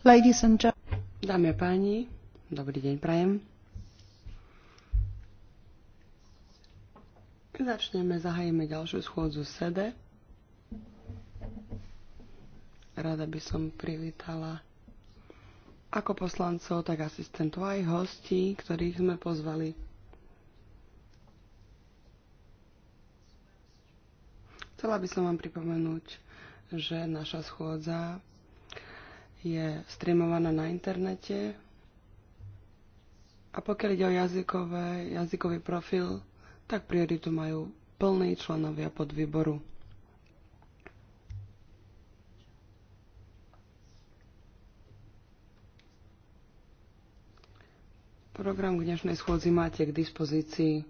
Dámy a páni, dobrý deň prajem. Začneme, zahajíme ďalšiu schôdzu SEDE. Rada by som privítala ako poslancov, tak asistentov aj hostí, ktorých sme pozvali. Chcela by som vám pripomenúť, že naša schôdza je streamovaná na internete. A pokiaľ ide o jazykové, jazykový profil, tak prioritu majú plní členovia pod výboru. Program k dnešnej schôdzi máte k dispozícii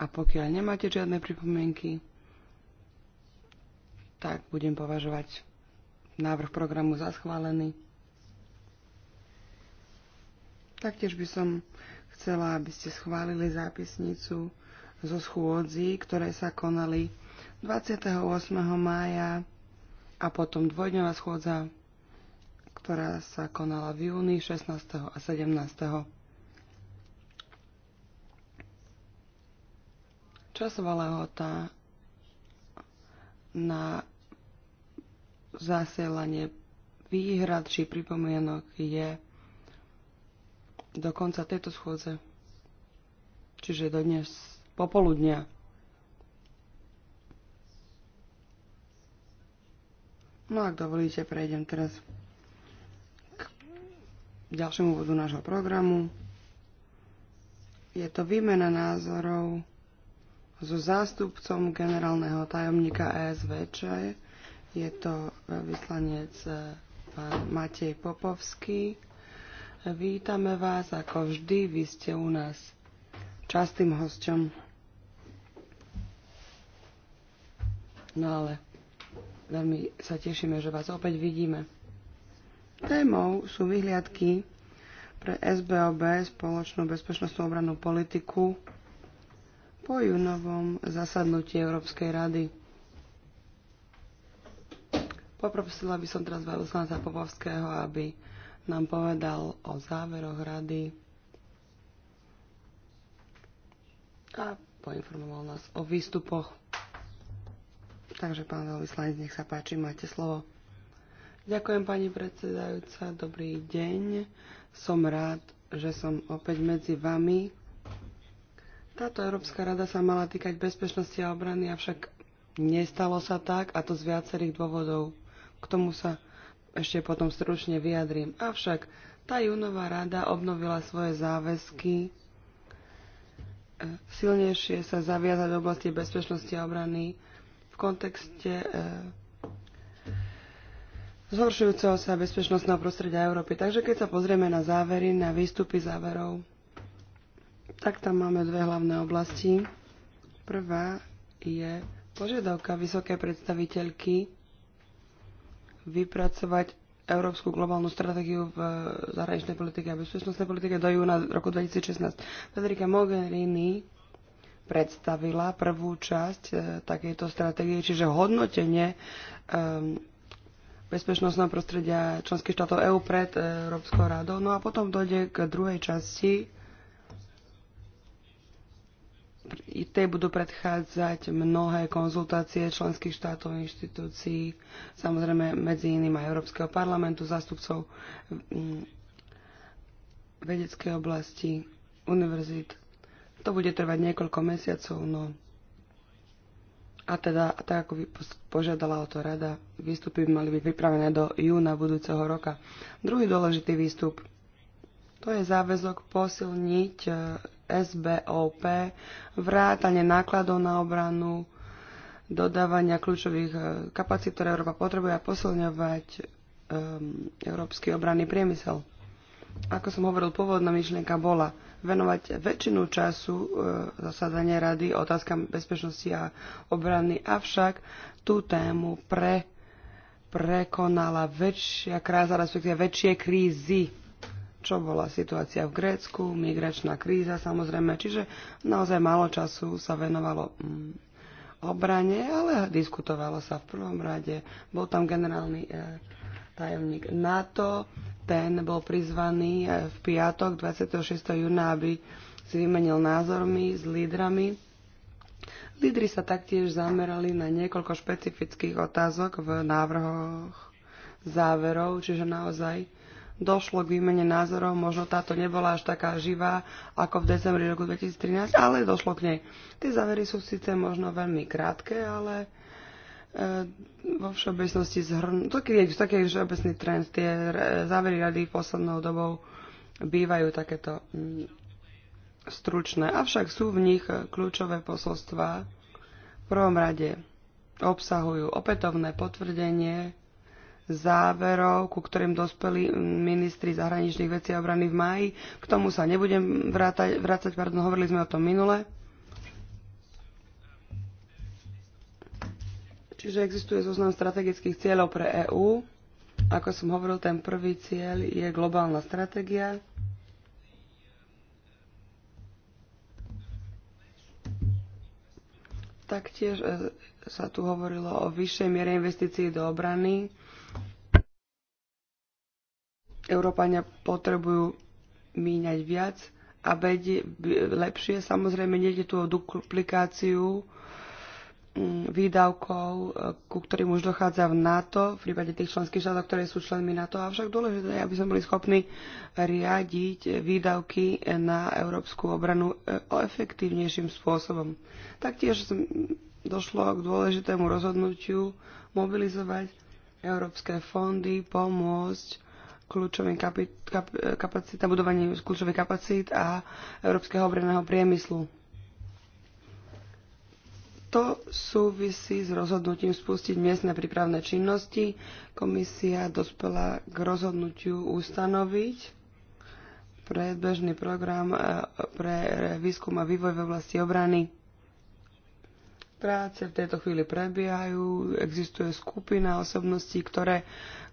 a pokiaľ nemáte žiadne pripomienky, tak budem považovať návrh programu za schválený. Taktiež by som chcela, aby ste schválili zápisnicu zo schôdzi, ktoré sa konali 28. mája a potom dvojdňová schôdza, ktorá sa konala v júni 16. a 17. Časová lehota na zasielanie výhrad či pripomienok je do konca tejto schôdze, čiže do dnes popoludnia. No ak dovolíte, prejdem teraz k ďalšiemu vodu nášho programu. Je to výmena názorov so zástupcom generálneho tajomníka ESVČ, e je to vyslanec e, pán Matej Popovský. Vítame vás, ako vždy, vy ste u nás častým hosťom. No ale veľmi sa tešíme, že vás opäť vidíme. Témou sú vyhliadky pre SBOB, spoločnú bezpečnostnú obranú politiku, po junovom zasadnutí Európskej rady Poprosila by som teraz Veľvyslanca Popovského, aby nám povedal o záveroch rady a poinformoval nás o výstupoch. Takže, pán veľvyslanec, nech sa páči, máte slovo. Ďakujem, pani predsedajúca, dobrý deň. Som rád, že som opäť medzi vami. Táto Európska rada sa mala týkať bezpečnosti a obrany, avšak nestalo sa tak, a to z viacerých dôvodov. K tomu sa ešte potom stručne vyjadrím. Avšak tá júnová rada obnovila svoje záväzky e, silnejšie sa zaviazať v oblasti bezpečnosti a obrany v kontexte e, zhoršujúceho sa bezpečnostného prostredia Európy. Takže keď sa pozrieme na závery, na výstupy záverov, tak tam máme dve hlavné oblasti. Prvá je požiadavka vysokej predstaviteľky vypracovať európsku globálnu stratégiu v e, zahraničnej politike a bezpečnostnej politike do júna roku 2016. Federica Mogherini predstavila prvú časť e, takejto stratégie, čiže hodnotenie e, bezpečnostného prostredia členských štátov EÚ pred e, Európskou radou. No a potom dojde k druhej časti i tej budú predchádzať mnohé konzultácie členských štátov a inštitúcií, samozrejme medzi iným aj Európskeho parlamentu, zástupcov mm, vedeckej oblasti, univerzít. To bude trvať niekoľko mesiacov, no a teda, tak ako by požiadala o to rada, výstupy by mali byť pripravené do júna budúceho roka. Druhý dôležitý výstup, to je záväzok posilniť e, SBOP, vrátanie nákladov na obranu, dodávania kľúčových e, kapacít, ktoré Európa potrebuje a posilňovať um, európsky obranný priemysel. Ako som hovoril, pôvodná myšlienka bola venovať väčšinu času e, zasadania rady otázkam bezpečnosti a obrany, avšak tú tému pre, prekonala väčšia kráza, respektíve väčšie krízy čo bola situácia v Grécku, migračná kríza samozrejme, čiže naozaj málo času sa venovalo mm, obrane, ale diskutovalo sa v prvom rade. Bol tam generálny e, tajomník NATO, ten bol prizvaný e, v piatok 26. júna, aby si vymenil názormi s lídrami. Lídry sa taktiež zamerali na niekoľko špecifických otázok v návrhoch záverov, čiže naozaj došlo k výmene názorov, možno táto nebola až taká živá ako v decembri roku 2013, ale došlo k nej. Tie závery sú síce možno veľmi krátke, ale e, vo všeobecnosti zhrnú, taký, taký všeobecný trend, tie závery rady poslednou dobou bývajú takéto mm, stručné, avšak sú v nich kľúčové posolstvá. V prvom rade obsahujú opätovné potvrdenie záverov, ku ktorým dospeli ministri zahraničných vecí a obrany v máji. K tomu sa nebudem vrátať, vrácať, pardon, hovorili sme o tom minule. Čiže existuje zoznam strategických cieľov pre EÚ. Ako som hovoril, ten prvý cieľ je globálna stratégia. Taktiež e, sa tu hovorilo o vyššej miere investícií do obrany Európania potrebujú míňať viac a vedie, lepšie. Samozrejme, nejde tu o duplikáciu mm, výdavkov, e, ku ktorým už dochádza v NATO, v prípade tých členských štátov, ktoré sú členmi NATO. Avšak dôležité je, aby sme boli schopní riadiť výdavky na európsku obranu e, o efektívnejším spôsobom. Taktiež došlo k dôležitému rozhodnutiu mobilizovať európske fondy, pomôcť kľúčovým kapit, kap- kapacit, na budovanie kľúčových kapacít a európskeho obranného priemyslu. To súvisí s rozhodnutím spustiť miestne prípravné činnosti. Komisia dospela k rozhodnutiu ustanoviť predbežný program eh, pre výskum a vývoj v oblasti obrany Práce v tejto chvíli prebiehajú, existuje skupina osobností, ktoré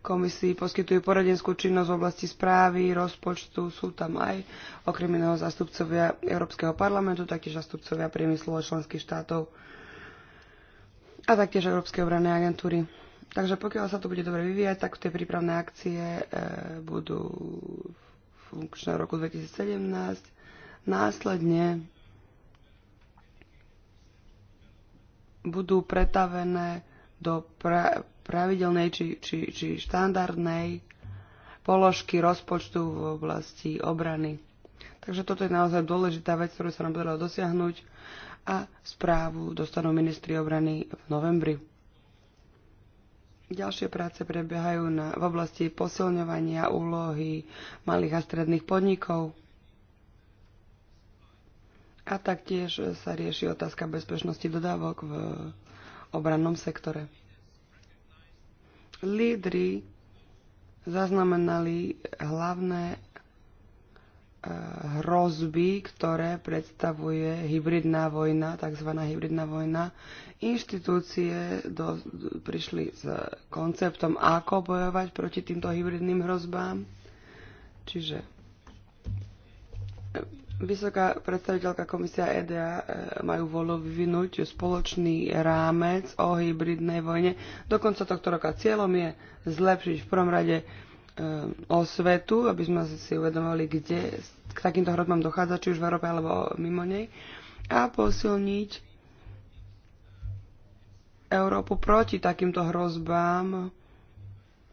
komisii poskytujú poradenskú činnosť v oblasti správy, rozpočtu, sú tam aj okrem iného zastupcovia Európskeho parlamentu, taktiež zastupcovia priemyslu a členských štátov a taktiež Európskej obranej agentúry. Takže pokiaľ sa to bude dobre vyvíjať, tak tie prípravné akcie e, budú funkčné v roku 2017. Následne budú pretavené do pra- pravidelnej či, či, či štandardnej položky rozpočtu v oblasti obrany. Takže toto je naozaj dôležitá vec, ktorú sa nám podarilo dosiahnuť a správu dostanú ministri obrany v novembri. Ďalšie práce prebiehajú na, v oblasti posilňovania úlohy malých a stredných podnikov. A taktiež sa rieši otázka bezpečnosti dodávok v obrannom sektore. Lídry zaznamenali hlavné e, hrozby, ktoré predstavuje hybridná vojna, tzv. hybridná vojna. Inštitúcie do, prišli s konceptom, ako bojovať proti týmto hybridným hrozbám. Čiže Vysoká predstaviteľka komisia EDA e, majú volu vyvinúť spoločný rámec o hybridnej vojne. Do konca tohto roka cieľom je zlepšiť v prvom rade e, osvetu, aby sme si uvedomovali, kde k takýmto hrozbám dochádza, či už v Európe alebo mimo nej, a posilniť Európu proti takýmto hrozbám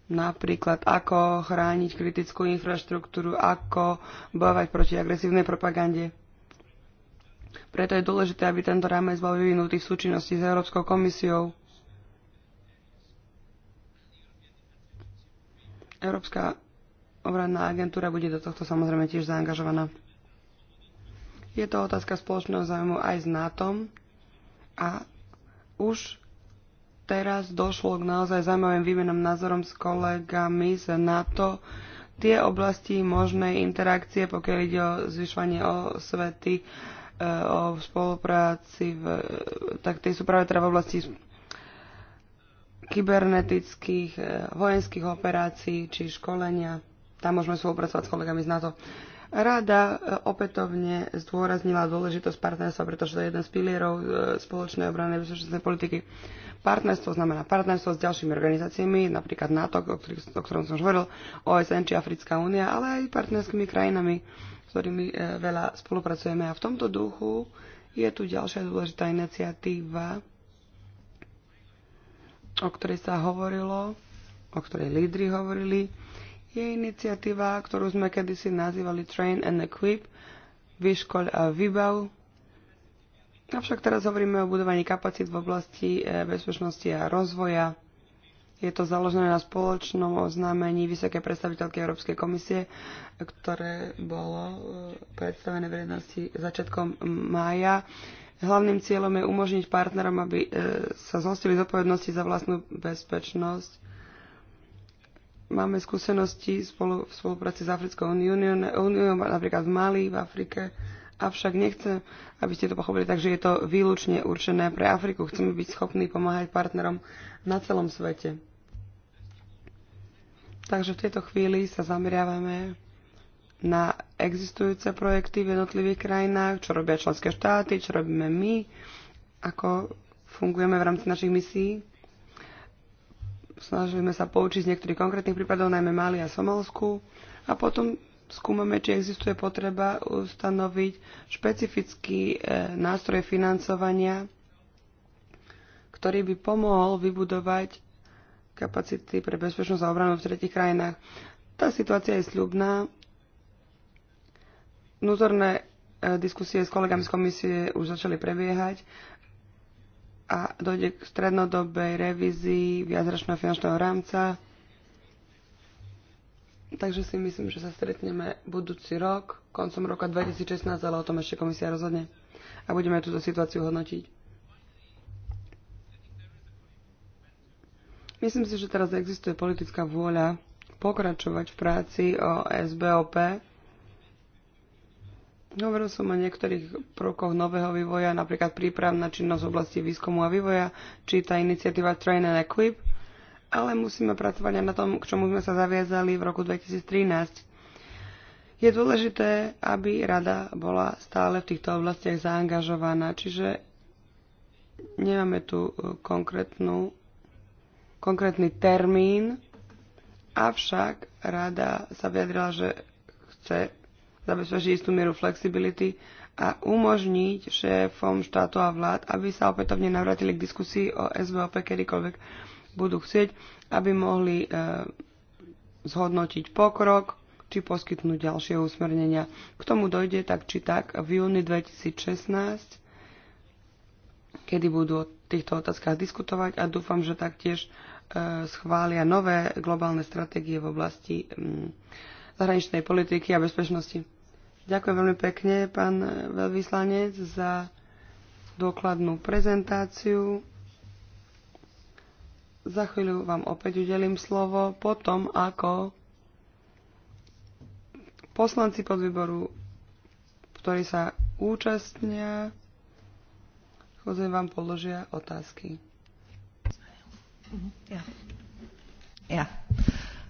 Napríklad, ako chrániť kritickú infraštruktúru, ako bojovať proti agresívnej propagande. Preto je dôležité, aby tento rámec bol vyvinutý v súčinnosti s Európskou komisiou. Európska obranná agentúra bude do tohto samozrejme tiež zaangažovaná. Je to otázka spoločného zájmu aj s NATO a už teraz došlo k naozaj zaujímavým výmenom názorom s kolegami z NATO. Tie oblasti možnej interakcie, pokiaľ ide o zvyšovanie o svety, e, o spolupráci, v, tak tie sú práve teda v oblasti kybernetických e, vojenských operácií či školenia. Tam môžeme spolupracovať s kolegami z NATO. Rada e, opätovne zdôraznila dôležitosť partnerstva, pretože to je jeden z pilierov spoločnej obrany a bezpečnostnej politiky. Partnerstvo znamená partnerstvo s ďalšími organizáciami, napríklad NATO, o, ktorých, o ktorom som už hovoril, OSN či Africká únia, ale aj partnerskými krajinami, s ktorými e, veľa spolupracujeme. A v tomto duchu je tu ďalšia dôležitá iniciatíva, o ktorej sa hovorilo, o ktorej lídry hovorili, je iniciatíva, ktorú sme kedysi nazývali Train and Equip, vyškoľ a vybav, Avšak teraz hovoríme o budovaní kapacít v oblasti e, bezpečnosti a rozvoja. Je to založené na spoločnom oznámení vysokej predstaviteľky Európskej komisie, ktoré bolo e, predstavené verejnosti začiatkom mája. Hlavným cieľom je umožniť partnerom, aby e, sa zhostili zodpovednosti za vlastnú bezpečnosť. Máme skúsenosti spolu, v spolupráci s Africkou úniou, napríklad v Mali, v Afrike, Avšak nechcem, aby ste to pochopili, takže je to výlučne určené pre Afriku. Chceme byť schopní pomáhať partnerom na celom svete. Takže v tejto chvíli sa zameriavame na existujúce projekty v jednotlivých krajinách, čo robia členské štáty, čo robíme my, ako fungujeme v rámci našich misí. Snažíme sa poučiť z niektorých konkrétnych prípadov, najmä Mali a Somalsku. A potom skúmame, či existuje potreba ustanoviť špecifický e, nástroj financovania, ktorý by pomohol vybudovať kapacity pre bezpečnosť a obranu v tretich krajinách. Tá situácia je sľubná. Vnútorné e, diskusie s kolegami z komisie už začali prebiehať a dojde k strednodobej revízii viacročného finančného rámca Takže si myslím, že sa stretneme budúci rok, koncom roka 2016, ale o tom ešte komisia rozhodne. A budeme túto situáciu hodnotiť. Myslím si, že teraz existuje politická vôľa pokračovať v práci o SBOP. Hovoril som o niektorých prvkoch nového vývoja, napríklad prípravná činnosť v oblasti výskumu a vývoja, či tá iniciatíva Train and Equip, ale musíme pracovať aj na tom, k čomu sme sa zaviazali v roku 2013. Je dôležité, aby rada bola stále v týchto oblastiach zaangažovaná, čiže nemáme tu e, konkrétnu, konkrétny termín, avšak rada sa vyjadrila, že chce zabezpečiť istú mieru flexibility a umožniť šéfom štátu a vlád, aby sa opätovne navrátili k diskusii o SVOP kedykoľvek budú chcieť, aby mohli e, zhodnotiť pokrok či poskytnúť ďalšie usmernenia. K tomu dojde tak či tak v júni 2016, kedy budú o týchto otázkach diskutovať a dúfam, že taktiež e, schvália nové globálne stratégie v oblasti m, zahraničnej politiky a bezpečnosti. Ďakujem veľmi pekne, pán e, veľvyslanec, za dôkladnú prezentáciu. Za chvíľu vám opäť udelím slovo potom, ako poslanci podvýboru, ktorí sa účastnia, chodze vám položia otázky. Yeah. Yeah.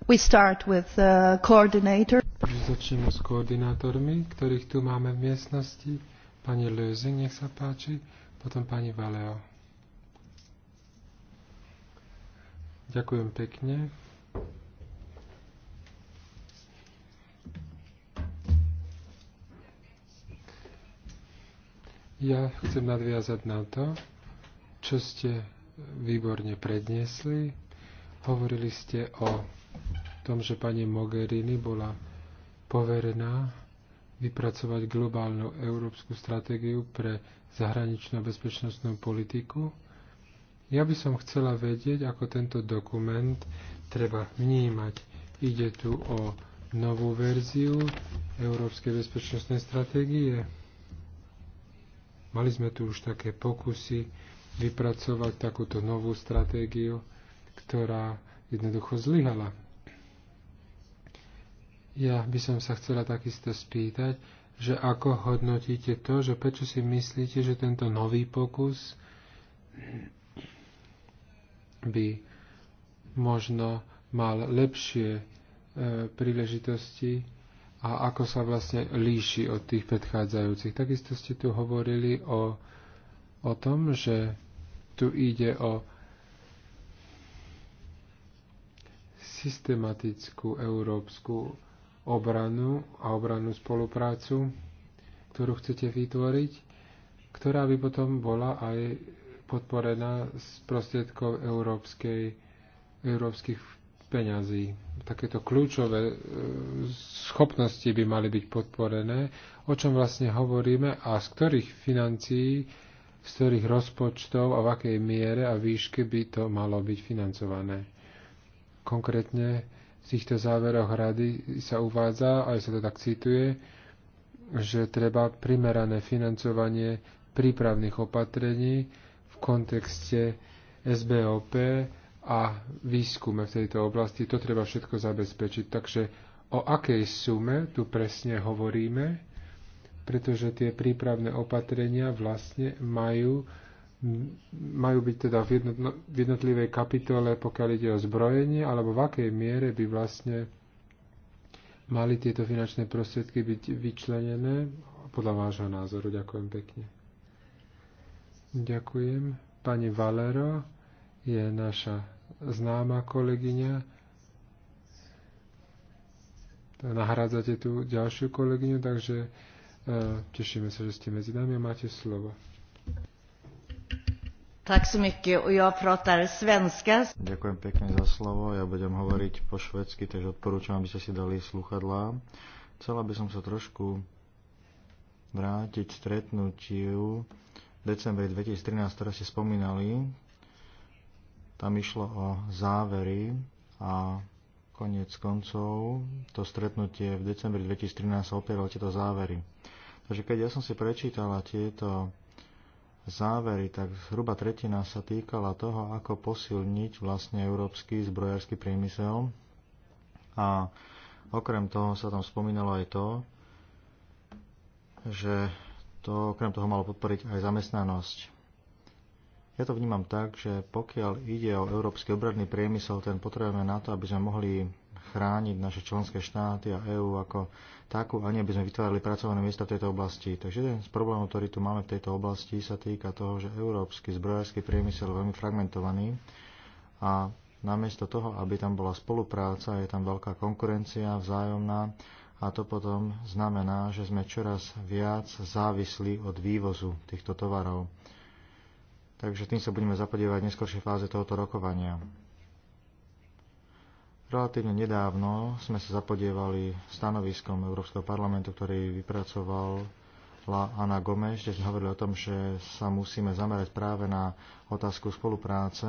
We start with uh, coordinator. začneme s koordinátormi, ktorých tu máme v miestnosti. Pani Lösing, nech sa páči, potom pani Valeo. Ďakujem pekne. Ja chcem nadviazať na to, čo ste výborne predniesli. Hovorili ste o tom, že pani Mogherini bola poverená vypracovať globálnu európsku stratégiu pre zahraničnú a bezpečnostnú politiku. Ja by som chcela vedieť, ako tento dokument treba vnímať. Ide tu o novú verziu Európskej bezpečnostnej stratégie. Mali sme tu už také pokusy vypracovať takúto novú stratégiu, ktorá jednoducho zlyhala. Ja by som sa chcela takisto spýtať, že ako hodnotíte to, že prečo si myslíte, že tento nový pokus by možno mal lepšie e, príležitosti a ako sa vlastne líši od tých predchádzajúcich. Takisto ste tu hovorili o, o tom, že tu ide o systematickú európsku obranu a obranú spoluprácu, ktorú chcete vytvoriť, ktorá by potom bola aj podporená z prostriedkov európskej, európskych peňazí. Takéto kľúčové e, schopnosti by mali byť podporené, o čom vlastne hovoríme a z ktorých financií, z ktorých rozpočtov a v akej miere a výške by to malo byť financované. Konkrétne v týchto záveroch rady sa uvádza, aj sa to tak cituje, že treba primerané financovanie prípravných opatrení, kontexte SBOP a výskume v tejto oblasti. To treba všetko zabezpečiť. Takže o akej sume tu presne hovoríme, pretože tie prípravné opatrenia vlastne majú, majú byť teda v, jednotno, v jednotlivej kapitole, pokiaľ ide o zbrojenie, alebo v akej miere by vlastne mali tieto finančné prostriedky byť vyčlenené podľa vášho názoru. Ďakujem pekne. Ďakujem. Pani Valero je naša známa kolegyňa. Nahrádzate tu ďalšiu kolegyňu, takže e, tešíme sa, že ste medzi nami a máte slovo. Tak som svenska. Ďakujem pekne za slovo. Ja budem hovoriť po švedsky, takže odporúčam, aby ste si dali sluchadlá. Chcela by som sa trošku vrátiť stretnutiu decembri 2013, ktoré ste spomínali, tam išlo o závery a koniec koncov to stretnutie v decembri 2013 sa opieralo tieto závery. Takže keď ja som si prečítala tieto závery, tak zhruba tretina sa týkala toho, ako posilniť vlastne európsky zbrojársky priemysel. A okrem toho sa tam spomínalo aj to, že to okrem toho malo podporiť aj zamestnanosť. Ja to vnímam tak, že pokiaľ ide o európsky obradný priemysel, ten potrebujeme na to, aby sme mohli chrániť naše členské štáty a EÚ ako takú, a nie aby sme vytvárali pracovné miesta v tejto oblasti. Takže jeden z problémov, ktorý tu máme v tejto oblasti, sa týka toho, že európsky zbrojársky priemysel je veľmi fragmentovaný a namiesto toho, aby tam bola spolupráca, je tam veľká konkurencia vzájomná a to potom znamená, že sme čoraz viac závislí od vývozu týchto tovarov. Takže tým sa budeme zapodievať v neskôršej fáze tohoto rokovania. Relatívne nedávno sme sa zapodievali stanoviskom Európskeho parlamentu, ktorý vypracoval La Ana Gomes, kde sme hovorili o tom, že sa musíme zamerať práve na otázku spolupráce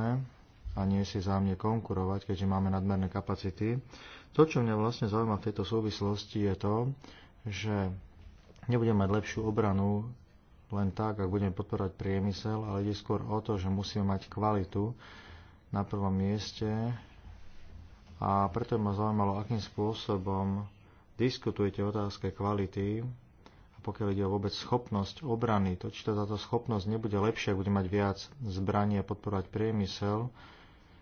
a nie si zájomne konkurovať, keďže máme nadmerné kapacity. To, čo mňa vlastne zaujíma v tejto súvislosti, je to, že nebudeme mať lepšiu obranu len tak, ak budeme podporovať priemysel, ale ide skôr o to, že musíme mať kvalitu na prvom mieste a preto ma zaujímalo, akým spôsobom diskutujete otázke kvality a pokiaľ ide o vôbec schopnosť obrany, to či to teda táto schopnosť nebude lepšia, ak bude mať viac zbraní a podporovať priemysel,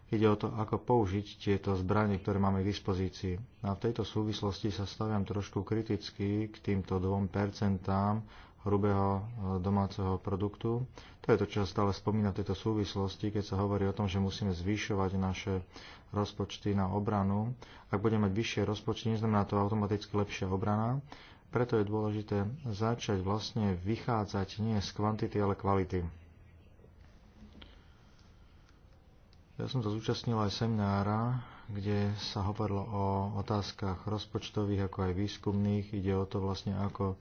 Ide o to, ako použiť tieto zbranie, ktoré máme k dispozícii. A v tejto súvislosti sa staviam trošku kriticky k týmto 2% hrubého e, domáceho produktu. To je to, čo stále spomína v tejto súvislosti, keď sa hovorí o tom, že musíme zvyšovať naše rozpočty na obranu. Ak budeme mať vyššie rozpočty, neznamená to automaticky lepšia obrana. Preto je dôležité začať vlastne vychádzať nie z kvantity, ale kvality. Ja som sa zúčastnil aj seminára, kde sa hovorilo o otázkach rozpočtových ako aj výskumných. Ide o to vlastne, ako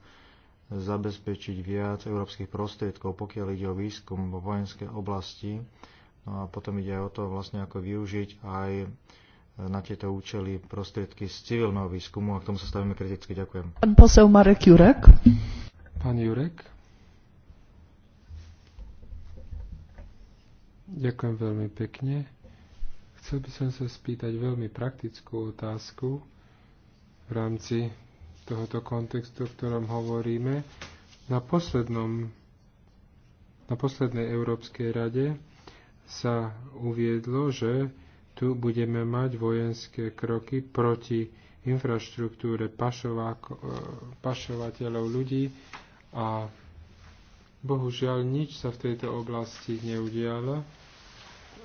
zabezpečiť viac európskych prostriedkov, pokiaľ ide o výskum vo vojenskej oblasti. No a potom ide aj o to vlastne, ako využiť aj na tieto účely prostriedky z civilného výskumu a k tomu sa stavíme kriticky. Ďakujem. Pán posel Marek Jurek. Pán Jurek. Ďakujem veľmi pekne. Chcel by som sa spýtať veľmi praktickú otázku v rámci tohoto kontextu, o ktorom hovoríme. Na, poslednom, na poslednej Európskej rade sa uviedlo, že tu budeme mať vojenské kroky proti infraštruktúre pašovateľov ľudí a Bohužiaľ, nič sa v tejto oblasti neudialo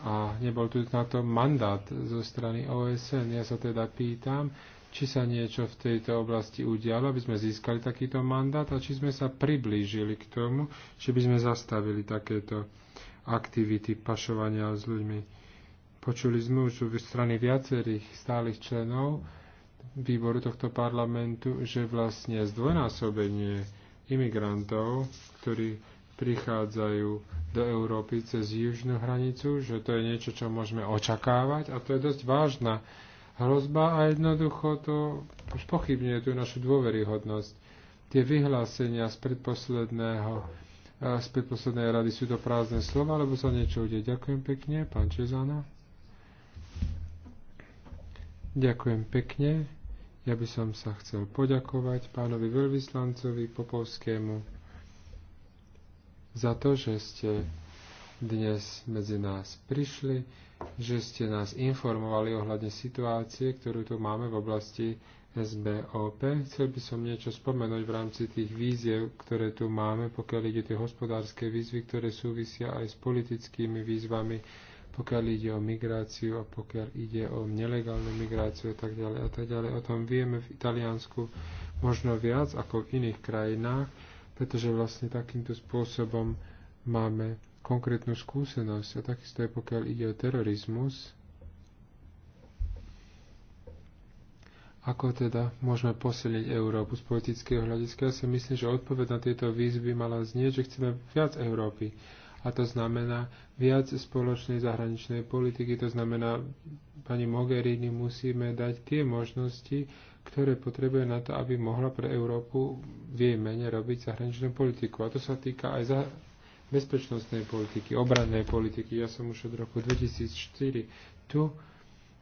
a nebol tu na to mandát zo strany OSN. Ja sa teda pýtam, či sa niečo v tejto oblasti udialo, aby sme získali takýto mandát a či sme sa priblížili k tomu, či by sme zastavili takéto aktivity pašovania s ľuďmi. Počuli sme už v strany viacerých stálych členov výboru tohto parlamentu, že vlastne zdvojnásobenie imigrantov, ktorí prichádzajú do Európy cez južnú hranicu, že to je niečo, čo môžeme očakávať a to je dosť vážna hrozba a jednoducho to spochybňuje tú našu dôveryhodnosť. Tie vyhlásenia z predposledného e, z predposlednej rady sú to prázdne slova, lebo sa niečo ude. Ďakujem pekne, pán Čezana. Ďakujem pekne. Ja by som sa chcel poďakovať pánovi veľvyslancovi Popovskému za to, že ste dnes medzi nás prišli, že ste nás informovali ohľadne situácie, ktorú tu máme v oblasti SBOP. Chcel by som niečo spomenúť v rámci tých víziev, ktoré tu máme, pokiaľ ide tie hospodárske výzvy, ktoré súvisia aj s politickými výzvami, pokiaľ ide o migráciu a pokiaľ ide o nelegálnu migráciu a tak ďalej a tak ďalej. O tom vieme v Taliansku možno viac ako v iných krajinách, pretože vlastne takýmto spôsobom máme konkrétnu skúsenosť a takisto je pokiaľ ide o terorizmus, Ako teda môžeme posilniť Európu z politického hľadiska? Ja si myslím, že odpoveď na tieto výzvy mala znieť, že chceme viac Európy a to znamená viac spoločnej zahraničnej politiky, to znamená, pani Mogherini musíme dať tie možnosti, ktoré potrebuje na to, aby mohla pre Európu v jej mene robiť zahraničnú politiku. A to sa týka aj za bezpečnostnej politiky, obrannej politiky. Ja som už od roku 2004 tu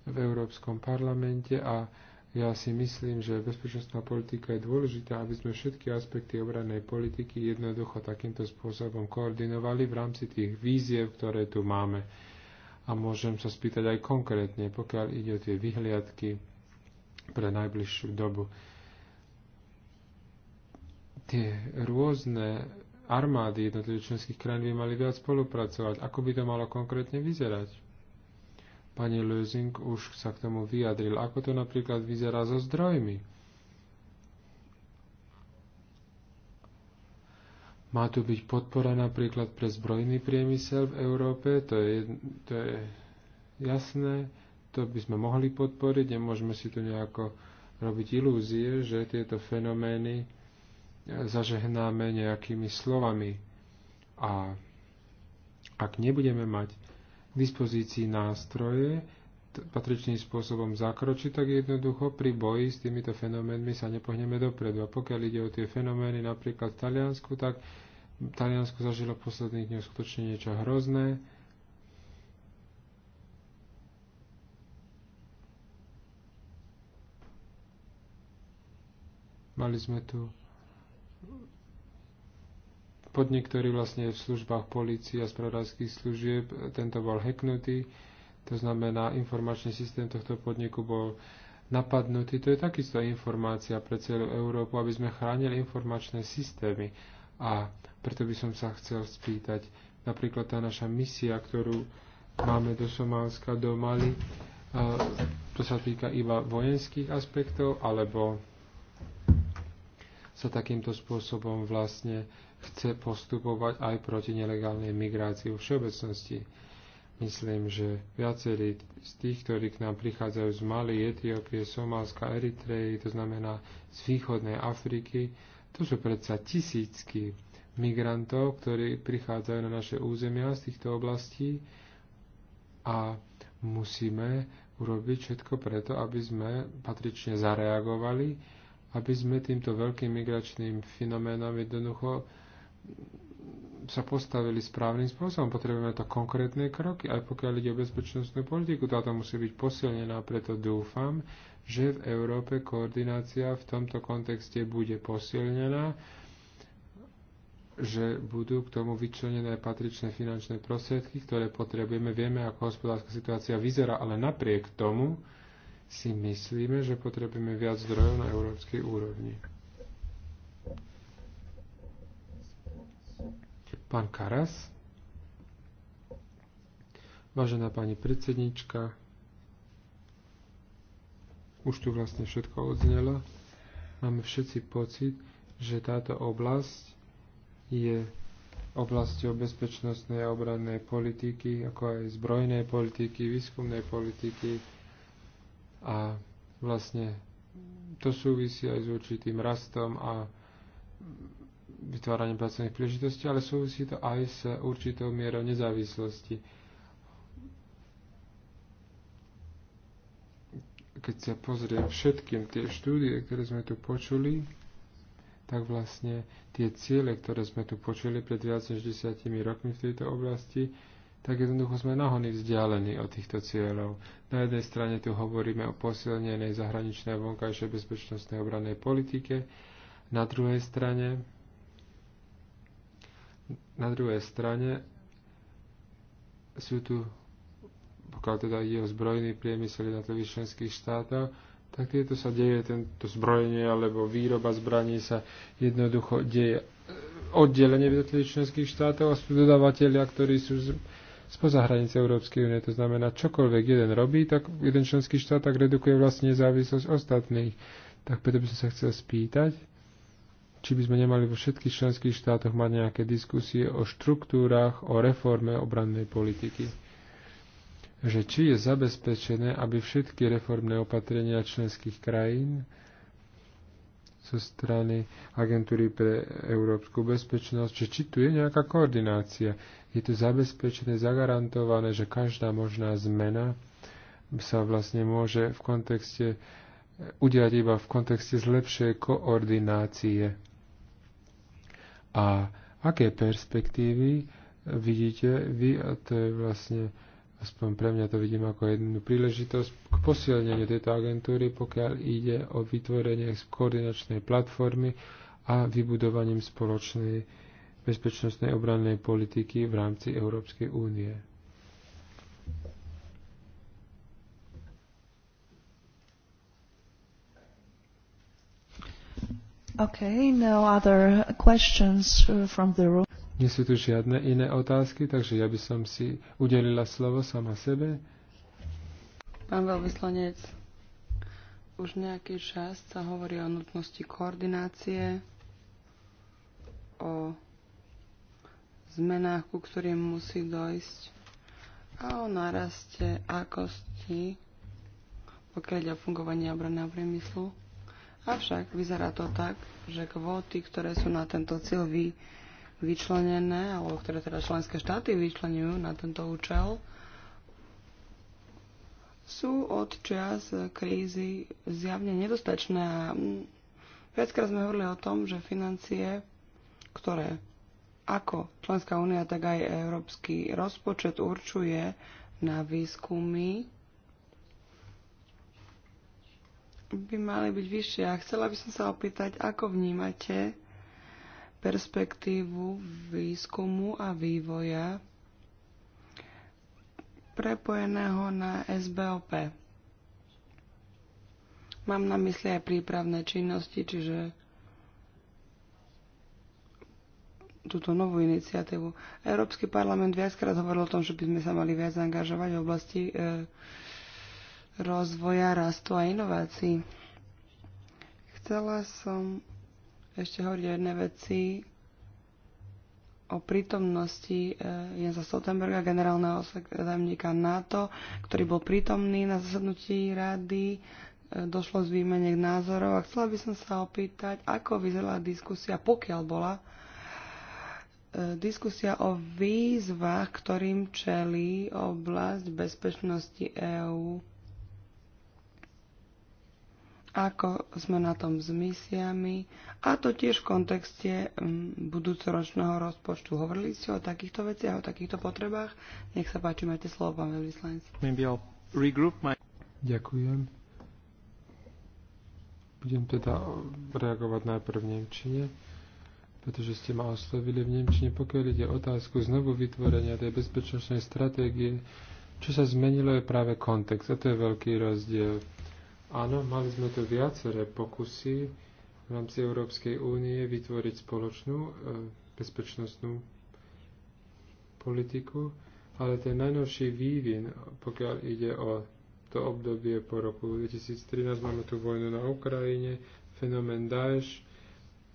v Európskom parlamente a ja si myslím, že bezpečnostná politika je dôležitá, aby sme všetky aspekty obranej politiky jednoducho takýmto spôsobom koordinovali v rámci tých víziev, ktoré tu máme. A môžem sa spýtať aj konkrétne, pokiaľ ide o tie vyhliadky pre najbližšiu dobu. Tie rôzne armády jednotlivých členských krajín by mali viac spolupracovať. Ako by to malo konkrétne vyzerať? Pani Lözing už sa k tomu vyjadril. Ako to napríklad vyzerá so zdrojmi? Má tu byť podpora napríklad pre zbrojný priemysel v Európe, to je, to je jasné, to by sme mohli podporiť, nemôžeme si tu nejako robiť ilúzie, že tieto fenomény e, zažehnáme nejakými slovami. A ak nebudeme mať k dispozícii nástroje, patričným spôsobom zakročí, tak jednoducho pri boji s týmito fenoménmi sa nepohneme dopredu. A pokiaľ ide o tie fenomény napríklad v Taliansku, tak Taliansko zažilo v posledných dňoch skutočne niečo hrozné. Mali sme tu podnik, ktorý vlastne je v službách policie a spravodajských služieb, eh, tento bol hacknutý, to znamená, informačný systém tohto podniku bol napadnutý. To je takisto informácia pre celú Európu, aby sme chránili informačné systémy. A preto by som sa chcel spýtať, napríklad tá naša misia, ktorú máme do Somálska, do Mali, eh, to sa týka iba vojenských aspektov, alebo sa takýmto spôsobom vlastne chce postupovať aj proti nelegálnej migrácii vo všeobecnosti. Myslím, že viacerí z tých, ktorí k nám prichádzajú z Mali, Etiópie, Somálska, Eritreji, to znamená z východnej Afriky, to sú predsa tisícky migrantov, ktorí prichádzajú na naše územia z týchto oblastí a musíme urobiť všetko preto, aby sme patrične zareagovali aby sme týmto veľkým migračným fenoménom jednoducho sa postavili správnym spôsobom. Potrebujeme to konkrétne kroky, aj pokiaľ ide o bezpečnostnú politiku. Táto musí byť posilnená, preto dúfam, že v Európe koordinácia v tomto kontexte bude posilnená, že budú k tomu vyčlenené patričné finančné prostriedky, ktoré potrebujeme. Vieme, ako hospodárska situácia vyzerá, ale napriek tomu si myslíme, že potrebujeme viac zdrojov na európskej úrovni. Pán Karas, vážená pani predsednička, už tu vlastne všetko odznelo. Máme všetci pocit, že táto oblasť je oblasťou bezpečnostnej a obrannej politiky, ako aj zbrojnej politiky, výskumnej politiky, a vlastne to súvisí aj s určitým rastom a vytváraním pracovných príležitostí, ale súvisí to aj s určitou mierou nezávislosti. Keď sa pozriem všetkým tie štúdie, ktoré sme tu počuli, tak vlastne tie ciele, ktoré sme tu počuli pred viac než desiatimi rokmi v tejto oblasti, tak jednoducho sme nahony vzdialení od týchto cieľov. Na jednej strane tu hovoríme o posilnenej zahraničnej a vonkajšej bezpečnostnej obranej politike, na druhej strane na druhej strane sú tu, pokiaľ teda ide o zbrojný priemysel na to členských štátov, tak tieto sa deje, tento zbrojenie alebo výroba zbraní sa jednoducho deje oddelenie v členských štátov a sú dodavatelia, ktorí sú spoza hranice Európskej únie. To znamená, čokoľvek jeden robí, tak jeden členský štát tak redukuje vlastne nezávislosť ostatných. Tak preto by som sa chcel spýtať, či by sme nemali vo všetkých členských štátoch mať nejaké diskusie o štruktúrach, o reforme obrannej politiky. Že či je zabezpečené, aby všetky reformné opatrenia členských krajín zo strany agentúry pre európsku bezpečnosť, že či tu je nejaká koordinácia. Je tu zabezpečené, zagarantované, že každá možná zmena sa vlastne môže v kontexte udiať iba v kontexte zlepšej koordinácie. A aké perspektívy vidíte vy, a to je vlastne aspoň pre mňa to vidím ako jednu príležitosť k posilneniu tejto agentúry, pokiaľ ide o vytvorenie koordinačnej platformy a vybudovaním spoločnej bezpečnostnej obrannej politiky v rámci Európskej únie. Okay, no other questions from the room. Nie sú tu žiadne iné otázky, takže ja by som si udelila slovo sama sebe. Pán veľvyslanec, už nejaký čas sa hovorí o nutnosti koordinácie, o zmenách, ku ktorým musí dojsť a o naraste akosti, pokiaľ ide o fungovanie obranného priemyslu. Avšak vyzerá to tak, že kvóty, ktoré sú na tento cieľ vy, vyčlenené, alebo ktoré teda členské štáty vyčlenujú na tento účel, sú od čas krízy zjavne nedostačné a viackrát sme hovorili o tom, že financie, ktoré ako členská únia, tak aj európsky rozpočet určuje na výskumy, by mali byť vyššie. A chcela by som sa opýtať, ako vnímate perspektívu výskumu a vývoja prepojeného na SBOP. Mám na mysli aj prípravné činnosti, čiže túto novú iniciatívu. Európsky parlament viackrát hovoril o tom, že by sme sa mali viac angažovať v oblasti e, rozvoja, rastu a inovácií. Chcela som ešte hovoriť o jednej veci, o prítomnosti e, Jensa Stoltenberga, generálneho zájemníka NATO, ktorý bol prítomný na zasadnutí rady. E, došlo z výmene názorov a chcela by som sa opýtať, ako vyzerala diskusia, pokiaľ bola, e, diskusia o výzvach, ktorým čelí oblasť bezpečnosti EÚ ako sme na tom s misiami a to tiež v kontexte mm, budúcoročného rozpočtu. Hovorili ste o takýchto veciach, o takýchto potrebách? Nech sa páči, máte slovo, pán veľvyslanec. My... Ďakujem. Budem teda eh, reagovať najprv v Nemčine, pretože ste ma oslovili v Nemčine. Pokiaľ ide otázku znovu vytvorenia tej bezpečnostnej stratégie, čo sa zmenilo je práve kontext a to je veľký rozdiel Áno, mali sme tu viaceré pokusy v rámci Európskej únie vytvoriť spoločnú e, bezpečnostnú politiku, ale ten najnovší vývin, pokiaľ ide o to obdobie po roku 2013, máme tu vojnu na Ukrajine, fenomén Daesh,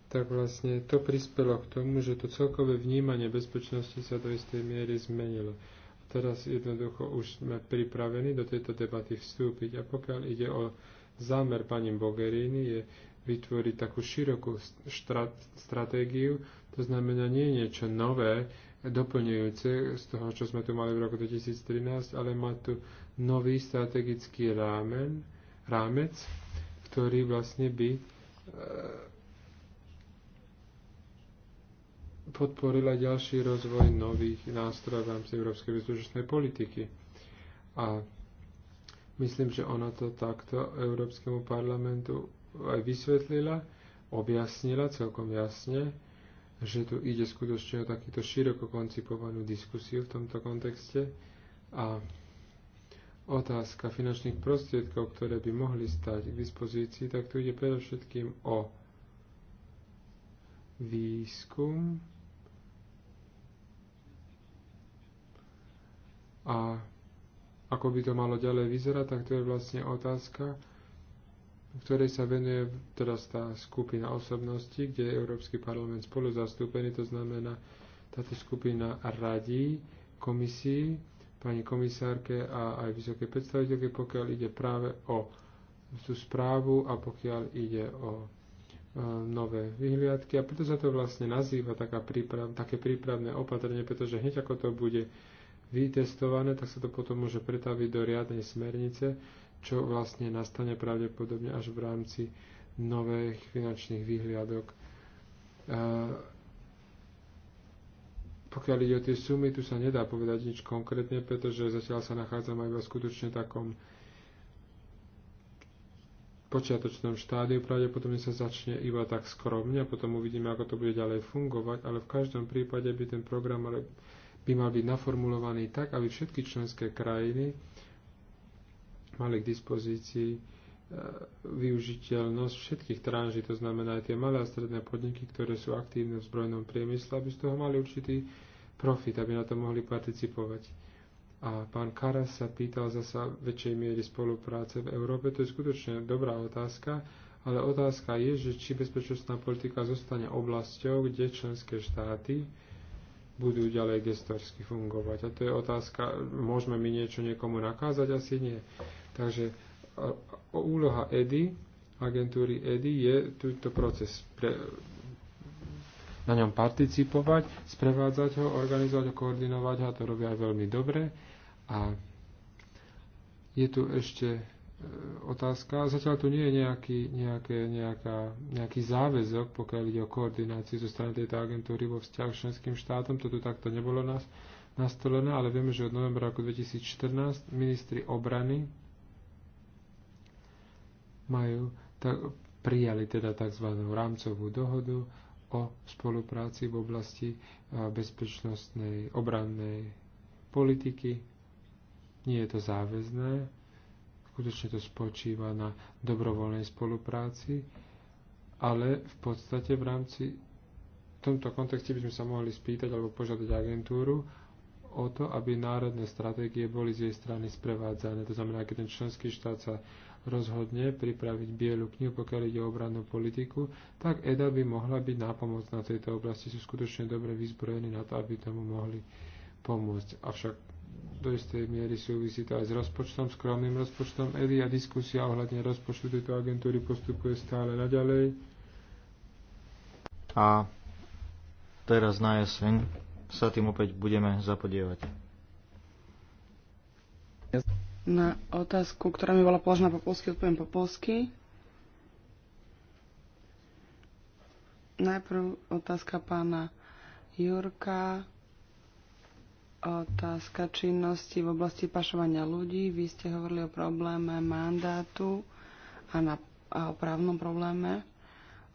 tak vlastne to prispelo k tomu, že to celkové vnímanie bezpečnosti sa do istej miery zmenilo. Teraz jednoducho už sme pripravení do tejto debaty vstúpiť. A pokiaľ ide o zámer pani Bogeriny, je vytvoriť takú širokú štrat, stratégiu, to znamená nie niečo nové, doplňujúce z toho, čo sme tu mali v roku 2013, ale má tu nový strategický rámen, rámec, ktorý vlastne by e, podporila ďalší rozvoj nových nástrojov v rámci európskej bezpečnostnej politiky. A myslím, že ona to takto Európskemu parlamentu aj vysvetlila, objasnila celkom jasne, že tu ide skutočne o takýto široko koncipovanú diskusiu v tomto kontexte a otázka finančných prostriedkov, ktoré by mohli stať k dispozícii, tak tu ide predovšetkým o výskum, A ako by to malo ďalej vyzerať, tak to je vlastne otázka, v ktorej sa venuje teraz tá skupina osobností, kde je Európsky parlament spolu zastúpený, to znamená, táto skupina radí komisii, pani komisárke a aj vysoké predstaviteľke, pokiaľ ide práve o tú správu a pokiaľ ide o e, nové vyhliadky a preto sa to vlastne nazýva taká príprav, také prípravné opatrenie, pretože hneď ako to bude vytestované, tak sa to potom môže pretaviť do riadnej smernice, čo vlastne nastane pravdepodobne až v rámci nových finančných výhliadok. Pokiaľ ide o tie sumy, tu sa nedá povedať nič konkrétne, pretože zatiaľ sa nachádzame v skutočne takom počiatočnom štádiu, pravdepodobne sa začne iba tak skromne a potom uvidíme, ako to bude ďalej fungovať, ale v každom prípade by ten program ale by mal byť naformulovaný tak, aby všetky členské krajiny mali k dispozícii e, využiteľnosť všetkých tranží, to znamená aj tie malé a stredné podniky, ktoré sú aktívne v zbrojnom priemysle, aby z toho mali určitý profit, aby na to mohli participovať. A pán Karas sa pýtal zasa väčšej miery spolupráce v Európe. To je skutočne dobrá otázka, ale otázka je, že či bezpečnostná politika zostane oblasťou, kde členské štáty budú ďalej gestorsky fungovať. A to je otázka, môžeme my niečo niekomu nakázať? Asi nie. Takže úloha EDI, agentúry EDI, je túto proces pre, na ňom participovať, sprevádzať ho, organizovať ho, koordinovať ho, a to robia aj veľmi dobre. A je tu ešte E, otázka. Zatiaľ tu nie je nejaký, nejaké, nejaká, nejaký záväzok, pokiaľ ide o koordináciu zo strany tejto agentúry vo vzťahu s členským štátom. To tu takto nebolo nás nastolené, ale vieme, že od novembra roku 2014 ministri obrany majú tak, prijali teda tzv. rámcovú dohodu o spolupráci v oblasti e, bezpečnostnej obrannej politiky. Nie je to záväzné, Skutočne to spočíva na dobrovoľnej spolupráci, ale v podstate v rámci v tomto kontexte by sme sa mohli spýtať alebo požiadať agentúru o to, aby národné stratégie boli z jej strany sprevádzané. To znamená, keď ten členský štát sa rozhodne pripraviť bielu knihu, pokiaľ ide o obrannú politiku, tak EDA by mohla byť nápomocná na tejto oblasti. Sú skutočne dobre vyzbrojení na to, aby tomu mohli pomôcť. Avšak do istej miery súvisí to aj s rozpočtom, skromným rozpočtom EDI a diskusia ohľadne rozpočtu tejto agentúry postupuje stále naďalej. A teraz na jeseň sa tým opäť budeme zapodievať. Na otázku, ktorá mi bola položená po polsky, odpoviem po polsky. Najprv otázka pána Jurka otázka činnosti v oblasti pašovania ľudí. Vy ste hovorili o probléme mandátu a, na, a o právnom probléme.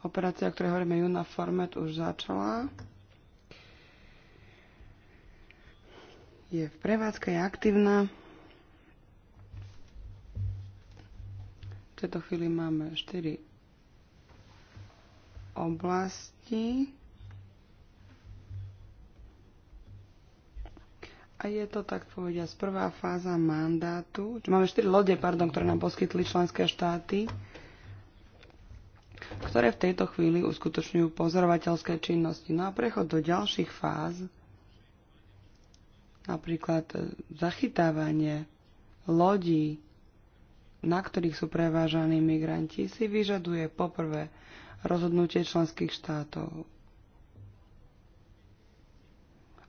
Operácia, o ktorej hovoríme Juna Format, už začala. Je v prevádzke, je aktívna. V tejto chvíli máme 4 oblasti A je to tak povediať prvá fáza mandátu. Máme 4 lode, pardon, ktoré nám poskytli členské štáty, ktoré v tejto chvíli uskutočňujú pozorovateľské činnosti. No a prechod do ďalších fáz, napríklad e, zachytávanie lodí, na ktorých sú prevážaní migranti, si vyžaduje poprvé rozhodnutie členských štátov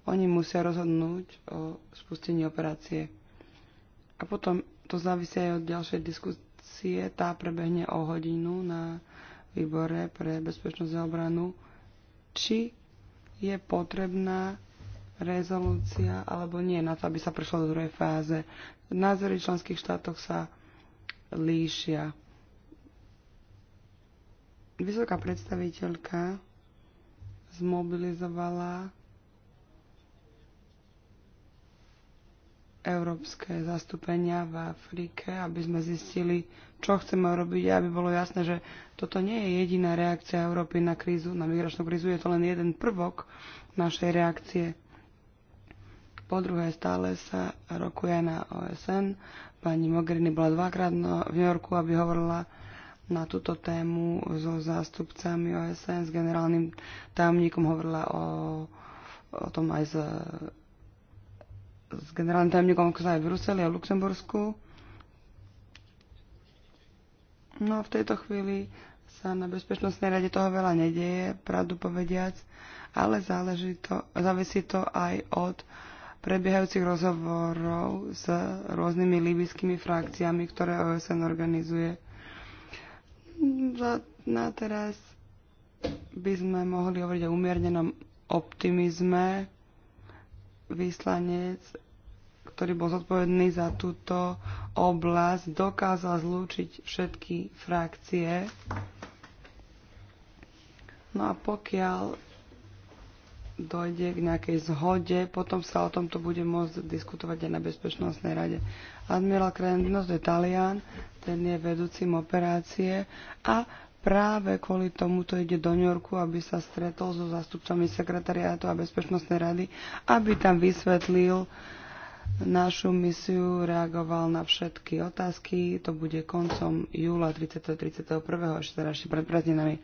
oni musia rozhodnúť o spustení operácie. A potom to závisí aj od ďalšej diskusie. Tá prebehne o hodinu na výbore pre bezpečnosť a obranu. Či je potrebná rezolúcia alebo nie na to, aby sa prešlo do druhej fáze. Názory členských štátoch sa líšia. Vysoká predstaviteľka zmobilizovala európske zastúpenia v Afrike, aby sme zistili, čo chceme robiť, aby bolo jasné, že toto nie je jediná reakcia Európy na krízu, na migračnú krízu, je to len jeden prvok našej reakcie. Po druhé, stále sa rokuje na OSN. Pani Mogherini bola dvakrát v New Yorku, aby hovorila na túto tému so zástupcami OSN, s generálnym tajomníkom hovorila o, o tom aj s s generálnym tajomníkom aj v Bruseli a v Luxembursku. No v tejto chvíli sa na bezpečnostnej rade toho veľa nedieje, pravdu povediac, ale záleží to, závisí to aj od prebiehajúcich rozhovorov s rôznymi líbyskými frakciami, ktoré OSN organizuje. na teraz by sme mohli hovoriť o umiernenom optimizme. Výslanec ktorý bol zodpovedný za túto oblasť, dokázal zlúčiť všetky frakcie. No a pokiaľ dojde k nejakej zhode, potom sa o tomto bude môcť diskutovať aj na Bezpečnostnej rade. Admiral Krendinos je Talian, ten je vedúcim operácie a práve kvôli tomuto ide do New Yorku, aby sa stretol so zastupcami sekretariátu a Bezpečnostnej rady, aby tam vysvetlil uh, našu misiu, reagoval na všetky otázky. To bude koncom júla 30. 31. ešte teda ešte pred prázdninami.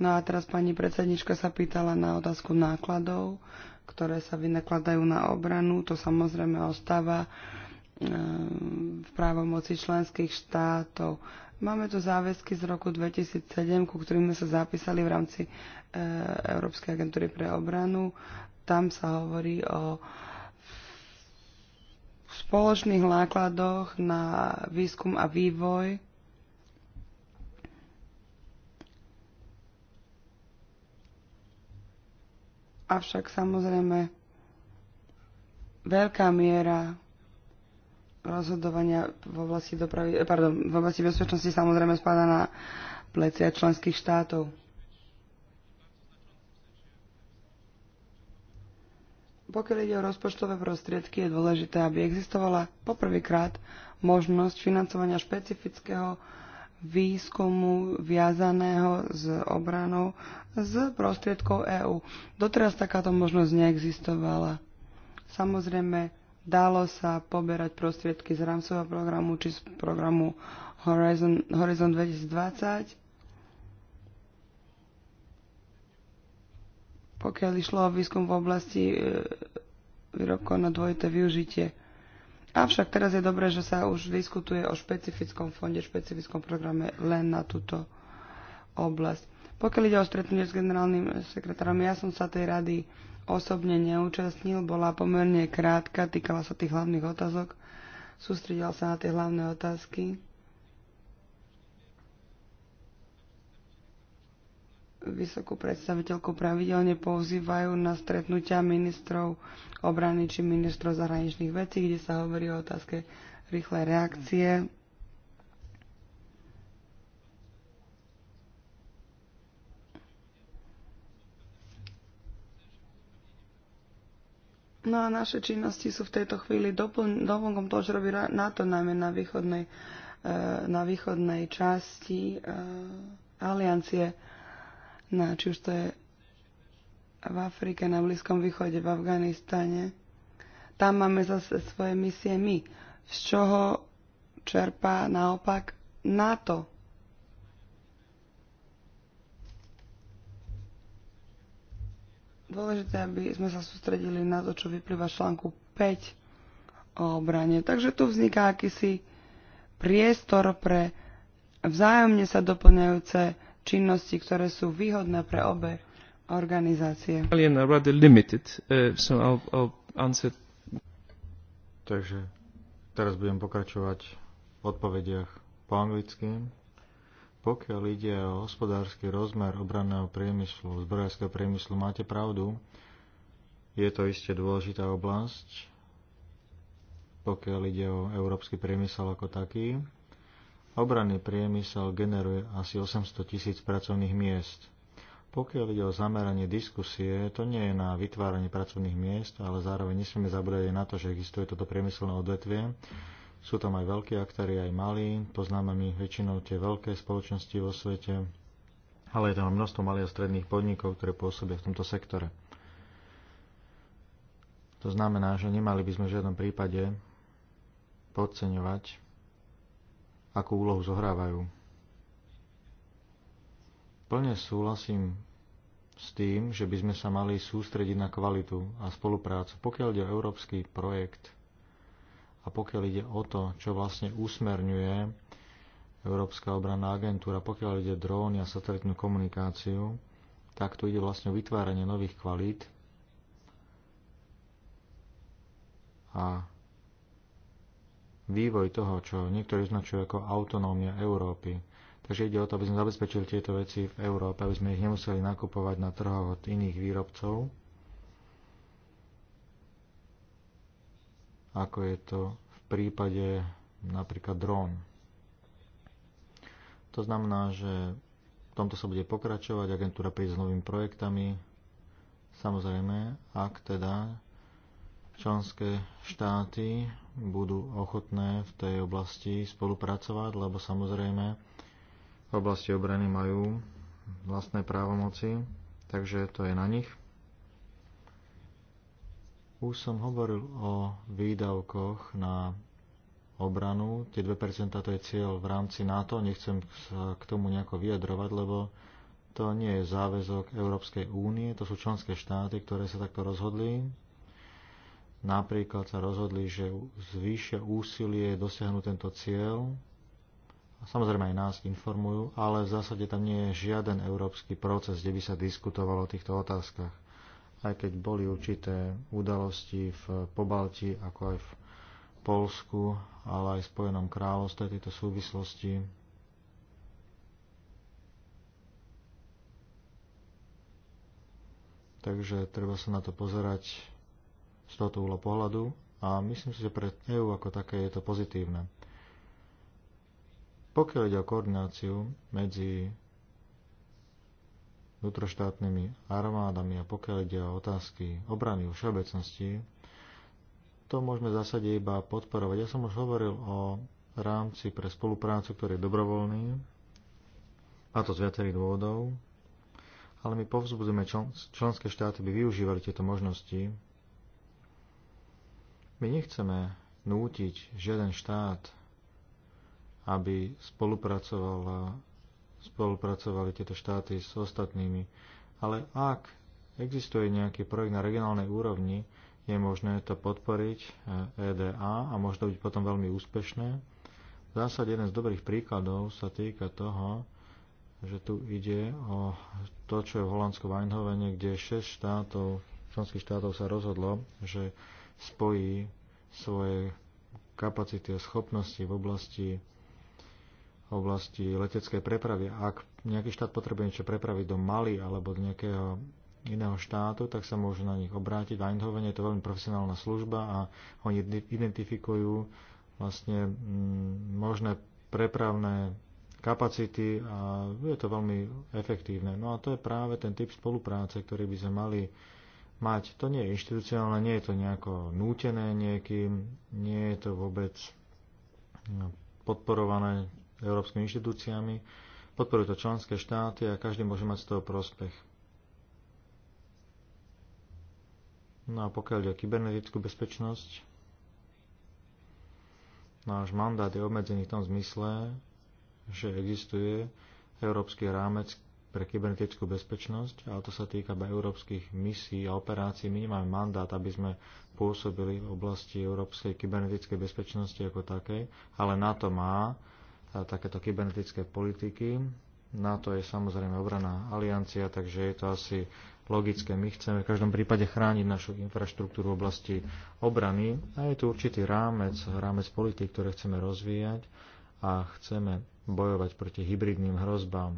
No a teraz pani predsednička sa pýtala na otázku nákladov, ktoré sa vynakladajú na obranu. To samozrejme ostáva e, v právomoci členských štátov. Máme tu záväzky z roku 2007, ku ktorým sme sa zapísali v rámci e, Európskej agentúry pre obranu. Tam sa hovorí o spoločných nákladoch na výskum a vývoj Avšak samozrejme veľká miera rozhodovania v oblasti, dopravy, eh, pardon, v oblasti bezpečnosti samozrejme spadá na plecia členských štátov. Pokiaľ ide o rozpočtové prostriedky, je dôležité, aby existovala poprvýkrát možnosť financovania špecifického výskumu viazaného s obranou z prostriedkov EÚ. Doteraz takáto možnosť neexistovala. Samozrejme, dalo sa poberať prostriedky z rámcového programu či z programu Horizon, Horizon 2020 pokiaľ išlo o výskum v oblasti e, výrobkov na dvojité využitie. Avšak teraz je dobré, že sa už diskutuje o špecifickom fonde, špecifickom programe len na túto oblasť. Pokiaľ ide o stretnutie s generálnym sekretárom, ja som sa tej rady osobne neúčastnil, bola pomerne krátka, týkala sa tých hlavných otázok, sústredila sa na tie hlavné otázky. vysokú predstaviteľku pravidelne pouzývajú na stretnutia ministrov obrany či ministrov zahraničných vecí, kde sa hovorí o otázke rýchlej reakcie. No a naše činnosti sú v tejto chvíli doplnkom toho, čo robí NATO, najmä na východnej, eh, na východnej časti eh, aliancie na, no, či už to je v Afrike, na Blízkom východe, v Afganistane. Tam máme zase svoje misie my, z čoho čerpá naopak NATO. Dôležité, aby sme sa sústredili na to, čo vyplýva článku 5 o obrane. Takže tu vzniká akýsi priestor pre vzájomne sa doplňajúce činnosti, ktoré sú výhodné pre obe organizácie. Eh, Takže teraz budem pokračovať v odpovediach po anglicky. Pokiaľ ide o hospodársky rozmer obranného priemyslu, zbrojárskeho priemyslu, máte pravdu, je to iste dôležitá oblasť, pokiaľ ide o európsky priemysel ako taký. Obranný priemysel generuje asi 800 tisíc pracovných miest. Pokiaľ ide o zameranie diskusie, to nie je na vytváranie pracovných miest, ale zároveň nesmieme zabúdať aj na to, že existuje toto priemyselné odvetvie. Sú tam aj veľkí aktári, aj malí, poznáme my väčšinou tie veľké spoločnosti vo svete, ale je tam množstvo malých a stredných podnikov, ktoré pôsobia v tomto sektore. To znamená, že nemali by sme v žiadnom prípade podceňovať akú úlohu zohrávajú. Plne súhlasím s tým, že by sme sa mali sústrediť na kvalitu a spoluprácu, pokiaľ ide o európsky projekt a pokiaľ ide o to, čo vlastne usmerňuje Európska obranná agentúra, pokiaľ ide dróny a satelitnú komunikáciu, tak tu ide vlastne o vytváranie nových kvalít a vývoj toho, čo niektorí označujú ako autonómia Európy. Takže ide o to, aby sme zabezpečili tieto veci v Európe, aby sme ich nemuseli nakupovať na trhoch od iných výrobcov, ako je to v prípade napríklad drón. To znamená, že v tomto sa bude pokračovať, agentúra príde s novými projektami, samozrejme, ak teda členské štáty budú ochotné v tej oblasti spolupracovať, lebo samozrejme v oblasti obrany majú vlastné právomoci, takže to je na nich. Už som hovoril o výdavkoch na obranu. Tie 2% to je cieľ v rámci NATO. Nechcem sa k tomu nejako vyjadrovať, lebo to nie je záväzok Európskej únie. To sú členské štáty, ktoré sa takto rozhodli napríklad sa rozhodli, že zvýšia úsilie dosiahnuť tento cieľ. A samozrejme aj nás informujú, ale v zásade tam nie je žiaden európsky proces, kde by sa diskutovalo o týchto otázkach. Aj keď boli určité udalosti v Pobalti, ako aj v Polsku, ale aj v Spojenom kráľovstve tejto súvislosti. Takže treba sa na to pozerať z tohto uhla pohľadu a myslím si, že pre EU ako také je to pozitívne. Pokiaľ ide o koordináciu medzi vnútroštátnymi armádami a pokiaľ ide o otázky obrany vo všeobecnosti, to môžeme v zásade iba podporovať. Ja som už hovoril o rámci pre spoluprácu, ktorý je dobrovoľný, a to z viacerých dôvodov, ale my povzbudzujeme členské štáty, by využívali tieto možnosti, my nechceme nútiť žiaden štát, aby spolupracoval, spolupracovali tieto štáty s ostatnými, ale ak existuje nejaký projekt na regionálnej úrovni, je možné to podporiť EDA eh, e a môže to byť potom veľmi úspešné. V zásade jeden z dobrých príkladov sa týka toho, že tu ide o to, čo je v Holandsku weinhovene kde 6 štátov, členských štátov sa rozhodlo, že spojí svoje kapacity a schopnosti v oblasti, oblasti leteckej prepravy. Ak nejaký štát potrebuje niečo prepraviť do Mali alebo do nejakého iného štátu, tak sa môžu na nich obrátiť. Eindhoven je to veľmi profesionálna služba a oni identifikujú vlastne mm, možné prepravné kapacity a je to veľmi efektívne. No a to je práve ten typ spolupráce, ktorý by sme mali mať. To nie je inštitucionálne, nie je to nejako nútené niekým, nie je to vôbec no, podporované európskymi inštitúciami. Podporujú to členské štáty a každý môže mať z toho prospech. No a pokiaľ ide o kybernetickú bezpečnosť, náš mandát je obmedzený v tom zmysle, že existuje európsky rámec, pre kybernetickú bezpečnosť, ale to sa týka aj európskych misií a operácií. My nemáme mandát, aby sme pôsobili v oblasti európskej kybernetickej bezpečnosti ako takej, ale NATO má eh, takéto kybernetické politiky. NATO je samozrejme obraná aliancia, takže je to asi logické. My chceme v každom prípade chrániť našu infraštruktúru v oblasti obrany a je tu určitý rámec, rámec politik, ktoré chceme rozvíjať a chceme bojovať proti hybridným hrozbám.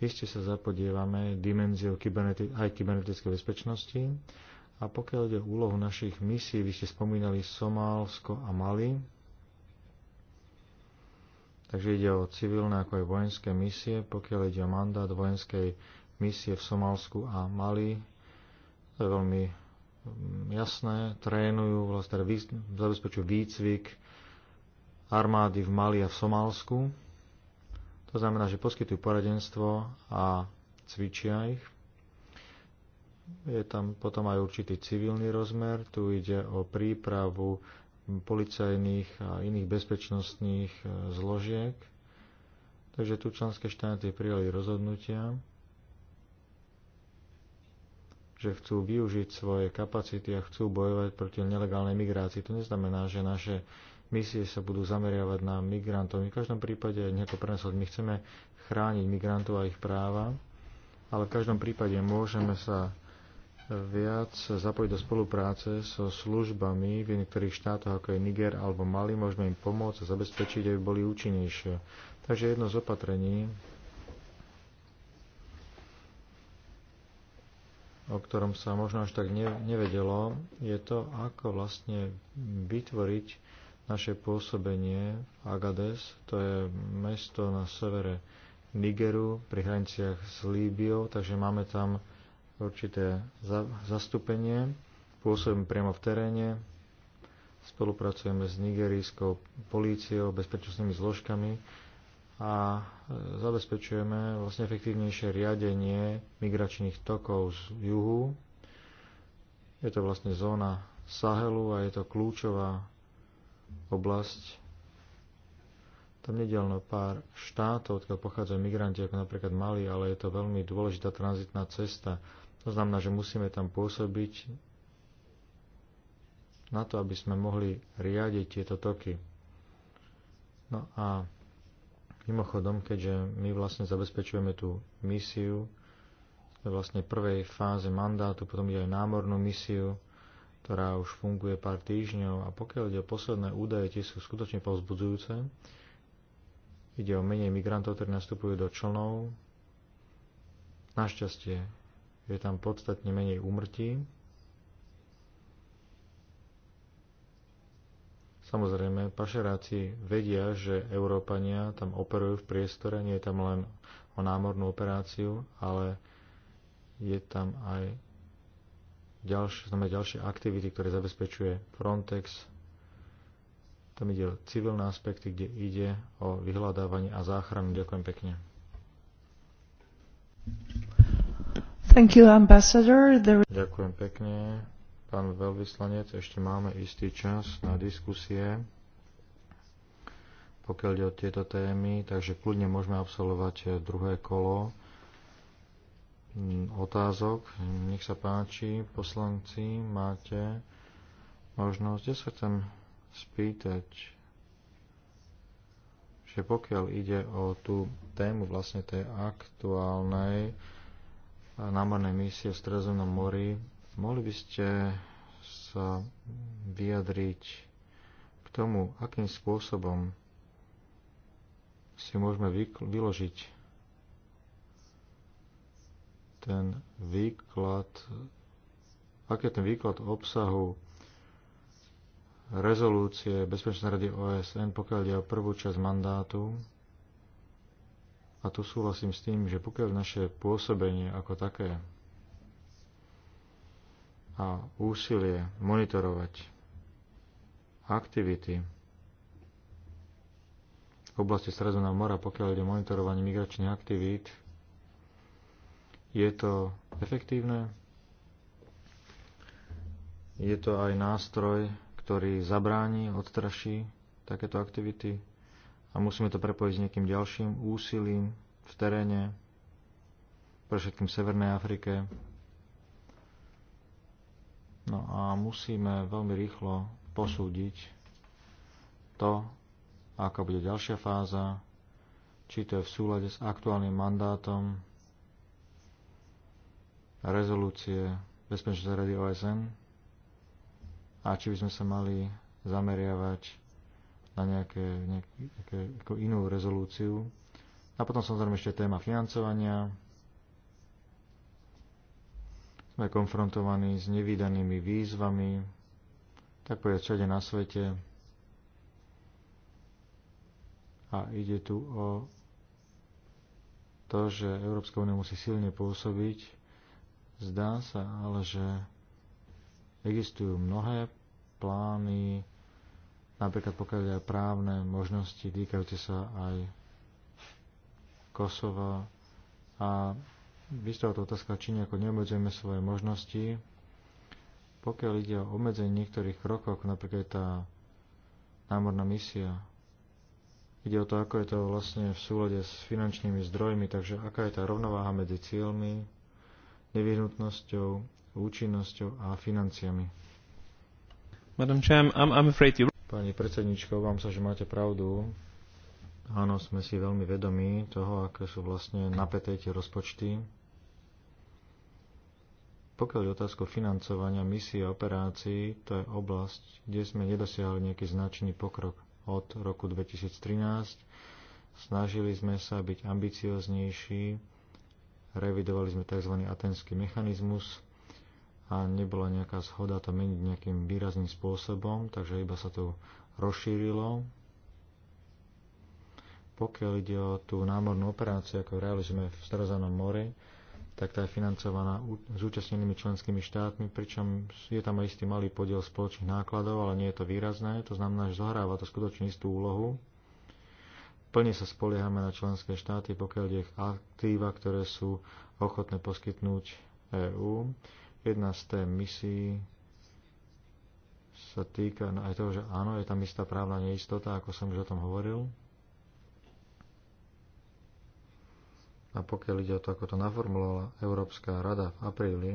Ešte sa zapodievame dimenziou kyberneti- aj kybernetickej bezpečnosti. A pokiaľ ide o úlohu našich misií, vy ste spomínali Somálsko a Mali, takže ide o civilné ako aj vojenské misie. Pokiaľ ide o mandát vojenskej misie v Somálsku a Mali, to je veľmi mm, jasné, trénujú, vlastne teda zabezpečujú výcvik armády v Mali a v Somálsku. To znamená, že poskytujú poradenstvo a cvičia ich. Je tam potom aj určitý civilný rozmer. Tu ide o prípravu policajných a iných bezpečnostných e, zložiek. Takže tu členské štáty prijali rozhodnutia, že chcú využiť svoje kapacity a chcú bojovať proti nelegálnej migrácii. To neznamená, že naše misie sa budú zameriavať na migrantov. v každom prípade nejako prenesol, my chceme chrániť migrantov a ich práva, ale v každom prípade môžeme sa viac zapojiť do spolupráce so službami v niektorých štátoch, ako je Niger alebo Mali, môžeme im pomôcť a zabezpečiť, aby boli účinnejšie. Takže jedno z opatrení, o ktorom sa možno až tak nevedelo, je to, ako vlastne vytvoriť naše pôsobenie v Agades, to je mesto na severe Nigeru pri hraniciach s Líbiou, takže máme tam určité za, zastúpenie, pôsobíme priamo v teréne, spolupracujeme s nigerijskou políciou, bezpečnostnými zložkami a e, zabezpečujeme vlastne efektívnejšie riadenie migračných tokov z juhu. Je to vlastne zóna Sahelu a je to kľúčová oblasť. Tam nedial pár štátov, odkiaľ pochádzajú migranti, ako napríklad Mali, ale je to veľmi dôležitá tranzitná cesta. To znamená, že musíme tam pôsobiť na to, aby sme mohli riadiť tieto toky. No a mimochodom, keďže my vlastne zabezpečujeme tú misiu, vlastne prvej fáze mandátu, potom ide aj námornú misiu, ktorá už funguje pár týždňov a pokiaľ ide o posledné údaje, tie sú skutočne povzbudzujúce. Ide o menej migrantov, ktorí nastupujú do člnov. Našťastie je tam podstatne menej úmrtí. Samozrejme, pašeráci vedia, že Európania tam operujú v priestore, nie je tam len o námornú operáciu, ale je tam aj ďalšie, znamená ďalšie aktivity, ktoré zabezpečuje Frontex. Tam ide o civilné aspekty, kde ide o vyhľadávanie a záchranu. Ďakujem pekne. Thank you, ambassador. The... Ďakujem pekne. Pán veľvyslanec, ešte máme istý čas na diskusie, pokiaľ ide o tieto témy, takže kľudne môžeme absolvovať eh, druhé kolo Mm, otázok. Nech sa páči, poslanci, máte možnosť. Ja sa chcem spýtať, že pokiaľ ide o tú tému vlastne tej aktuálnej eh, námornej misie v Stredozemnom mori, mohli by ste sa vyjadriť k tomu, akým spôsobom si môžeme vyložiť ten výklad, aký je ten výklad obsahu rezolúcie Bezpečnej rady OSN, pokiaľ ide o prvú časť mandátu. A tu súhlasím s tým, že pokiaľ naše pôsobenie ako také a úsilie monitorovať aktivity v oblasti Sredozemného mora, pokiaľ ide monitorovanie migračných aktivít, je to efektívne? Je to aj nástroj, ktorý zabráni, odstraší takéto aktivity a musíme to prepojiť s nejakým ďalším úsilím v teréne, pre všetkým v Severnej Afrike. No a musíme veľmi rýchlo posúdiť to, aká bude ďalšia fáza, či to je v súlade s aktuálnym mandátom rezolúcie Bezpečnostnej rady OSN a či by sme sa mali zameriavať na nejaké, nejaké ako inú rezolúciu. A potom samozrejme ešte téma financovania. Sme konfrontovaní s nevýdanými výzvami, tak povedať všade na svete. A ide tu o to, že Európska únia musí silne pôsobiť Zdá sa ale, že existujú mnohé plány, napríklad pokiaľ aj právne možnosti týkajúce sa aj Kosova. A vystáva to otázka, či nejako neobmedzujeme svoje možnosti. Pokiaľ ide o obmedzenie niektorých krokov, napríklad tá námorná misia, ide o to, ako je to vlastne v súlade s finančnými zdrojmi, takže aká je tá rovnováha medzi cieľmi, nevyhnutnosťou, účinnosťou a financiami. Pani predsedničko, vám sa, že máte pravdu. Áno, sme si veľmi vedomí toho, aké sú vlastne napäté tie rozpočty. Pokiaľ je otázku financovania misie a operácií, to je oblasť, kde sme nedosiahli nejaký značný pokrok od roku 2013. Snažili sme sa byť ambicioznejší revidovali sme tzv. atenský mechanizmus a nebola nejaká schoda to meniť nejakým výrazným spôsobom, takže iba sa to rozšírilo. Pokiaľ ide o tú námornú operáciu, ako realizujeme v Stredozemnom mori, tak tá je financovaná zúčastnenými členskými štátmi, pričom je tam aj istý malý podiel spoločných nákladov, ale nie je to výrazné. To znamená, že zohráva to skutočne istú úlohu. Plne sa spoliehame na členské štáty, pokiaľ je ich aktíva, ktoré sú ochotné poskytnúť EÚ. Jedna z tém misií sa týka no, aj toho, že áno, je tam istá právna neistota, ako som už o tom hovoril. A pokiaľ ide o to, ako to naformulovala Európska rada v apríli,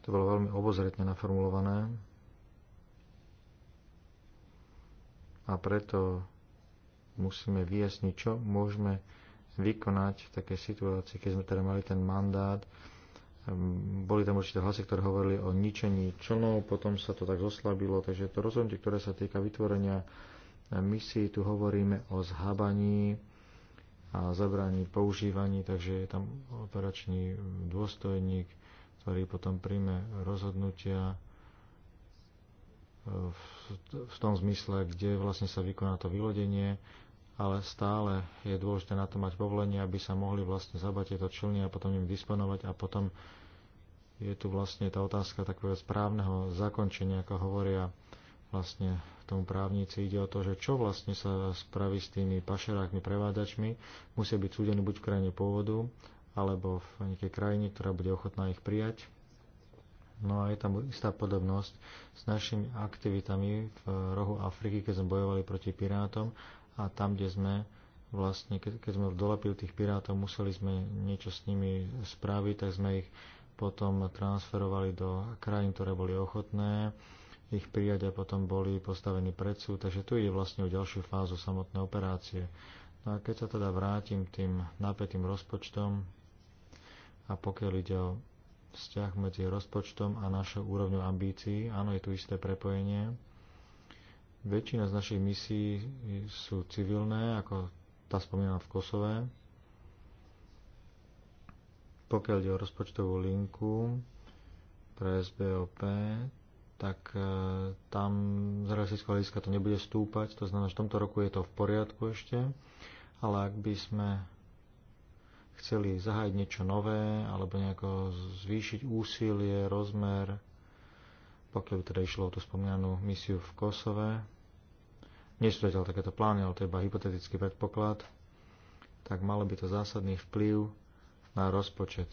to bolo veľmi obozretne naformulované. A preto musíme vyjasniť, čo môžeme vykonať v takej situácii, keď sme teda mali ten mandát. Ehm, boli tam určité hlasy, ktoré hovorili o ničení člnov, potom sa to tak zoslabilo, takže to rozhodnutie, ktoré sa týka vytvorenia ehm, misií, tu hovoríme o zhabaní a zabraní používaní, takže je tam operačný dôstojník, ktorý potom príjme rozhodnutia ehm, v, v tom zmysle, kde vlastne sa vykoná to vylodenie ale stále je dôležité na to mať povolenie, aby sa mohli vlastne zabať tieto člny a potom im disponovať a potom je tu vlastne tá otázka takého správneho zakončenia, ako hovoria vlastne tomu právnici. Ide o to, že čo vlastne sa spraví s tými pašerákmi, prevádzačmi. Musia byť súdení buď v krajine pôvodu, alebo v nejakej krajine, ktorá bude ochotná ich prijať. No a je tam istá podobnosť s našimi aktivitami v rohu Afriky, keď sme bojovali proti pirátom a tam, kde sme vlastne, keď, keď sme dolepili tých pirátov, museli sme niečo s nimi spraviť, tak sme ich potom transferovali do krajín, ktoré boli ochotné ich prijať a potom boli postavení pred súd. Takže tu ide vlastne o ďalšiu fázu samotnej operácie. No a keď sa teda vrátim tým napätým rozpočtom a pokiaľ ide o vzťah medzi rozpočtom a našou úrovňou ambícií, áno, je tu isté prepojenie, Väčšina z našich misií sú civilné, ako tá spomínaná v Kosove. Pokiaľ ide o rozpočtovú linku pre SBOP, tak e, tam z realistického hľadiska to nebude stúpať, to znamená, že v tomto roku je to v poriadku ešte, ale ak by sme chceli zahájiť niečo nové alebo nejako zvýšiť úsilie, rozmer, pokiaľ teda išlo o tú spomínanú misiu v Kosove. Nie sú zatiaľ takéto plány, ale to je iba hypotetický predpoklad. Tak malo by to zásadný vplyv na rozpočet.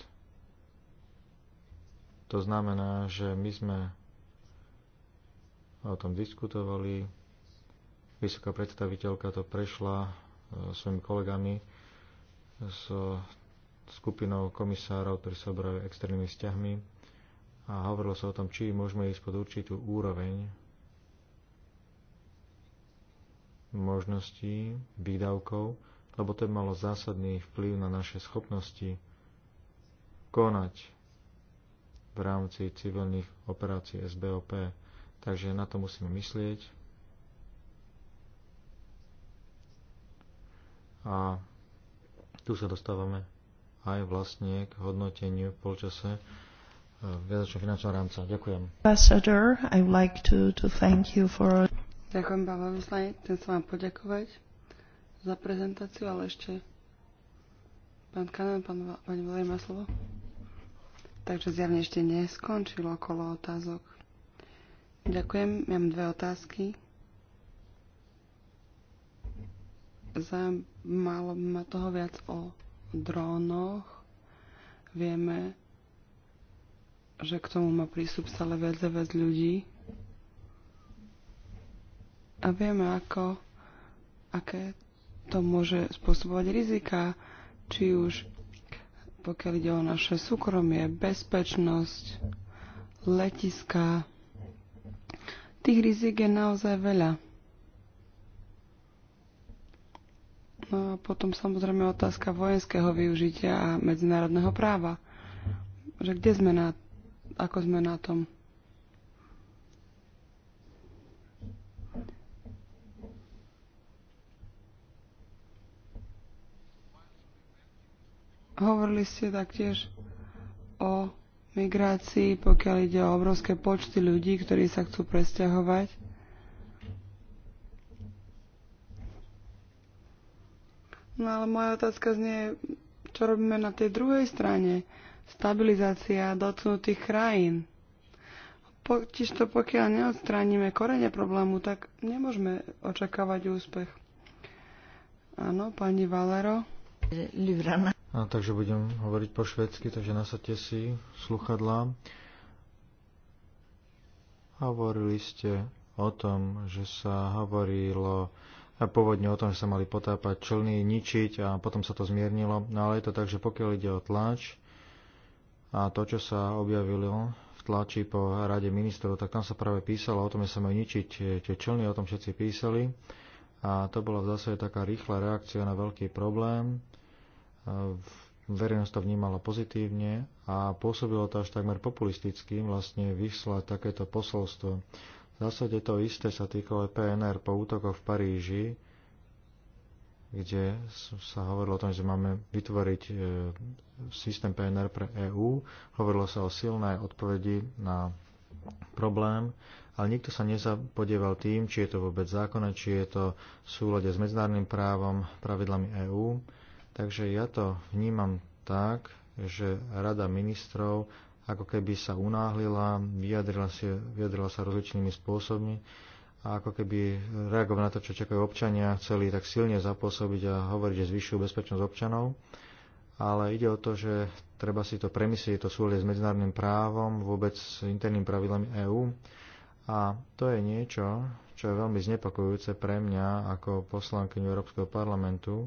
To znamená, že my sme o tom diskutovali. Vysoká predstaviteľka to prešla e, svojimi kolegami so skupinou komisárov, ktorí sa obrajú externými vzťahmi a hovorilo sa o tom, či môžeme ísť pod určitú úroveň možností, výdavkov, lebo to by malo zásadný vplyv na naše schopnosti konať v rámci civilných operácií SBOP. Takže na to musíme myslieť. A tu sa dostávame aj vlastne k hodnoteniu v polčase viazačného finančného rámca. Ďakujem. Ambassador, I would like to, to thank you for... Ďakujem, pán veľvyslanec. Chcem sa vám poďakovať za prezentáciu, ale ešte pán Kanan, pán, pani Valer má slovo. Takže zjavne ešte neskončilo okolo otázok. Ďakujem, mám dve otázky. Zaujímalo ma toho viac o drónoch. Vieme, že k tomu má prístup stále viac a viac ľudí. A vieme, ako, aké to môže spôsobovať rizika, či už pokiaľ ide o naše súkromie, bezpečnosť, letiska. Tých rizik je naozaj veľa. No a potom samozrejme otázka vojenského využitia a medzinárodného práva. Že kde sme na ako sme na tom. Hovorili ste taktiež o migrácii, pokiaľ ide o obrovské počty ľudí, ktorí sa chcú presťahovať. No ale moja otázka znie, čo robíme na tej druhej strane stabilizácia dotknutých krajín. Totiž to pokiaľ neodstránime korene problému, tak nemôžeme očakávať úspech. Áno, pani Valero. Livrana. A takže budem hovoriť po švedsky, takže nasadte si sluchadlá. Hovorili ste o tom, že sa hovorilo a pôvodne o tom, že sa mali potápať člny, ničiť a potom sa to zmiernilo. No ale je to tak, že pokiaľ ide o tlač, a to, čo sa objavilo v tlači po rade ministrov, tak tam sa práve písalo o tom, že sa majú ničiť e, tie člny, o tom všetci písali. A to bola v zásade taká rýchla reakcia na veľký problém. E, verejnosť to vnímala pozitívne a pôsobilo to až takmer populisticky vlastne vyslať takéto posolstvo. V zásade to isté sa týkalo PNR po útokoch v Paríži, kde sa hovorilo o tom, že máme vytvoriť e, systém PNR pre EÚ. Hovorilo sa o silnej odpovedi na problém, ale nikto sa nezapodieval tým, či je to vôbec zákonné, či je to v súlade s medzinárodným právom, pravidlami EÚ. Takže ja to vnímam tak, že Rada ministrov ako keby sa unáhlila, vyjadrila, si, vyjadrila sa rozličnými spôsobmi a ako keby reagovali na to, čo čakajú občania, chceli tak silne zapôsobiť a hovoriť, že zvyšujú bezpečnosť občanov. Ale ide o to, že treba si to premyslieť, to súhľadie s medzinárodným právom, vôbec s interným pravidlami EÚ. A to je niečo, čo je veľmi znepokojujúce pre mňa ako poslankyňu Európskeho parlamentu.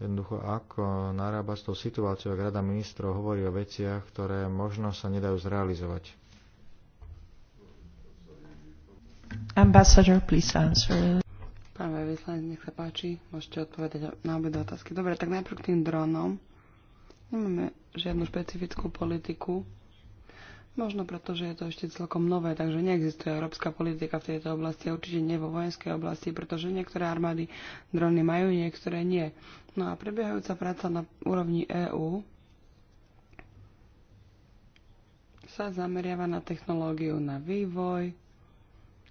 Jednoducho, ako narába s tou situáciou, ak Rada ministrov hovorí o veciach, ktoré možno sa nedajú zrealizovať Ambassador, please answer. Pán veľvyslanec, nech sa páči, môžete odpovedať na obe otázky. Dobre, tak najprv k tým dronom. Nemáme žiadnu špecifickú politiku. Možno preto, že je to ešte celkom nové, takže neexistuje európska politika v tejto oblasti a určite nie vo vojenskej oblasti, pretože niektoré armády drony majú, niektoré nie. No a prebiehajúca práca na úrovni EÚ sa zameriava na technológiu, na vývoj,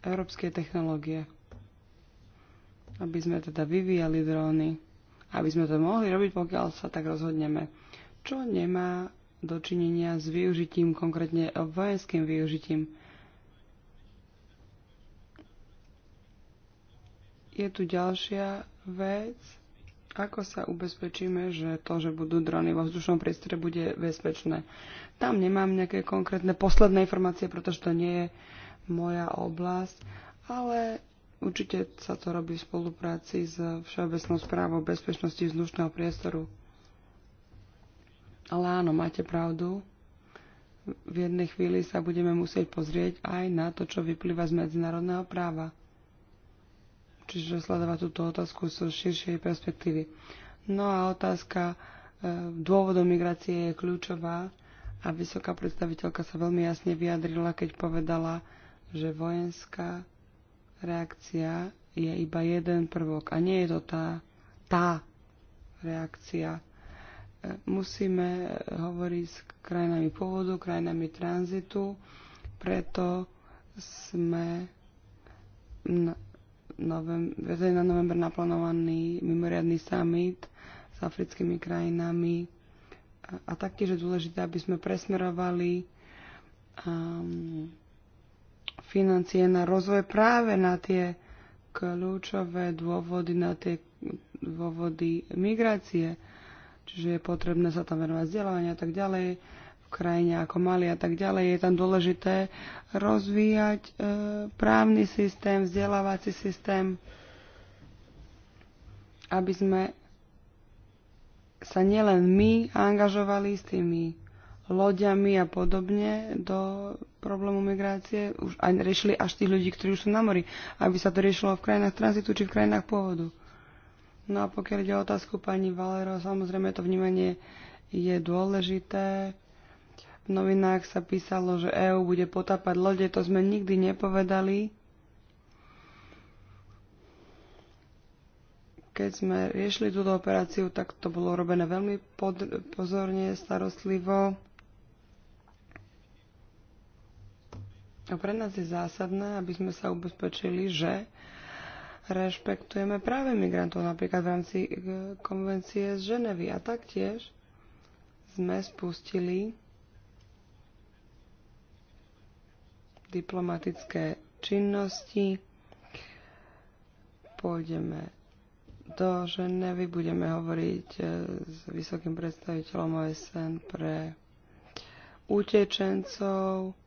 európske technológie. Aby sme teda vyvíjali dróny. Aby sme to mohli robiť, pokiaľ sa tak rozhodneme. Čo nemá dočinenia s využitím, konkrétne vojenským využitím. Je tu ďalšia vec. Ako sa ubezpečíme, že to, že budú drony vo vzdušnom priestore, bude bezpečné? Tam nemám nejaké konkrétne posledné informácie, pretože to nie je moja oblasť, ale určite sa to robí v spolupráci s Všeobecnou správou bezpečnosti vzdušného priestoru. Ale áno, máte pravdu. V jednej chvíli sa budeme musieť pozrieť aj na to, čo vyplýva z medzinárodného práva. Čiže sledovať túto otázku z širšej perspektívy. No a otázka e, dôvodov migrácie je kľúčová a vysoká predstaviteľka sa veľmi jasne vyjadrila, keď povedala, že vojenská reakcia je iba jeden prvok a nie je to tá, tá reakcia. E, musíme e, hovoriť s krajinami pôvodu, krajinami tranzitu, preto sme na, na november naplánovaný mimoriadný summit s africkými krajinami a, a taktiež je dôležité, aby sme presmerovali um, financie na rozvoj práve na tie kľúčové dôvody, na tie dôvody migrácie. Čiže je potrebné sa tam venovať vzdelávanie a tak ďalej v krajine ako Mali a tak ďalej. Je tam dôležité rozvíjať e, právny systém, vzdelávací systém, aby sme sa nielen my angažovali s tými loďami a podobne do problému migrácie, už aj riešili až tých ľudí, ktorí už sú na mori, aby sa to riešilo v krajinách tranzitu či v krajinách pôvodu. No a pokiaľ ide o otázku pani Valero, samozrejme to vnímanie je dôležité. V novinách sa písalo, že EÚ bude potápať lode, to sme nikdy nepovedali. Keď sme riešili túto operáciu, tak to bolo robené veľmi pod, pozorne, starostlivo. No pre nás je zásadné, aby sme sa ubezpečili, že rešpektujeme práve migrantov, napríklad v rámci e, konvencie z Ženevy. A taktiež sme spustili diplomatické činnosti. Pôjdeme do Ženevy, budeme hovoriť e, s vysokým predstaviteľom OSN pre utečencov,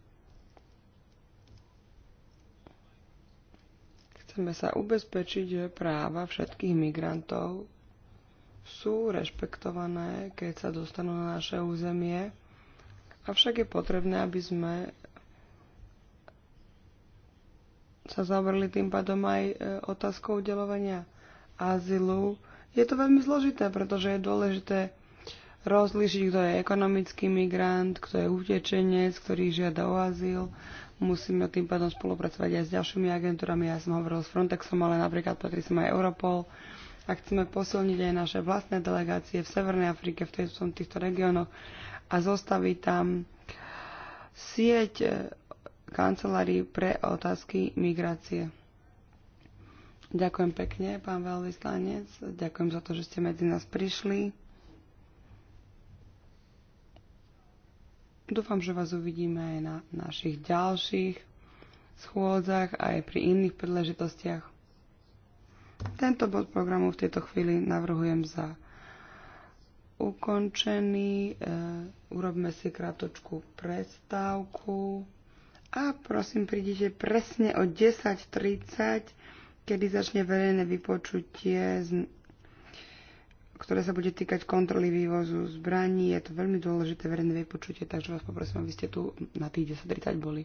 Musíme sa ubezpečiť, že práva všetkých migrantov sú rešpektované, keď sa dostanú na naše územie. Avšak je potrebné, aby sme sa zavrli tým pádom aj e, otázkou udelovania azylu. Je to veľmi zložité, pretože je dôležité rozlíšiť, kto je ekonomický migrant, kto je utečenec, ktorý žiada o azyl, Musíme tým pádom spolupracovať aj s ďalšími agentúrami. Ja som hovoril s Frontexom, ale napríklad patrí som aj Europol. A chceme posilniť aj naše vlastné delegácie v Severnej Afrike, v týchto, týchto regiónoch a zostaviť tam sieť eh, kancelárií pre otázky migrácie. Ďakujem pekne, pán veľvyslanec. Ďakujem za to, že ste medzi nás prišli. Dúfam, že vás uvidíme aj na našich ďalších schôdzach, aj pri iných príležitostiach. Tento bod programu v tejto chvíli navrhujem za ukončený. E, urobme si krátku prestávku a prosím, prídite presne o 10.30, kedy začne verejné vypočutie z ktoré sa bude týkať kontroly vývozu zbraní. Je to veľmi dôležité verejné vypočutie, takže vás poprosím, aby ste tu na tých 10.30 boli.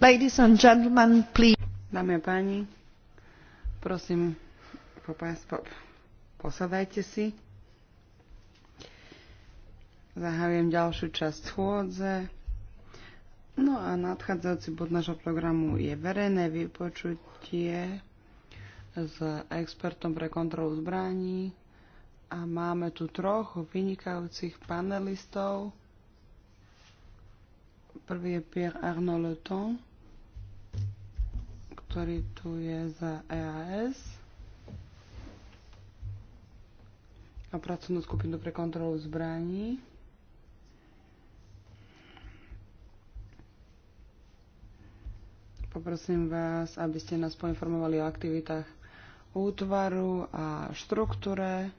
Ladies and prosím, posadajte si. Zahajujem ďalšiu časť schôdze. No a nadchádzajúci bod nášho programu je verejné vypočutie s expertom pre kontrolu zbraní a máme tu troch vynikajúcich panelistov Prvý je Pierre Arnaud Leton, ktorý tu je za EAS a pracovnú skupinu pre kontrolu zbraní. Poprosím vás, aby ste nás poinformovali o aktivitách útvaru a štruktúre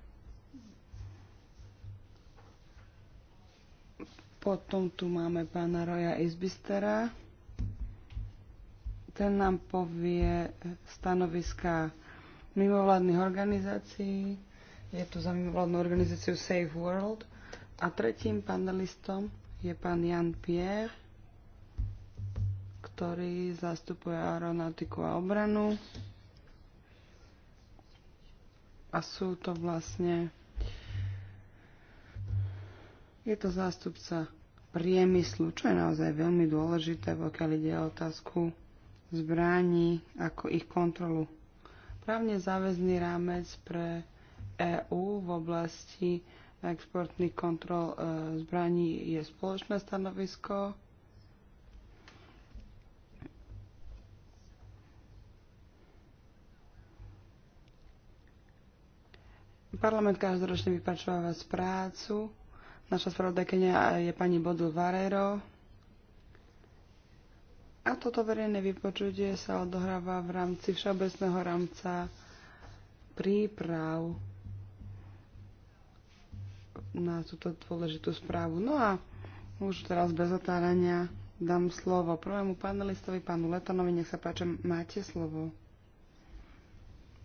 Potom tu máme pána Roja Izbistera. Ten nám povie stanoviska mimovládnych organizácií. Je tu za mimovládnu organizáciu Save World. A tretím panelistom je pán Jan Pierre, ktorý zastupuje aeronautiku a obranu. A sú to vlastne... Je to zástupca priemyslu, čo je naozaj veľmi dôležité, pokiaľ ide o otázku zbraní, ako ich kontrolu. Právne záväzný rámec pre EÚ v oblasti exportných kontrol e, zbraní je spoločné stanovisko. Parlament každoročne vypačováva prácu Naša spravodajkenia je pani Bodu Varero. A toto verejné vypočutie sa odohráva v rámci všeobecného rámca príprav na túto dôležitú správu. No a už teraz bez otárania dám slovo prvému panelistovi, pánu Letanovi. Nech sa páči, máte slovo.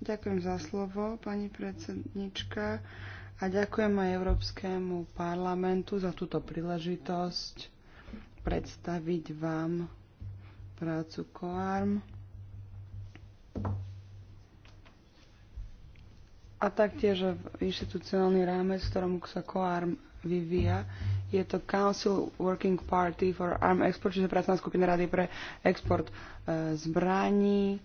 Ďakujem za slovo, pani predsednička. A ďakujem aj Európskemu parlamentu za túto príležitosť predstaviť vám prácu COARM. A taktiež inštitucionálny rámec, v ktorom sa COARM vyvíja, je to Council Working Party for Arm Export, čiže pracovná skupina Rady pre export e, zbraní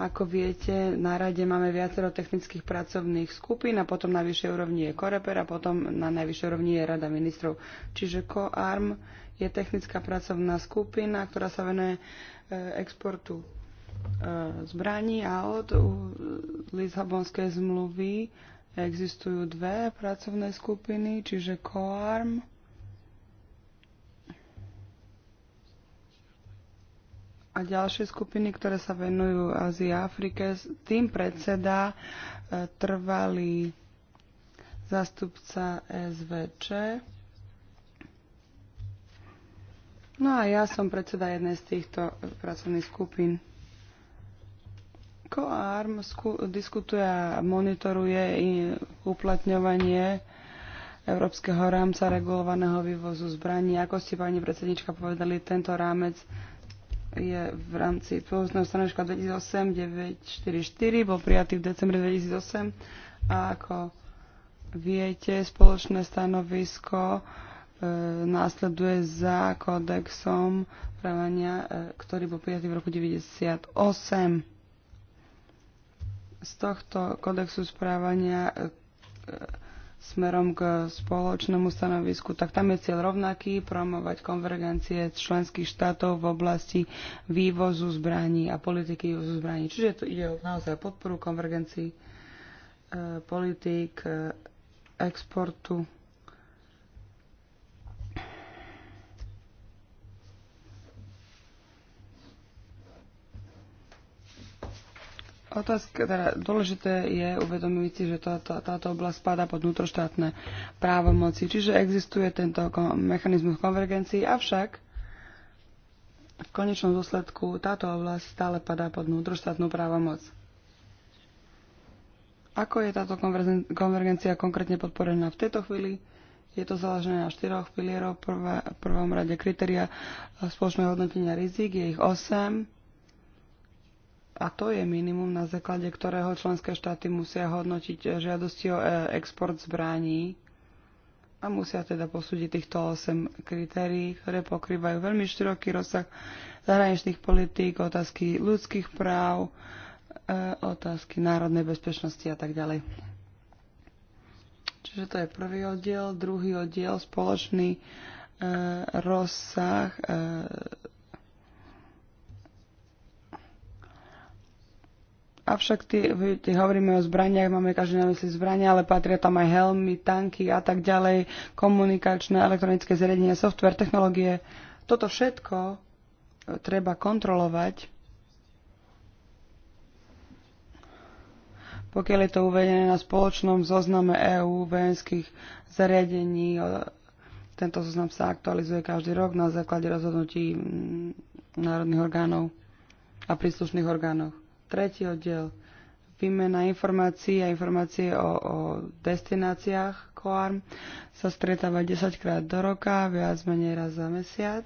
ako viete, na rade máme viacero technických pracovných skupín a potom na vyššej úrovni je Koreper a potom na najvyššej úrovni je Rada ministrov. Čiže COARM je technická pracovná skupina, ktorá sa venuje e, exportu e, zbraní a od Lisabonskej zmluvy existujú dve pracovné skupiny, čiže COARM a ďalšie skupiny, ktoré sa venujú Ázii a Afrike. Tým predseda, e, trvalý zastupca SVČ. No a ja som predseda jednej z týchto e, pracovných skupín. COARM diskutuje a monitoruje uplatňovanie Európskeho rámca regulovaného vývozu zbraní. Ako ste, pani predsednička, povedali, tento rámec je v rámci pôvodného stanoviska 2008-944, bol prijatý v decembri 2008 a ako viete, spoločné stanovisko e, následuje za kodexom právania, e, ktorý bol prijatý v roku 1998. Z tohto kodexu správania e, e, smerom k spoločnému stanovisku, tak tam je cieľ rovnaký, promovať konvergencie členských štátov v oblasti vývozu zbraní a politiky vývozu zbraní. Čiže to ide o naozaj podporu konvergencií e, e, exportu Otázka, teda dôležité je uvedomiť si, že tá, tá, táto oblasť spada pod vnútroštátne právomoci, čiže existuje tento mechanizmus konvergencií, avšak v konečnom dôsledku táto oblasť stále padá pod vnútroštátnu právomoc. Ako je táto konvergencia konkrétne podporená v tejto chvíli? Je to založené na štyroch pilierov. v prvom rade kritéria spoločného hodnotenia rizik, je ich 8 a to je minimum, na základe ktorého členské štáty musia hodnotiť eh, žiadosti o eh, export zbraní a musia teda posúdiť týchto 8 kritérií, ktoré pokrývajú veľmi široký rozsah zahraničných politík, otázky ľudských práv, eh, otázky národnej bezpečnosti a tak ďalej. Čiže to je prvý oddiel. Druhý oddiel, spoločný rozsah Avšak ty, ty hovoríme o zbraniach, máme každý na mysli zbrania, ale patria tam aj helmy, tanky a tak ďalej, komunikačné, elektronické zariadenia, software, technológie. Toto všetko e, treba kontrolovať. Pokiaľ je to uvedené na spoločnom zozname EÚ vojenských zariadení, e, tento zoznam sa aktualizuje každý rok na základe rozhodnutí národných orgánov a príslušných orgánov. Tretí oddiel. Výmena informácií a informácie o, o destináciách koarm sa stretáva 10 krát do roka, viac menej raz za mesiac.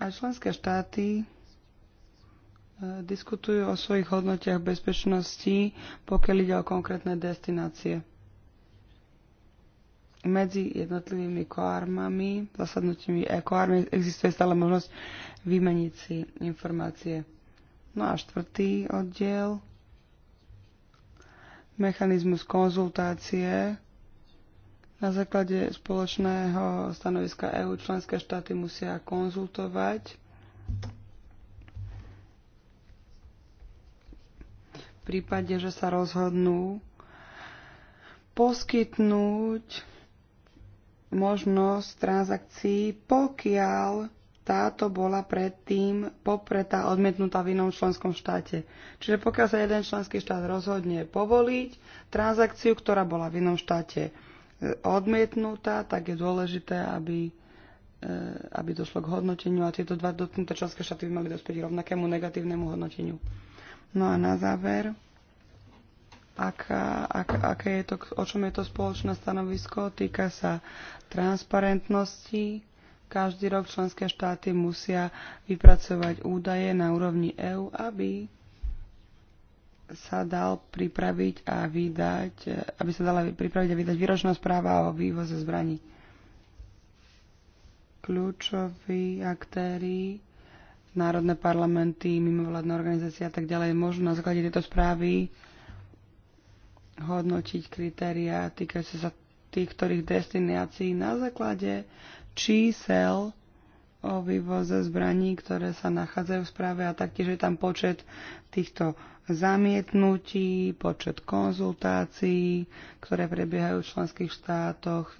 A členské štáty e, diskutujú o svojich hodnotiach bezpečnosti, pokiaľ ide o konkrétne destinácie. Medzi jednotlivými koarmami, e-koármi, existuje stále možnosť vymeniť si informácie. No a štvrtý oddiel. Mechanizmus konzultácie. Na základe spoločného stanoviska EÚ členské štáty musia konzultovať v prípade, že sa rozhodnú poskytnúť možnosť transakcií, pokiaľ táto bola predtým popretá odmietnutá v inom členskom štáte. Čiže pokiaľ sa jeden členský štát rozhodne povoliť transakciu, ktorá bola v inom štáte e, odmietnutá, tak je dôležité, aby, e, aby došlo k hodnoteniu a tieto dva dotknuté členské štáty by mali dospieť rovnakému negatívnemu hodnoteniu. No a na záver, aká, ak, aké je to, o čom je to spoločné stanovisko, týka sa transparentnosti, každý rok členské štáty musia vypracovať údaje na úrovni EÚ, aby sa dal pripraviť a vydať, aby sa dala pripraviť a vydať výročná správa o vývoze zbraní. Kľúčoví aktéry, národné parlamenty, mimovládne organizácie a tak ďalej môžu na základe tejto správy hodnotiť kritériá týkajúce sa tých ktorých destinácií na základe čísel o vývoze zbraní, ktoré sa nachádzajú v správe a taktiež je tam počet týchto zamietnutí, počet konzultácií, ktoré prebiehajú v členských štátoch.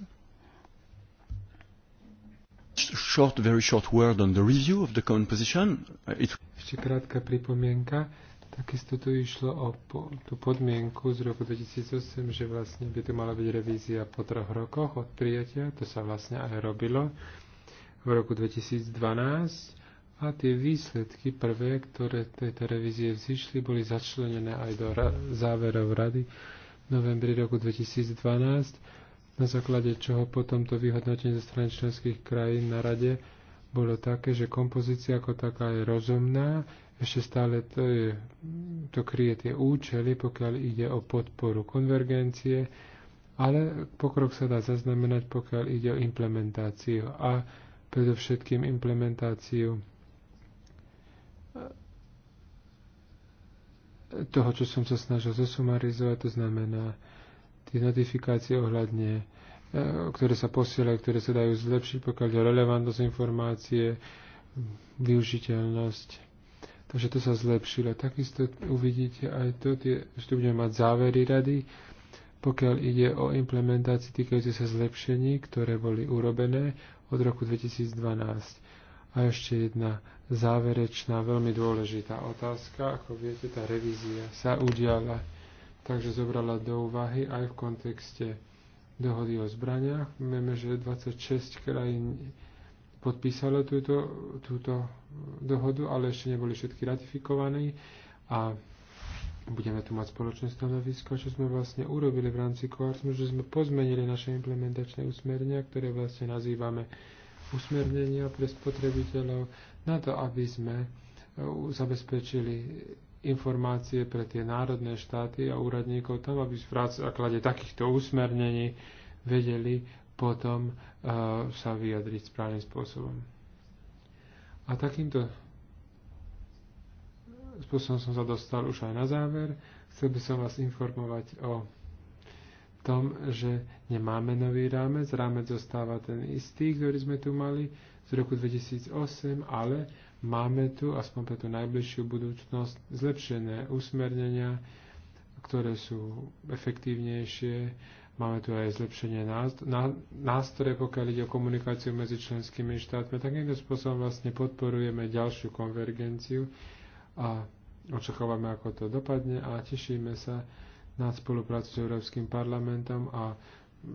Short, very short word on the review of the composition. It... Ešte krátka pripomienka Takisto tu išlo o po, tú podmienku z roku 2008, že vlastne by tu mala byť revízia po troch rokoch od prijatia, to sa vlastne aj robilo v roku 2012 a tie výsledky prvé, ktoré tejto revízie vzýšli, boli začlenené aj do ra- záverov rady v novembri roku 2012, na základe čoho potom to vyhodnotenie zo strany členských krajín na rade bolo také, že kompozícia ako taká je rozumná, ešte stále to, je, to kryje tie účely, pokiaľ ide o podporu konvergencie, ale pokrok sa dá zaznamenať, pokiaľ ide o implementáciu a predovšetkým implementáciu toho, čo som sa snažil zosumarizovať, to znamená tie notifikácie ohľadne, e, ktoré sa posielajú, ktoré sa dajú zlepšiť, pokiaľ je relevantnosť informácie, využiteľnosť Takže to sa zlepšilo. Takisto uvidíte aj to, tie, že tu budeme mať závery rady, pokiaľ ide o implementácii týkajúce sa zlepšení, ktoré boli urobené od roku 2012. A ešte jedna záverečná, veľmi dôležitá otázka. Ako viete, tá revízia sa udiala, takže zobrala do úvahy aj v kontexte dohody o zbraniach. Vieme, že 26 krajín podpísalo túto, túto dohodu, ale ešte neboli všetky ratifikované a budeme tu mať spoločné stanovisko, čo sme vlastne urobili v rámci Quartzmu, že sme pozmenili naše implementačné usmernenia, ktoré vlastne nazývame usmernenia pre spotrebiteľov, na to, aby sme e, zabezpečili informácie pre tie národné štáty a úradníkov tam, aby v základe takýchto usmernení vedeli, potom eh, sa vyjadriť správnym spôsobom. A takýmto spôsobom som sa dostal už aj na záver. Chcel by som vás informovať o tom, že nemáme nový rámec. Rámec zostáva ten istý, ktorý sme tu mali z roku 2008, ale máme tu, aspoň pre tú najbližšiu budúcnosť, zlepšené usmernenia, ktoré sú efektívnejšie, Máme tu aj zlepšenie nástroje, pokiaľ ide o komunikáciu medzi členskými štátmi. Takýmto spôsobom vlastne podporujeme ďalšiu konvergenciu a očakávame, ako to dopadne a tešíme sa na spoluprácu s Európskym parlamentom a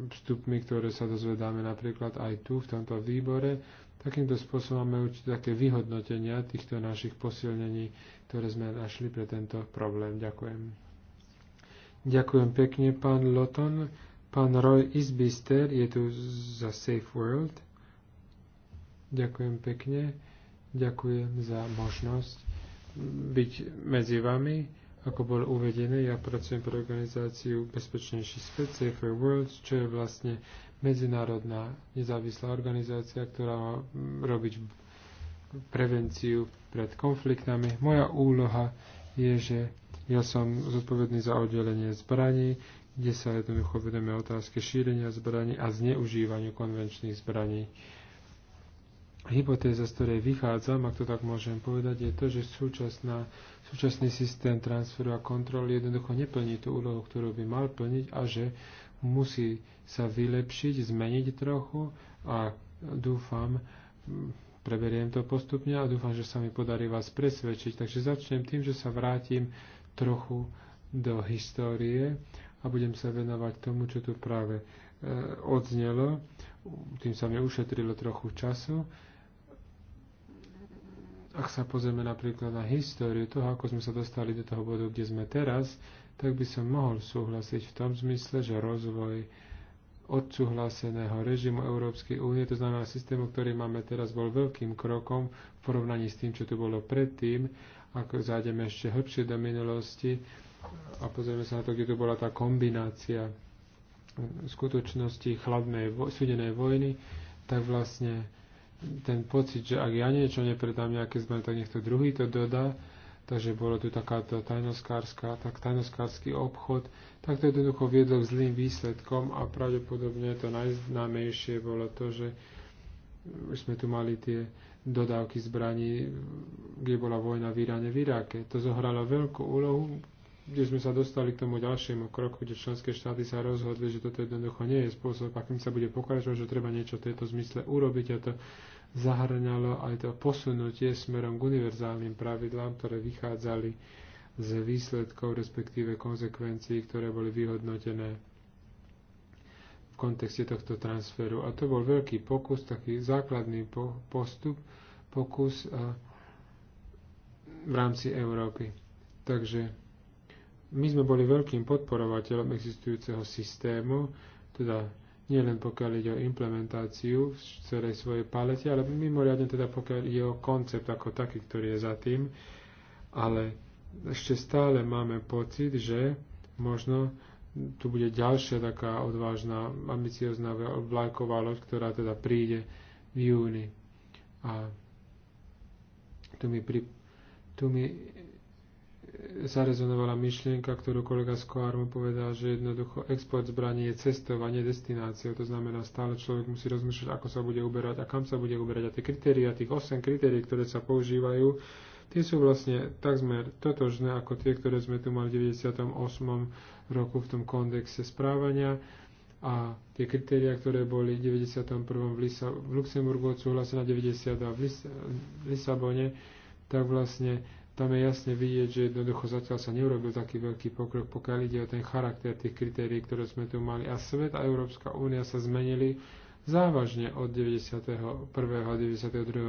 vstupmi, ktoré sa dozvedáme napríklad aj tu, v tomto výbore. Takýmto spôsobom máme určite také vyhodnotenia týchto našich posilnení, ktoré sme našli pre tento problém. Ďakujem. Ďakujem pekne, pán Loton. Pán Roy Isbister je tu za Safe World. Ďakujem pekne. Ďakujem za možnosť byť medzi vami. Ako bol uvedené, ja pracujem pre organizáciu Bezpečnejší svet, Safer World, čo je vlastne medzinárodná nezávislá organizácia, ktorá má robiť prevenciu pred konfliktami. Moja úloha je, že ja som zodpovedný za oddelenie zbraní, kde sa jednoducho vedeme otázke šírenia zbraní a zneužívaniu konvenčných zbraní. Hypotéza, z ktorej vychádzam, ak to tak môžem povedať, je to, že súčasná, súčasný systém transferu a kontroly jednoducho neplní tú úlohu, ktorú by mal plniť a že musí sa vylepšiť, zmeniť trochu a dúfam, preberiem to postupne a dúfam, že sa mi podarí vás presvedčiť. Takže začnem tým, že sa vrátim trochu do histórie a budem sa venovať tomu, čo tu práve e, odznelo. Tým sa mi ušetrilo trochu času. Ak sa pozrieme napríklad na históriu toho, ako sme sa dostali do toho bodu, kde sme teraz, tak by som mohol súhlasiť v tom zmysle, že rozvoj odsúhlaseného režimu Európskej únie, to znamená systému, ktorý máme teraz, bol veľkým krokom v porovnaní s tým, čo tu bolo predtým. Ako zájdeme ešte hĺbšie do minulosti, a pozrieme sa na to, kde tu bola tá kombinácia skutočnosti chladnej vo, vojny, tak vlastne ten pocit, že ak ja niečo nepredám nejaké zbranie, tak niekto druhý to dodá, takže bolo tu takáto tajnoskárska, tak tajnoskársky obchod, tak to jednoducho viedlo k zlým výsledkom a pravdepodobne to najznámejšie bolo to, že už sme tu mali tie dodávky zbraní, kde bola vojna v Iráne, v Iráke. To zohralo veľkú úlohu, kde sme sa dostali k tomu ďalšiemu kroku, kde členské štáty sa rozhodli, že toto jednoducho nie je spôsob, akým sa bude pokračovať, že treba niečo v tejto zmysle urobiť a to zahrňalo aj to posunutie smerom k univerzálnym pravidlám, ktoré vychádzali z výsledkov, respektíve konsekvencií, ktoré boli vyhodnotené v kontexte tohto transferu. A to bol veľký pokus, taký základný po postup, pokus eh, v rámci Európy. Takže my sme boli veľkým podporovateľom existujúceho systému, teda nielen pokiaľ ide o implementáciu v celej svojej palete, ale mimoriadne teda pokiaľ ide o koncept ako taký, ktorý je za tým, ale ešte stále máme pocit, že možno tu bude ďalšia taká odvážna, ambiciozná vlajková loď, ktorá teda príde v júni. A tu mi, pri, tu mi zarezonovala myšlienka, ktorú kolega Skoármu povedal, že jednoducho export zbraní je cestovanie destináciou. To znamená, stále človek musí rozmýšľať, ako sa bude uberať a kam sa bude uberať. A tie kritéria, tých 8 kritérií, ktoré sa používajú, tie sú vlastne takmer totožné ako tie, ktoré sme tu mali v 98. roku v tom kondexe správania. A tie kritéria, ktoré boli v 91. v, Lisa- v Luxemburgu odsúhlasené 90. a v, Lis- v Lisabone, tak vlastne tam je jasne vidieť, že jednoducho zatiaľ sa neurobil taký veľký pokrok, pokiaľ ide o ten charakter tých kritérií, ktoré sme tu mali. A svet a Európska únia sa zmenili závažne od 91. a 92.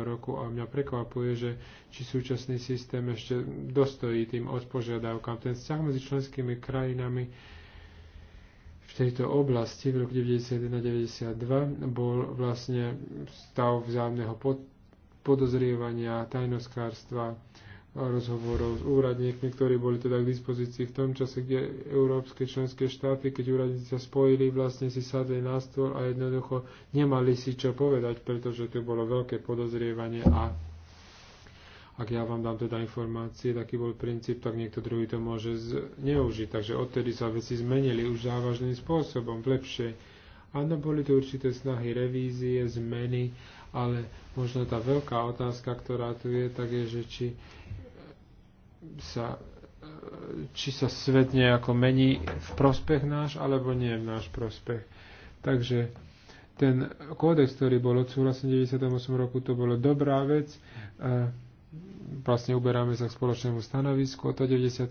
roku a mňa prekvapuje, že či súčasný systém ešte dostojí tým odpožiadavkám. Ten vzťah medzi členskými krajinami v tejto oblasti v roku 1991 92 bol vlastne stav vzájomného podozrievania, tajnoskárstva, rozhovorov s úradníkmi, ktorí boli teda k dispozícii v tom čase, kde európske členské štáty, keď úradníci sa spojili, vlastne si sadli na stôl a jednoducho nemali si čo povedať, pretože tu bolo veľké podozrievanie a ak ja vám dám teda informácie, taký bol princíp, tak niekto druhý to môže neužiť. Takže odtedy sa veci zmenili už závažným spôsobom, lepšie. Áno, boli tu určité snahy revízie, zmeny, ale možno tá veľká otázka, ktorá tu je, tak je, že či sa, e, či sa svet nejako mení v prospech náš, alebo nie v náš prospech. Takže ten kódex, ktorý bol odsúhlasený v 98 roku, to bolo dobrá vec. E, vlastne uberáme sa k spoločnému stanovisku od 98,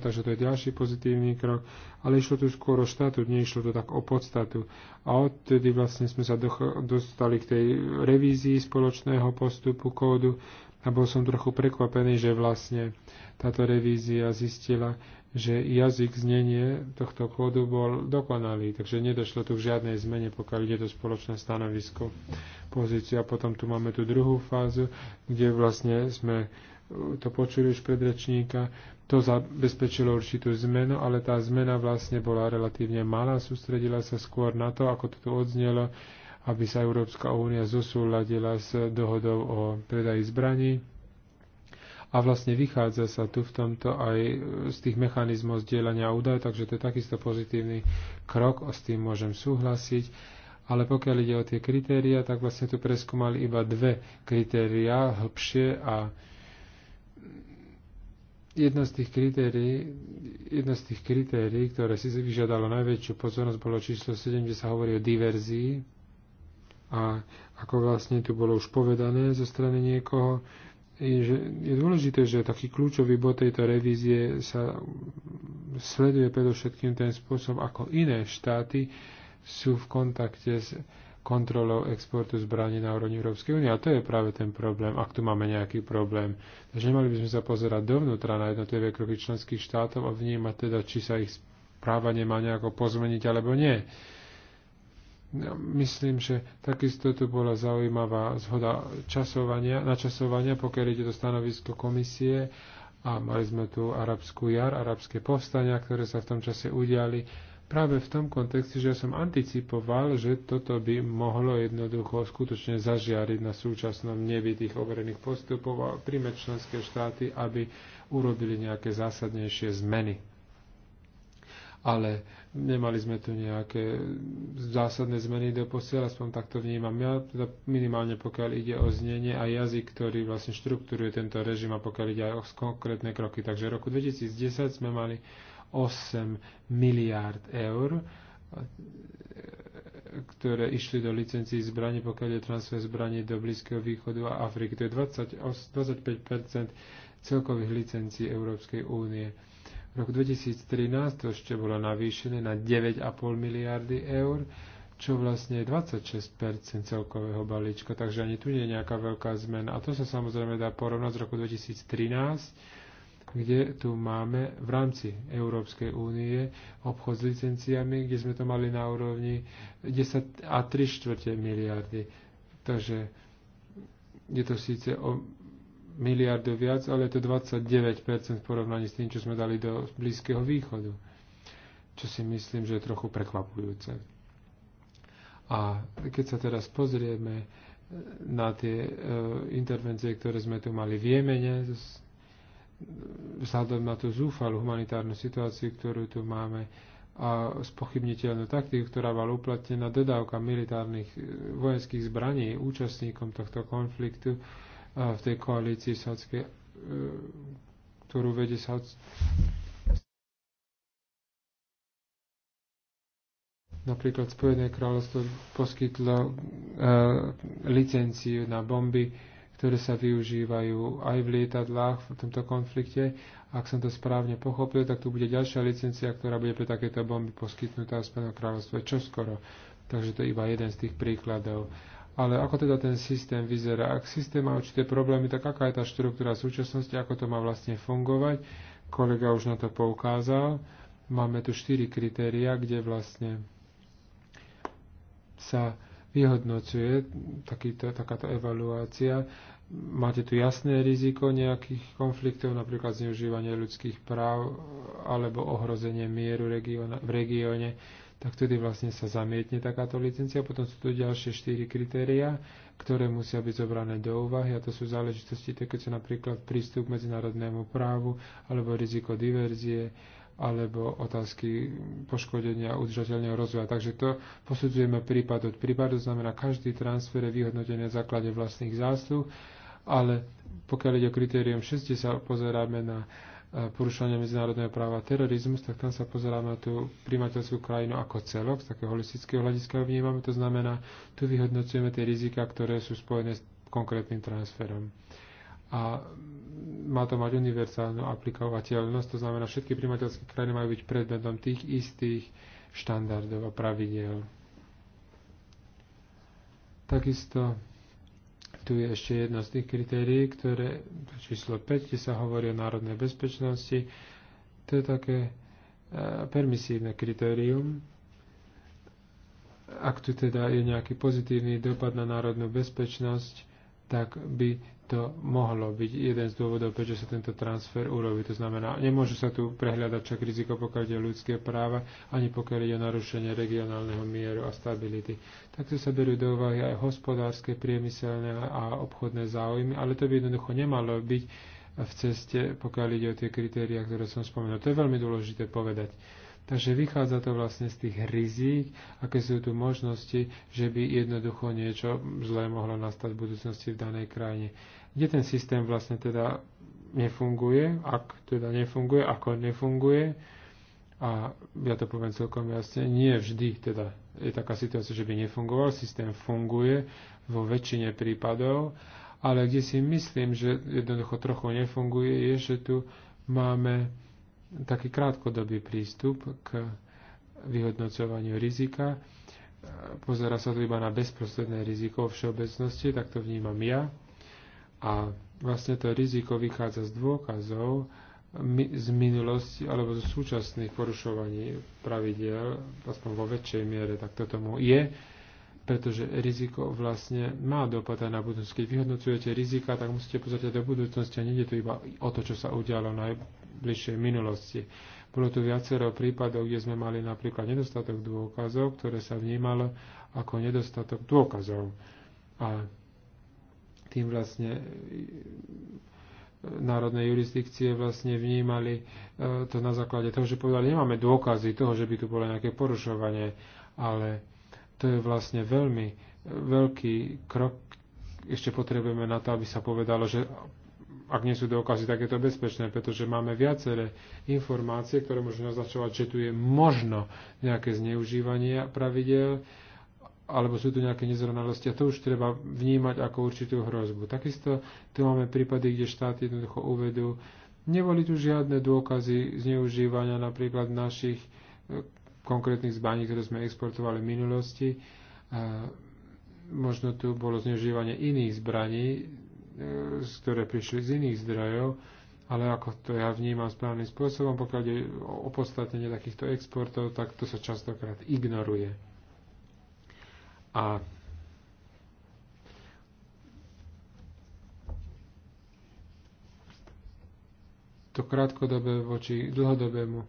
takže to je ďalší pozitívny krok, ale išlo tu skôr o štatút, išlo to tak o podstatu. A odtedy vlastne sme sa dostali k tej revízii spoločného postupu kódu a bol som trochu prekvapený, že vlastne táto revízia zistila, že jazyk znenie tohto kódu bol dokonalý, takže nedošlo tu k žiadnej zmene, pokiaľ ide to spoločné stanovisko Pozíciu A potom tu máme tú druhú fázu, kde vlastne sme to počuli už pred rečníka, to zabezpečilo určitú zmenu, ale tá zmena vlastne bola relatívne malá, sústredila sa skôr na to, ako to tu odznelo, aby sa Európska únia zosúladila s dohodou o predaji zbraní a vlastne vychádza sa tu v tomto aj z tých mechanizmov zdieľania údaj, takže to je takisto pozitívny krok, s tým môžem súhlasiť. Ale pokiaľ ide o tie kritéria, tak vlastne tu preskúmali iba dve kritéria, hĺbšie a jedno z tých kritérií, jedno z tých kritérií, ktoré si vyžiadalo najväčšiu pozornosť, bolo číslo 7, kde sa hovorí o diverzii. A ako vlastne tu bolo už povedané zo strany niekoho, že je dôležité, že taký kľúčový bod tejto revízie sa sleduje predovšetkým ten spôsob, ako iné štáty sú v kontakte s kontrolou exportu zbraní na úrovni Európskej únie. A to je práve ten problém, ak tu máme nejaký problém. Takže nemali by sme sa pozerať dovnútra na jednotlivé kroky členských štátov a vnímať teda, či sa ich práva nemá nejako pozmeniť alebo nie. Myslím, že takisto tu bola zaujímavá zhoda časovania, načasovania, pokiaľ ide to stanovisko komisie a mali sme tu arabskú jar, arabské povstania, ktoré sa v tom čase udiali. Práve v tom kontexte, že ja som anticipoval, že toto by mohlo jednoducho skutočne zažiariť na súčasnom nebi tých overených postupov a príjme členské štáty, aby urobili nejaké zásadnejšie zmeny ale nemali sme tu nejaké zásadné zmeny do posiaľ, aspoň takto vnímam ja, teda minimálne pokiaľ ide o znenie a jazyk, ktorý vlastne štruktúruje tento režim a pokiaľ ide aj o konkrétne kroky. Takže v roku 2010 sme mali 8 miliárd eur, ktoré išli do licencií zbraní, pokiaľ je transfer zbraní do Blízkeho východu a Afriky. To je 20, 25 celkových licencií Európskej únie. Rok 2013 to ešte bolo navýšené na 9,5 miliardy eur, čo vlastne je 26 celkového balíčka, takže ani tu nie je nejaká veľká zmena. A to sa samozrejme dá porovnať z roku 2013, kde tu máme v rámci Európskej únie obchod s licenciami, kde sme to mali na úrovni 10 a 3 štvrte miliardy. Takže je to síce o miliardu viac, ale je to 29% v porovnaní s tým, čo sme dali do Blízkeho východu. Čo si myslím, že je trochu prekvapujúce. A keď sa teraz pozrieme eh, na tie e, intervencie, ktoré sme tu mali v Jemene, vzhľadom na tú zúfalú humanitárnu situáciu, ktorú tu máme, a spochybniteľnú taktiku, ktorá bola uplatnená dodávka militárnych eh, vojenských zbraní účastníkom tohto konfliktu, e, v tej koalícii sádskej, e, ktorú vedie Sáds... Napríklad Spojené kráľovstvo poskytlo e, licenciu na bomby, ktoré sa využívajú aj v lietadlách v tomto konflikte. Ak som to správne pochopil, tak tu bude ďalšia licencia, ktorá bude pre takéto bomby poskytnutá Spojeného kráľovstva čoskoro. Takže to je iba jeden z tých príkladov. Uh, ale ako teda ten systém vyzerá? Ak systém má určité problémy, tak aká je tá štruktúra súčasnosti, ako to má vlastne fungovať? Kolega už na to poukázal. Máme tu štyri kritéria, kde vlastne sa vyhodnocuje takýto, takáto evaluácia. Máte tu jasné riziko nejakých konfliktov, napríklad zneužívanie ľudských práv alebo ohrozenie mieru regiona, v regióne tak tedy vlastne sa zamietne takáto licencia. Potom sú tu ďalšie štyri kritéria, ktoré musia byť zobrané do úvahy a to sú záležitosti také, čo napríklad prístup k medzinárodnému právu alebo riziko diverzie alebo otázky poškodenia udržateľného rozvoja. Takže to posudzujeme prípad od prípadu, znamená každý transfer je vyhodnotený na základe vlastných zásluh, ale pokiaľ ide o kritérium 60, sa pozeráme na porušovania medzinárodného práva a terorizmus, tak tam sa pozeráme na tú primateľskú krajinu ako celok, z takého holistického hľadiska vnímame. To znamená, tu vyhodnocujeme tie rizika, ktoré sú spojené s konkrétnym transferom. A má to mať univerzálnu aplikovateľnosť, to znamená, všetky primateľské krajiny majú byť predmetom tých istých štandardov a pravidel. Takisto tu je ešte jedno z tých kritérií, ktoré, číslo 5, kde sa hovorí o národnej bezpečnosti. To je také e, permisívne kritérium. Ak tu teda je nejaký pozitívny dopad na národnú bezpečnosť, tak by to mohlo byť jeden z dôvodov, prečo sa tento transfer urobí. To znamená, nemôžu sa tu prehľadať však riziko, pokiaľ ide ľudské práva, ani pokiaľ ide o narušenie regionálneho mieru a stability. Takto sa berú do úvahy aj hospodárske, priemyselné a obchodné záujmy, ale to by jednoducho nemalo byť v ceste, pokiaľ ide o tie kritériá, ktoré som spomenul. To je veľmi dôležité povedať. Takže vychádza to vlastne z tých rizík, aké sú tu možnosti, že by jednoducho niečo zlé mohlo nastať v budúcnosti v danej krajine. Kde ten systém vlastne teda nefunguje, ak teda nefunguje, ako nefunguje, a ja to poviem celkom jasne, nie vždy teda je taká situácia, že by nefungoval, systém funguje vo väčšine prípadov, ale kde si myslím, že jednoducho trochu nefunguje, je, že tu máme taký krátkodobý prístup k vyhodnocovaniu rizika. Pozera sa to iba na bezprostredné riziko vo všeobecnosti, tak to vnímam ja. A vlastne to riziko vychádza z dôkazov z minulosti alebo zo súčasných porušovaní pravidel, aspoň vo väčšej miere, tak to tomu je pretože riziko vlastne má dopad aj na budúcnosť. Keď vyhodnocujete rizika, tak musíte pozrieť aj do budúcnosti a nie je to iba o to, čo sa udialo v najbližšej minulosti. Bolo tu viacero prípadov, kde sme mali napríklad nedostatok dôkazov, ktoré sa vnímalo ako nedostatok dôkazov. A tým vlastne e, národné jurisdikcie vlastne vnímali e, to na základe toho, že povedali, nemáme dôkazy toho, že by tu bolo nejaké porušovanie, ale to je vlastne veľmi veľký krok. Ešte potrebujeme na to, aby sa povedalo, že ak nie sú dôkazy, tak je to bezpečné, pretože máme viaceré informácie, ktoré môžu naznačovať, že tu je možno nejaké zneužívanie pravidel, alebo sú tu nejaké nezrovnalosti a to už treba vnímať ako určitú hrozbu. Takisto tu máme prípady, kde štát jednoducho uvedú, neboli tu žiadne dôkazy zneužívania napríklad našich konkrétnych zbraní, ktoré sme exportovali v minulosti. Možno tu bolo zneužívanie iných zbraní, e, ktoré prišli z iných zdrojov, ale ako to ja vnímam správnym spôsobom, pokiaľ je o podstatnenie takýchto exportov, tak to sa častokrát ignoruje. A to krátkodobé voči dlhodobému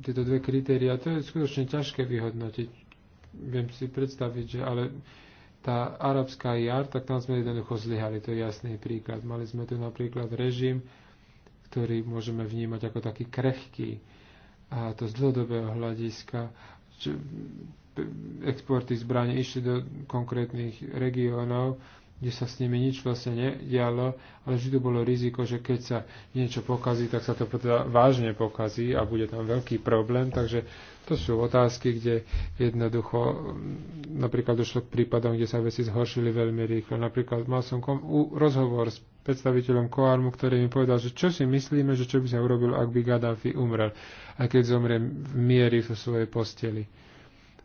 tieto dve kritéria, to je skutočne ťažké vyhodnotiť. Viem si predstaviť, že ale tá arabská jar, tak tam sme jednoducho zlyhali, to je jasný príklad. Mali sme tu napríklad režim, ktorý môžeme vnímať ako taký krehký a to z dlhodobého hľadiska, že exporty zbraní išli do konkrétnych regiónov, kde sa s nimi nič vlastne nedialo, ale vždy bolo riziko, že keď sa niečo pokazí, tak sa to teda vážne pokazí a bude tam veľký problém. Takže to sú otázky, kde jednoducho mm, napríklad došlo k prípadom, kde sa veci zhoršili veľmi rýchlo. Napríklad mal som kom- rozhovor s predstaviteľom Koarmu, ktorý mi povedal, že čo si myslíme, že čo by sa urobil, ak by Gaddafi umrel, aj keď zomrie v miery vo svojej posteli.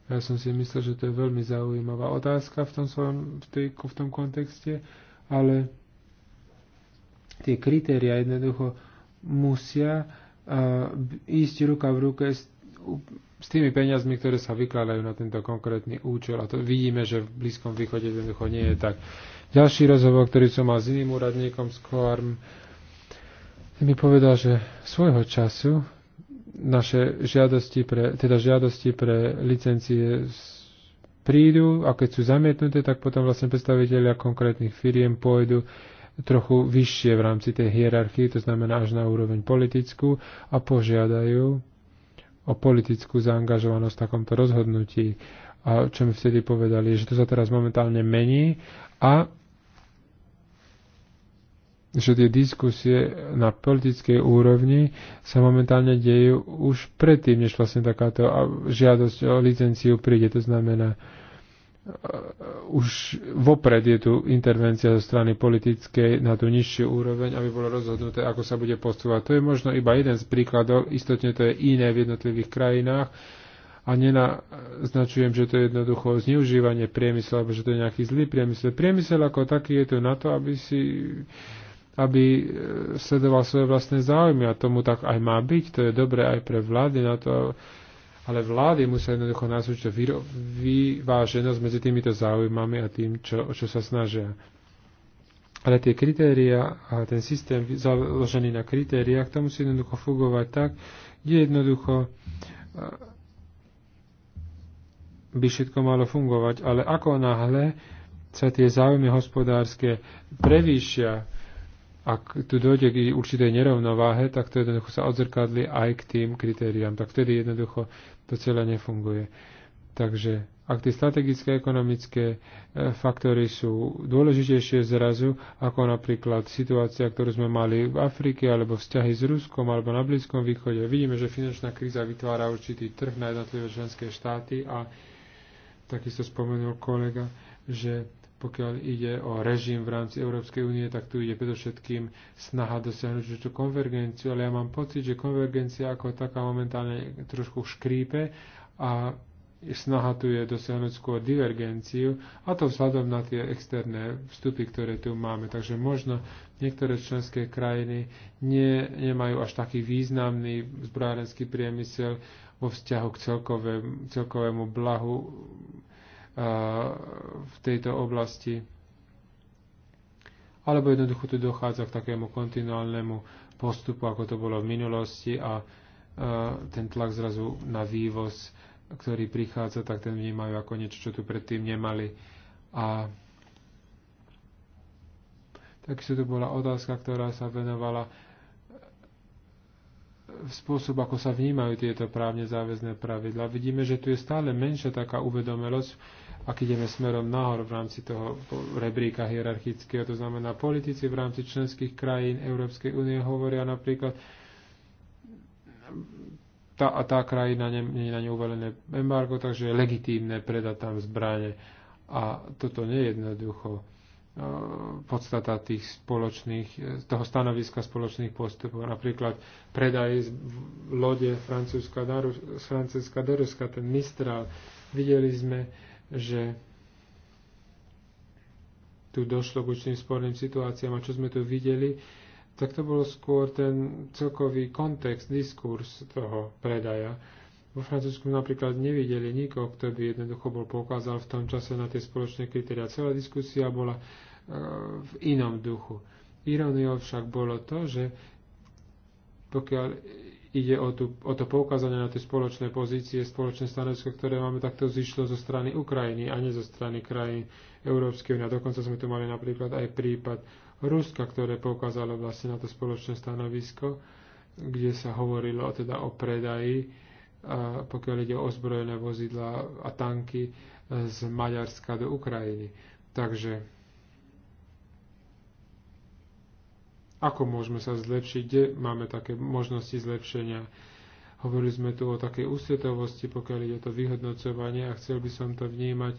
Ja som si myslel, že to je veľmi zaujímavá otázka v tom, svojom, v tej, v tom kontexte, ale tie kritéria jednoducho musia uh, ísť ruka v ruke s, s tými peniazmi, ktoré sa vykladajú na tento konkrétny účel. A to vidíme, že v Blízkom východe jednoducho nie je tak. Ďalší rozhovor, ktorý som mal s iným úradníkom z Koarm, mi povedal, že svojho času naše žiadosti pre, teda žiadosti pre licencie prídu a keď sú zamietnuté, tak potom vlastne predstaviteľia konkrétnych firiem pôjdu trochu vyššie v rámci tej hierarchie, to znamená až na úroveň politickú a požiadajú o politickú zaangažovanosť v takomto rozhodnutí. A čo mi vtedy povedali, že to sa teraz momentálne mení a že tie diskusie na politickej úrovni sa momentálne dejú už predtým, než vlastne takáto žiadosť o licenciu príde. To znamená, e, už vopred je tu intervencia zo strany politickej na tú nižšiu úroveň, aby bolo rozhodnuté, ako sa bude postúvať. To je možno iba jeden z príkladov, istotne to je iné v jednotlivých krajinách a nenaznačujem, že to je jednoducho zneužívanie priemyslu, alebo že to je nejaký zlý priemysel. Priemysel ako taký je tu na to, aby si aby e, sledoval svoje vlastné záujmy. A tomu tak aj má byť. To je dobré aj pre vlády na to, ale vlády musia jednoducho násúť vyváženosť medzi týmito záujmami a tým, čo, čo sa snažia. Ale tie kritéria a ten systém založený na kritériách, to musí jednoducho fungovať tak, kde jednoducho e, by všetko malo fungovať. Ale ako náhle sa tie záujmy hospodárske prevýšia ak tu dojde k určitej nerovnováhe, tak to jednoducho sa odzrkadli aj k tým kritériám. Tak vtedy jednoducho to celé nefunguje. Takže ak tie strategické ekonomické e, faktory sú dôležitejšie zrazu, ako napríklad situácia, ktorú sme mali v Afrike, alebo vzťahy s Ruskom, alebo na Blízkom východe. Vidíme, že finančná kríza vytvára určitý trh na jednotlivé členské štáty a takisto spomenul kolega, že pokiaľ ide o režim v rámci Európskej únie, tak tu ide predovšetkým snaha dosiahnuť túto konvergenciu, ale ja mám pocit, že konvergencia ako taká momentálne trošku škrípe a snaha tu je dosiahnuť skôr divergenciu a to vzhľadom na tie externé vstupy, ktoré tu máme. Takže možno niektoré členské krajiny nie, nemajú až taký významný zbrojárenský priemysel vo vzťahu k celkové, celkovému blahu v tejto oblasti. Alebo jednoducho tu dochádza k takému kontinuálnemu postupu, ako to bolo v minulosti a ten tlak zrazu na vývoz, ktorý prichádza, tak ten vnímajú ako niečo, čo tu predtým nemali. A takisto tu bola otázka, ktorá sa venovala e, spôsob, ako sa vnímajú tieto právne záväzné pravidla. Vidíme, že tu je stále menšia taká uvedomelosť ak ideme smerom nahor v rámci toho rebríka hierarchického, to znamená politici v rámci členských krajín Európskej únie hovoria napríklad, tá a tá krajina nie, nie je na ne uvalené embargo, takže je legitímne predať tam zbranie. A toto nie je jednoducho e, podstata tých spoločných, e, toho stanoviska spoločných postupov. Napríklad predaj z lode Francúzska do Ruska, ten Mistral. Videli sme, že tu došlo k určitým sporným situáciám a čo sme tu videli, tak to bol skôr ten celkový kontext, diskurs toho predaja. Vo Francúzsku napríklad nevideli nikoho, kto by jednoducho bol poukázal v tom čase na tie spoločné kritéria. Celá diskusia bola e, v inom duchu. Ironiou však bolo to, že pokiaľ ide o, tú, o to poukázanie na tie spoločné pozície, spoločné stanovisko, ktoré máme, tak to zišlo zo strany Ukrajiny a nie zo strany krajín Európskej únie. Dokonca sme tu mali napríklad aj prípad Ruska, ktoré poukázalo vlastne na to spoločné stanovisko, kde sa hovorilo teda o predaji, a pokiaľ ide o ozbrojené vozidla a tanky e, z Maďarska do Ukrajiny. Takže ako môžeme sa zlepšiť, kde máme také možnosti zlepšenia. Hovorili sme tu o takej úsvetovosti, pokiaľ ide to vyhodnocovanie a chcel by som to vnímať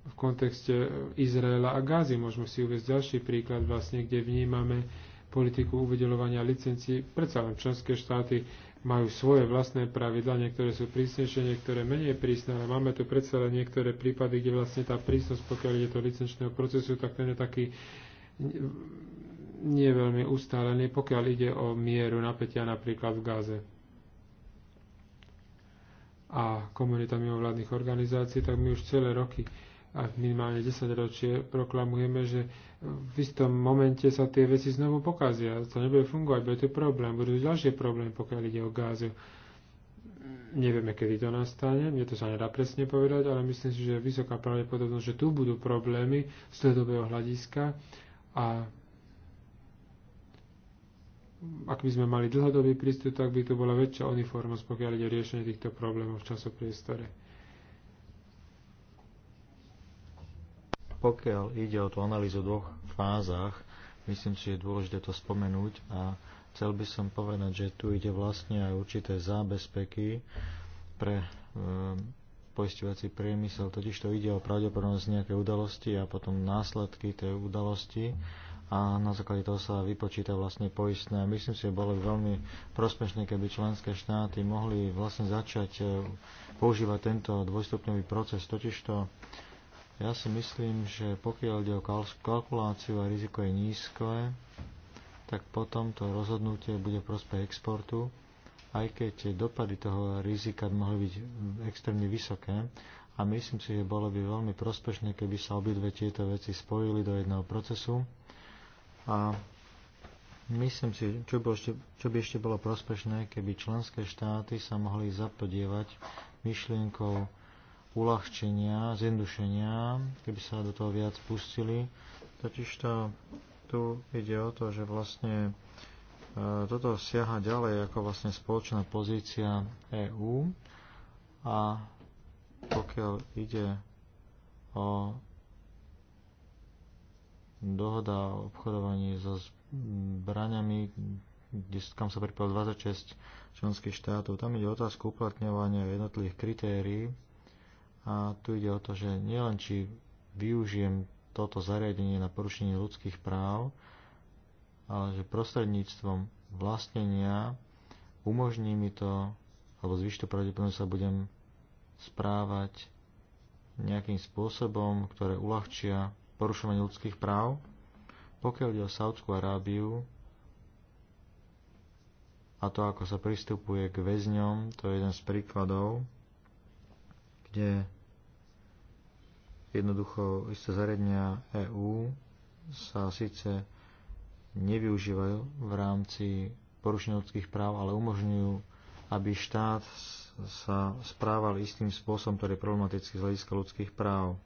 v kontexte Izraela a Gázy. Môžeme si uvieť ďalší príklad, vlastne, kde vnímame politiku uvedelovania licencií. Predsa len členské štáty majú svoje vlastné pravidla, niektoré sú prísnejšie, niektoré menej prísne, ale máme tu predsa len niektoré prípady, kde vlastne tá prísnosť, pokiaľ ide to licenčného procesu, tak ten je taký nie veľmi ustálený, pokiaľ ide o mieru napätia napríklad v Gaze. A komunita mimovládnych organizácií, tak my už celé roky a minimálne 10 ročie proklamujeme, že v istom momente sa tie veci znovu pokazia. To nebude fungovať, bude to problém, budú ďalšie problémy, pokiaľ ide o Gázu. Nevieme, kedy to nastane, mne to sa nedá presne povedať, ale myslím si, že je vysoká pravdepodobnosť, že tu budú problémy z dlhodobého hľadiska a ak by sme mali dlhodobý prístup, tak by tu bola väčšia uniformnosť, pokiaľ ide riešenie týchto problémov v časopriestore. Pokiaľ ide o tú analýzu v dvoch fázach, myslím si, že je dôležité to spomenúť a chcel by som povedať, že tu ide vlastne aj určité zábezpeky pre ehm, poistovací priemysel, totiž to ide o pravdepodobnosť nejakej udalosti a potom následky tej udalosti. Mm a na základe toho sa vypočíta vlastne poistné. Myslím si, že bolo veľmi prospešné, keby členské štáty mohli vlastne začať e, používať tento dvojstupňový proces. Totižto ja si myslím, že pokiaľ ide o kalkuláciu a riziko je nízke, tak potom to rozhodnutie bude v prospech exportu, aj keď dopady toho rizika by mohli byť extrémne vysoké, a myslím si, že bolo by veľmi prospešné, keby sa obidve tieto veci spojili do jedného procesu. A myslím si, čo by, ešte, čo by ešte bolo prospešné, keby členské štáty sa mohli zapodievať myšlienkou uľahčenia, zjednodušenia, keby sa do toho viac pustili. to, tu ide o to, že vlastne e, toto siaha ďalej ako vlastne spoločná pozícia EÚ a pokiaľ ide o dohoda o obchodovaní so zbraňami, kde, kam sa pripojilo 26 členských štátov. Tam ide otázku uplatňovania jednotlivých kritérií a tu ide o to, že nielen či využijem toto zariadenie na porušenie ľudských práv, ale že prostredníctvom vlastnenia umožní mi to, alebo zvyš pravdepodobne sa budem správať nejakým spôsobom, ktoré uľahčia porušovanie ľudských práv. Pokiaľ ide o Saudskú Arábiu a to, ako sa pristupuje k väzňom, to je jeden z príkladov, kde jednoducho isté zariadenia EÚ sa síce nevyužívajú v rámci porušenia ľudských práv, ale umožňujú, aby štát sa správal istým spôsobom, ktorý je problematický z hľadiska ľudských práv.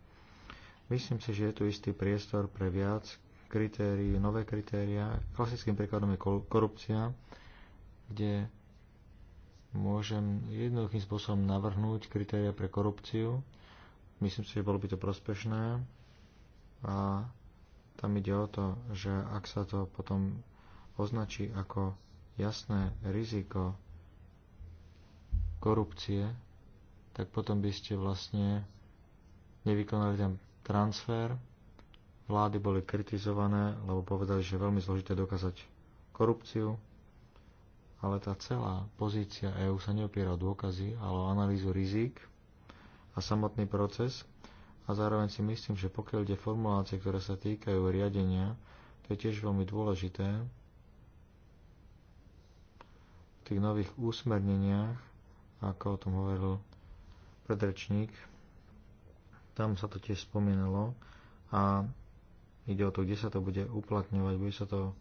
Myslím si, že je tu istý priestor pre viac kritérií, nové kritéria. Klasickým príkladom je korupcia, kde môžem jednoduchým spôsobom navrhnúť kritéria pre korupciu. Myslím si, že bolo by to prospešné. A tam ide o to, že ak sa to potom označí ako jasné riziko korupcie, tak potom by ste vlastne nevykonali ten transfer. Vlády boli kritizované, lebo povedali, že je veľmi zložité dokázať korupciu, ale tá celá pozícia EÚ sa neopiera o dôkazy, ale o analýzu rizík a samotný proces. A zároveň si myslím, že pokiaľ ide formulácie, ktoré sa týkajú riadenia, to je tiež veľmi dôležité. V tých nových úsmerneniach, ako o tom hovoril predrečník, tam sa to tiež spomínalo a ide o to, kde sa to bude uplatňovať. Bude sa to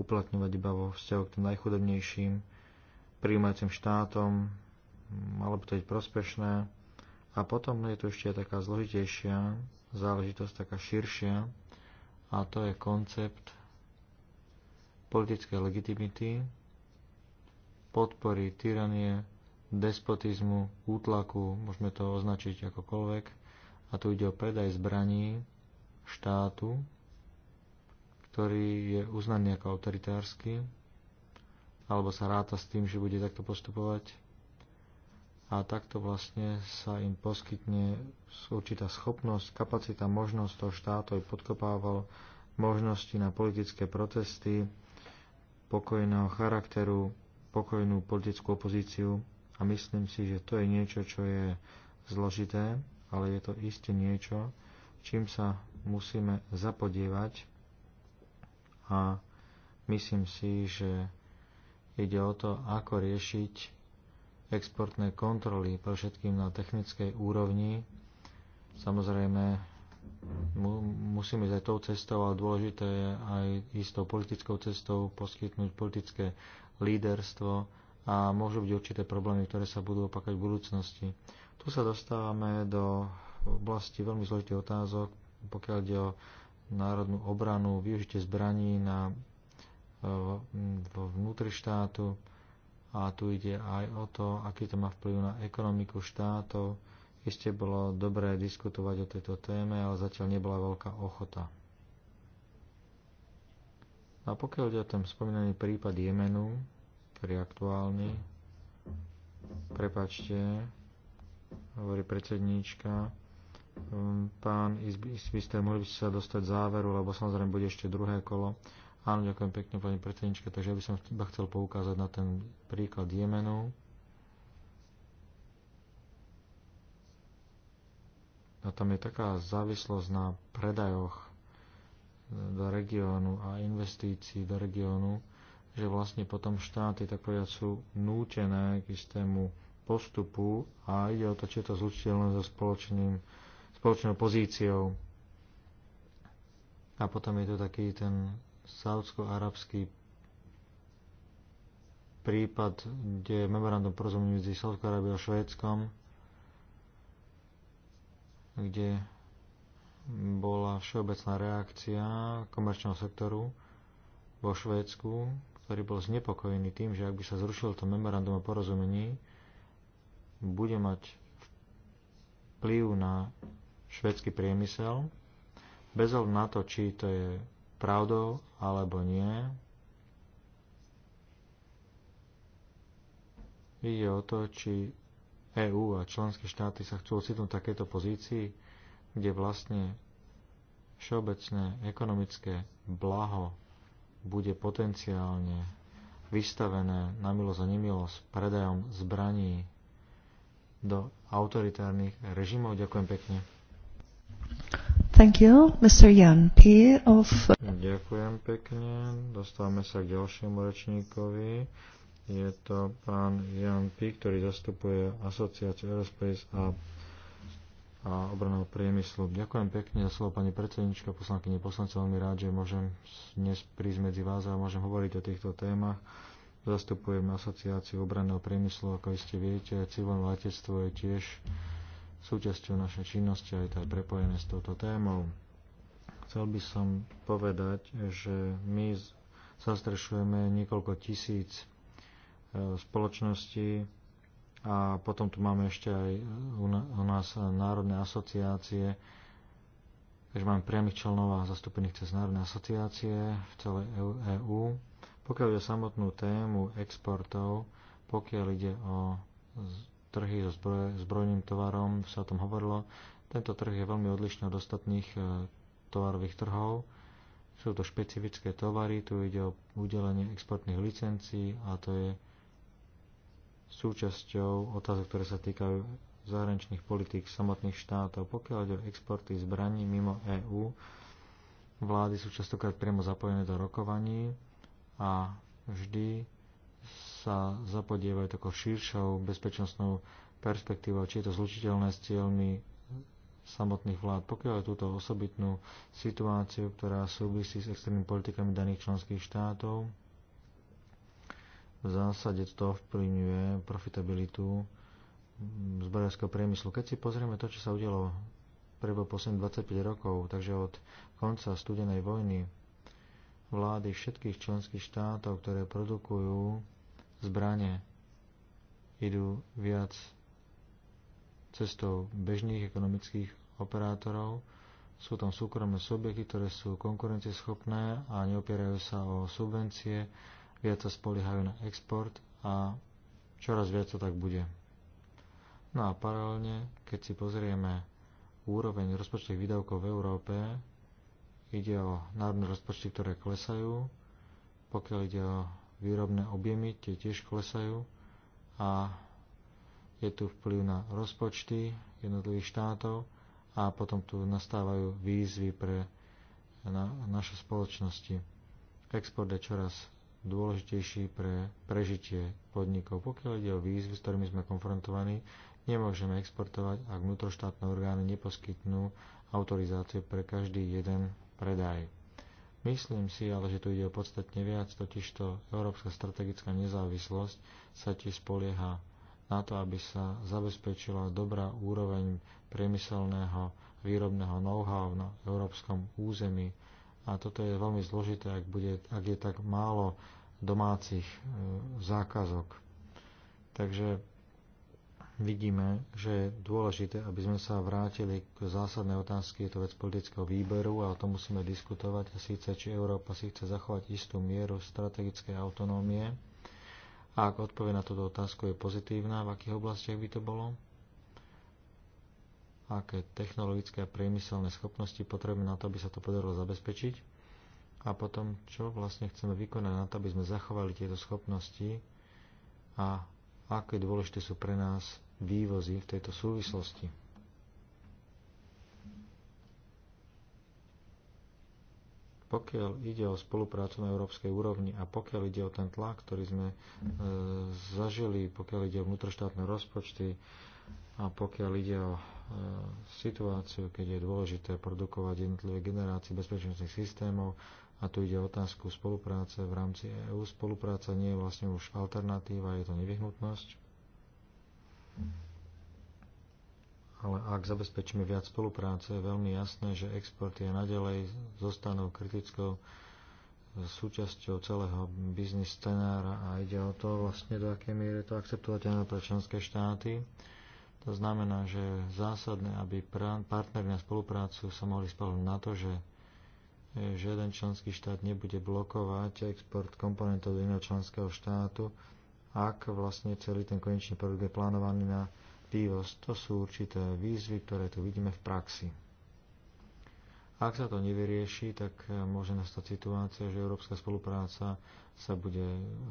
uplatňovať iba vo vzťahu k tým najchudobnejším, príjmajúcim štátom, malo by to byť prospešné. A potom je tu ešte taká zložitejšia záležitosť, taká širšia, a to je koncept politickej legitimity, podpory tyranie, despotizmu, útlaku, môžeme to označiť akokoľvek, a tu ide o predaj zbraní štátu, ktorý je uznaný ako autoritársky, alebo sa ráta s tým, že bude takto postupovať. A takto vlastne sa im poskytne určitá schopnosť, kapacita, možnosť toho štátu, aj podkopával možnosti na politické protesty, pokojného charakteru, pokojnú politickú opozíciu. A myslím si, že to je niečo, čo je zložité ale je to iste niečo, čím sa musíme zapodievať a myslím si, že ide o to, ako riešiť exportné kontroly, pre všetkým na technickej úrovni. Samozrejme, mu, musíme ísť aj tou cestou, ale dôležité je aj istou politickou cestou poskytnúť politické líderstvo a môžu byť určité problémy, ktoré sa budú opakať v budúcnosti. Tu sa dostávame do oblasti veľmi zložitých otázok, pokiaľ ide o národnú obranu, využitie zbraní na, e, vnútri štátu a tu ide aj o to, aký to má vplyv na ekonomiku štátov. Isté bolo dobré diskutovať o tejto téme, ale zatiaľ nebola veľká ochota. A pokiaľ ide o ten spomínaný prípad Jemenu, ktorý je aktuálny, prepačte, hovorí predsedníčka. Um, pán Isbister, mohli by ste sa dostať záveru, lebo samozrejme bude ešte druhé kolo. Áno, ďakujem pekne, pani predsednička, takže ja by som iba chcel poukázať na ten príklad Jemenu. A tam je taká závislosť na predajoch e, do regiónu a investícií do regiónu, že vlastne potom štáty tak povedať sú nútené k istému postupu a ide o to, či je to zlučiteľné so spoločným, spoločnou pozíciou. A potom je to taký ten saudsko-arabský prípad, kde je memorandum porozumenie medzi Saudskou Arábiou a Švédskom, kde bola všeobecná reakcia komerčného sektoru vo Švédsku, ktorý bol znepokojený tým, že ak by sa zrušilo to memorandum o porozumení, bude mať vplyv na švedský priemysel, bez ohľadu na to, či to je pravdou alebo nie. Ide o to, či EÚ a členské štáty sa chcú ocitnúť v takejto pozícii, kde vlastne všeobecné ekonomické blaho bude potenciálne vystavené na milosť a nemilosť predajom zbraní do autoritárnych režimov. Ďakujem pekne. Thank you, Mr. Jan P. Of... Ďakujem pekne. Dostávame sa k ďalšiemu rečníkovi. Je to pán Jan P., ktorý zastupuje asociáciu Aerospace a, a obranného priemyslu. Ďakujem pekne za slovo, pani predsednička, poslankyne poslancov. Veľmi rád, že môžem dnes prísť medzi vás a môžem hovoriť o týchto témach zastupujeme asociáciu obranného priemyslu, ako iste viete, civilné letectvo je tiež súčasťou našej činnosti a je to aj prepojené s touto témou. Chcel by som povedať, že my zastrešujeme niekoľko tisíc e, spoločností a potom tu máme ešte aj u nás národné asociácie, takže máme priamých členov a zastúpených cez národné asociácie v celej EÚ. Pokiaľ ide o samotnú tému exportov, pokiaľ ide o trhy so zbroj, zbrojným tovarom, sa o tom hovorilo, tento trh je veľmi odlišný od ostatných e, tovarových trhov. Sú to špecifické tovary, tu ide o udelenie exportných licencií a to je súčasťou otázok, ktoré sa týkajú zahraničných politík samotných štátov. Pokiaľ ide o exporty zbraní mimo EÚ, vlády sú častokrát priamo zapojené do rokovaní a vždy sa zapodievajú takou širšou bezpečnostnou perspektívou, či je to zlučiteľné s cieľmi samotných vlád. Pokiaľ je túto osobitnú situáciu, ktorá súvisí s extrémnymi politikami daných členských štátov, v zásade to vplyvňuje profitabilitu zbrojárskeho priemyslu. Keď si pozrieme to, čo sa udialo prebo posledných 25 rokov, takže od konca studenej vojny vlády všetkých členských štátov, ktoré produkujú zbranie, idú viac cestou bežných ekonomických operátorov. Sú tam súkromné subjekty, ktoré sú konkurencieschopné a neopierajú sa o subvencie, viac sa spoliehajú na export a čoraz viac to tak bude. No a paralelne, keď si pozrieme úroveň rozpočtových výdavkov v Európe, Ide o národné rozpočty, ktoré klesajú. Pokiaľ ide o výrobné objemy, tie tiež klesajú. A je tu vplyv na rozpočty jednotlivých štátov a potom tu nastávajú výzvy pre na, naše spoločnosti. Export je čoraz dôležitejší pre prežitie podnikov. Pokiaľ ide o výzvy, s ktorými sme konfrontovaní, nemôžeme exportovať, ak vnútroštátne orgány neposkytnú autorizáciu pre každý jeden predaj. Myslím si ale, že tu ide o podstatne viac, totižto európska strategická nezávislosť sa tiež spolieha na to, aby sa zabezpečila dobrá úroveň priemyselného výrobného know-how na európskom území. A toto je veľmi zložité, ak, bude, ak je tak málo domácich e, zákazok. Takže vidíme, že je dôležité, aby sme sa vrátili k zásadnej otázky, je to vec politického výberu a o tom musíme diskutovať, a síce či Európa si chce zachovať istú mieru strategickej autonómie a ak odpoveď na túto otázku je pozitívna, v akých oblastiach by to bolo, aké technologické a priemyselné schopnosti potrebujeme na to, aby sa to podarilo zabezpečiť a potom čo vlastne chceme vykonať na to, aby sme zachovali tieto schopnosti a aké dôležité sú pre nás vývozy v tejto súvislosti. Pokiaľ ide o spoluprácu na európskej úrovni a pokiaľ ide o ten tlak, ktorý sme e, zažili, pokiaľ ide o vnútroštátne rozpočty a pokiaľ ide o e, situáciu, keď je dôležité produkovať jednotlivé generácie bezpečnostných systémov, a tu ide o otázku spolupráce v rámci EÚ. Spolupráca nie je vlastne už alternatíva, je to nevyhnutnosť ale ak zabezpečíme viac spolupráce, je veľmi jasné, že exporty a nadalej zostanú kritickou súčasťou celého biznis scenára a ide o to vlastne do akej miery je to akceptovateľné pre členské štáty. To znamená, že je zásadné, aby partnery na spoluprácu sa mohli spolnúť na to, že e, žiaden členský štát nebude blokovať export komponentov do iného členského štátu, ak vlastne celý ten konečný produkt je plánovaný na vývoz. To sú určité výzvy, ktoré tu vidíme v praxi. Ak sa to nevyrieši, tak e, môže nastať situácia, že európska spolupráca sa bude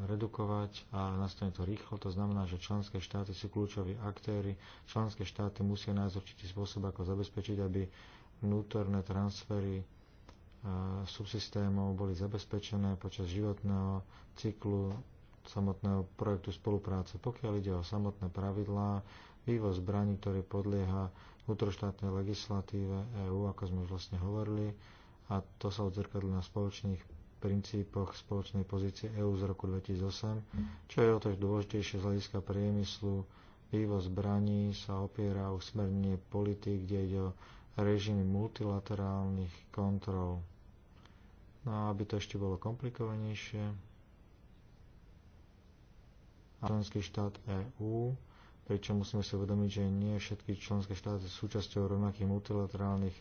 redukovať a nastane to rýchlo. To znamená, že členské štáty sú kľúčoví aktéry. Členské štáty musia nájsť určitý spôsob, ako zabezpečiť, aby vnútorné transfery e, subsystémov boli zabezpečené počas životného cyklu samotného projektu spolupráce. Pokiaľ ide o samotné pravidlá, vývoz zbraní, ktorý podlieha vnútroštátnej legislatíve EÚ, ako sme už vlastne hovorili, a to sa odzrkadlo na spoločných princípoch spoločnej pozície EÚ z roku 2008, čo je o to dôležitejšie z hľadiska priemyslu. Vývoz zbraní sa opiera o smernie politik kde ide o režimy multilaterálnych kontrol. No a aby to ešte bolo komplikovanejšie, a členský štát EÚ, pričom musíme si uvedomiť, že nie všetky členské štáty sú súčasťou rovnakých multilaterálnych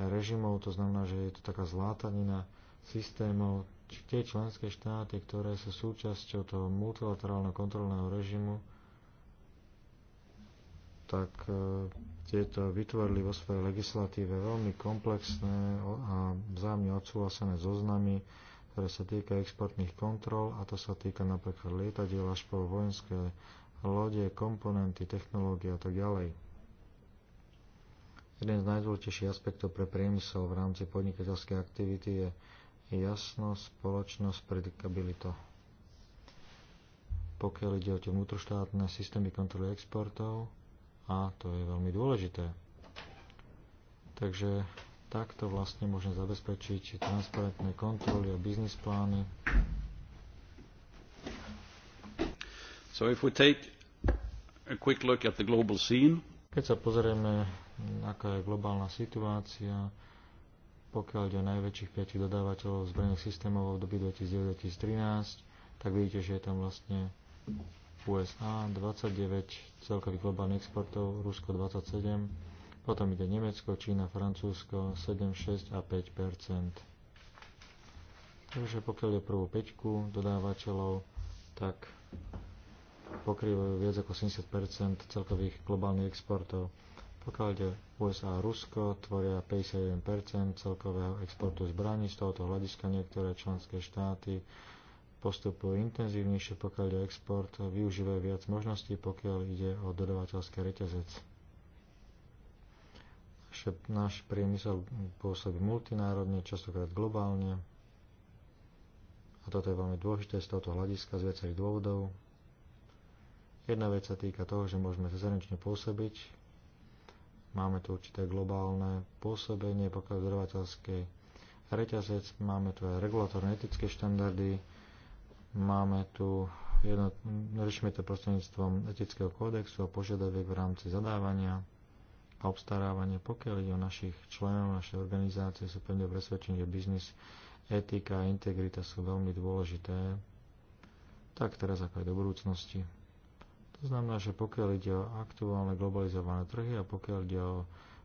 režimov, to znamená, že je to taká zlátanina systémov. Tie členské štáty, ktoré sú súčasťou toho multilaterálneho kontrolného režimu, tak e, tieto vytvorili vo svojej legislatíve veľmi komplexné a vzájomne odsúhlasené zoznamy ktoré sa týka exportných kontrol a to sa týka napríklad lietadiel až po vojenské lode, komponenty, technológie a tak ďalej. Jeden z najdôležitejších aspektov pre priemysel v rámci podnikateľskej aktivity je jasnosť, spoločnosť, predikabilita. Pokiaľ ide o tie vnútroštátne systémy kontroly exportov, a to je veľmi dôležité. Takže Takto vlastne môžem zabezpečiť transparentné kontroly a biznis plány. So if we take a quick look at the global scene, keď sa pozrieme, aká je globálna situácia, pokiaľ ide o najväčších 5 dodávateľov zbrojných systémov v období 2009-2013, tak vidíte, že je tam vlastne USA 29 celkových globálnych exportov, Rusko 27, potom ide Nemecko, Čína, Francúzsko 7, 6 a 5 Takže pokiaľ je prvú peťku dodávateľov, tak pokrývajú viac ako 70 celkových globálnych exportov. Pokiaľ ide USA a Rusko, tvoria 51 celkového exportu zbraní. Z tohoto hľadiska niektoré členské štáty postupujú intenzívnejšie, pokiaľ ide o export, využívajú viac možností, pokiaľ ide o dodávateľské reťazec že náš priemysel pôsobí multinárodne, častokrát globálne. A toto je veľmi dôležité z tohoto hľadiska, z viacerých dôvodov. Jedna vec sa týka toho, že môžeme zahranične pôsobiť. Máme tu určité globálne pôsobenie pokiaľ dodavateľskej reťazec, máme tu aj regulatórne etické štandardy, máme tu jedno, riešime to prostredníctvom etického kódexu a požiadaviek v rámci zadávania a obstarávanie. Pokiaľ ide o našich členov, naše organizácie, sú pevne presvedčení, že biznis, etika a integrita sú veľmi dôležité, tak teraz ako aj do budúcnosti. To znamená, že pokiaľ ide o aktuálne globalizované trhy a pokiaľ ide o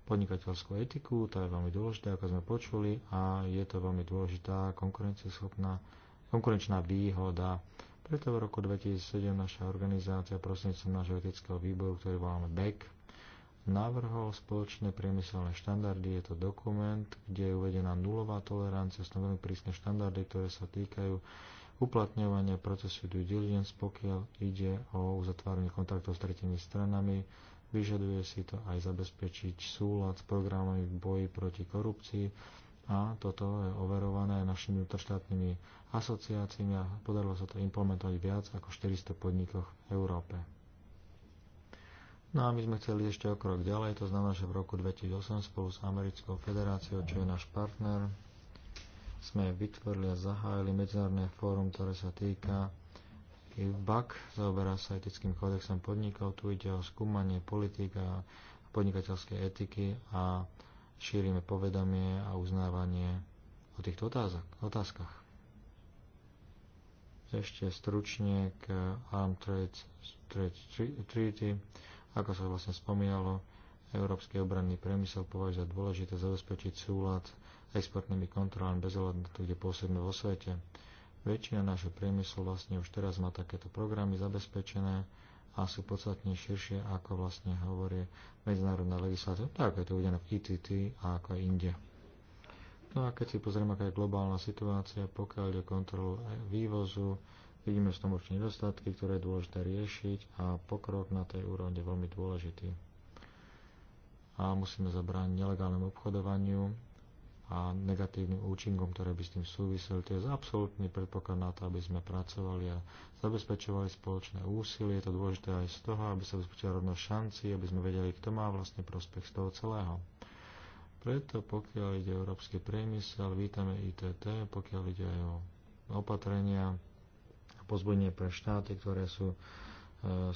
podnikateľskú etiku, tá je veľmi dôležitá, ako sme počuli, a je to veľmi dôležitá konkurencieschopná, konkurenčná výhoda. Preto v roku 2007 naša organizácia prostredníctvom nášho etického výboru, ktorý voláme BEC, navrhol spoločné priemyselné štandardy. Je to dokument, kde je uvedená nulová tolerancia, sú veľmi prísne štandardy, ktoré sa týkajú uplatňovania procesu due diligence, pokiaľ ide o uzatváranie kontaktov s tretimi stranami. Vyžaduje si to aj zabezpečiť súlad s programami v boji proti korupcii a toto je overované našimi vnútroštátnymi asociáciami a podarilo sa to implementovať viac ako 400 podnikoch v Európe. No a my sme chceli ešte o krok ďalej, to znamená, že v roku 2008 spolu s Americkou federáciou, čo je náš partner, sme vytvorili a zahájili medzinárodné fórum, ktoré sa týka BAK, zaoberá sa etickým kódexom podnikov, tu ide o skúmanie politik a podnikateľskej etiky a šírime povedomie a uznávanie o týchto otázok, otázkach. Ešte stručne k Arm Trade, Trade Treaty. Ako sa vlastne spomínalo, európsky obranný priemysel považuje za dôležité zabezpečiť súlad exportnými kontrolami bez ohľadu na to, kde pôsobíme vo svete. Väčšina nášho priemyslu vlastne už teraz má takéto programy zabezpečené a sú podstatne širšie, ako vlastne hovorí medzinárodná legislatíva, tak je to uvedené v ITT a ako aj inde. No a keď si pozrieme, aká je globálna situácia, pokiaľ je kontrolu vývozu, Vidíme, v tom určite nedostatky, ktoré je dôležité riešiť a pokrok na tej úrovni je veľmi dôležitý. A musíme zabrániť nelegálnemu obchodovaniu a negatívnym účinkom, ktoré by s tým súviseli. To je absolútny predpoklad na to, aby sme pracovali a zabezpečovali spoločné úsilie. Je to dôležité aj z toho, aby sa zabezpečila rovnosť šanci, aby sme vedeli, kto má vlastne prospech z toho celého. Preto pokiaľ ide o európsky priemysel, vítame ITT, pokiaľ ide aj o opatrenia, pozbudenie pre štáty, ktoré sú e,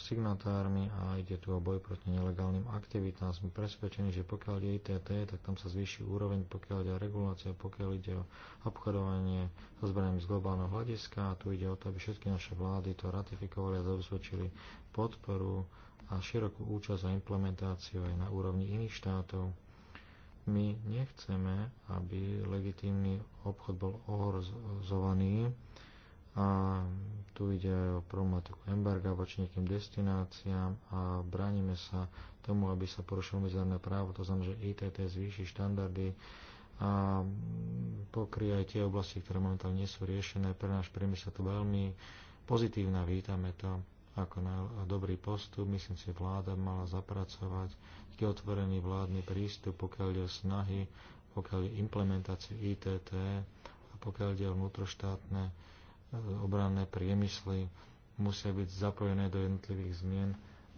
signatármi a ide tu o boj proti nelegálnym aktivitám. Sme presvedčení, že pokiaľ ide ITT, tak tam sa zvýši úroveň, pokiaľ ide o regulácia, pokiaľ ide o obchodovanie so zbraniami z globálneho hľadiska. A tu ide o to, aby všetky naše vlády to ratifikovali a zabezpečili podporu a širokú účasť a implementáciu aj na úrovni iných štátov. My nechceme, aby legitímny obchod bol ohrozovaný a tu ide aj o problematiku embarga voči nejakým destináciám a bránime sa tomu, aby sa porušilo medzinárodné právo. To znamená, že ITT zvýši štandardy a pokrie aj tie oblasti, ktoré momentálne nie sú riešené. Pre náš priemysel to veľmi pozitívna, vítame to ako na dobrý postup. Myslím si, vláda mala zapracovať taký otvorený vládny prístup, pokiaľ ide o snahy, pokiaľ ide implementáciu ITT a pokiaľ ide o vnútroštátne obranné priemysly musia byť zapojené do jednotlivých zmien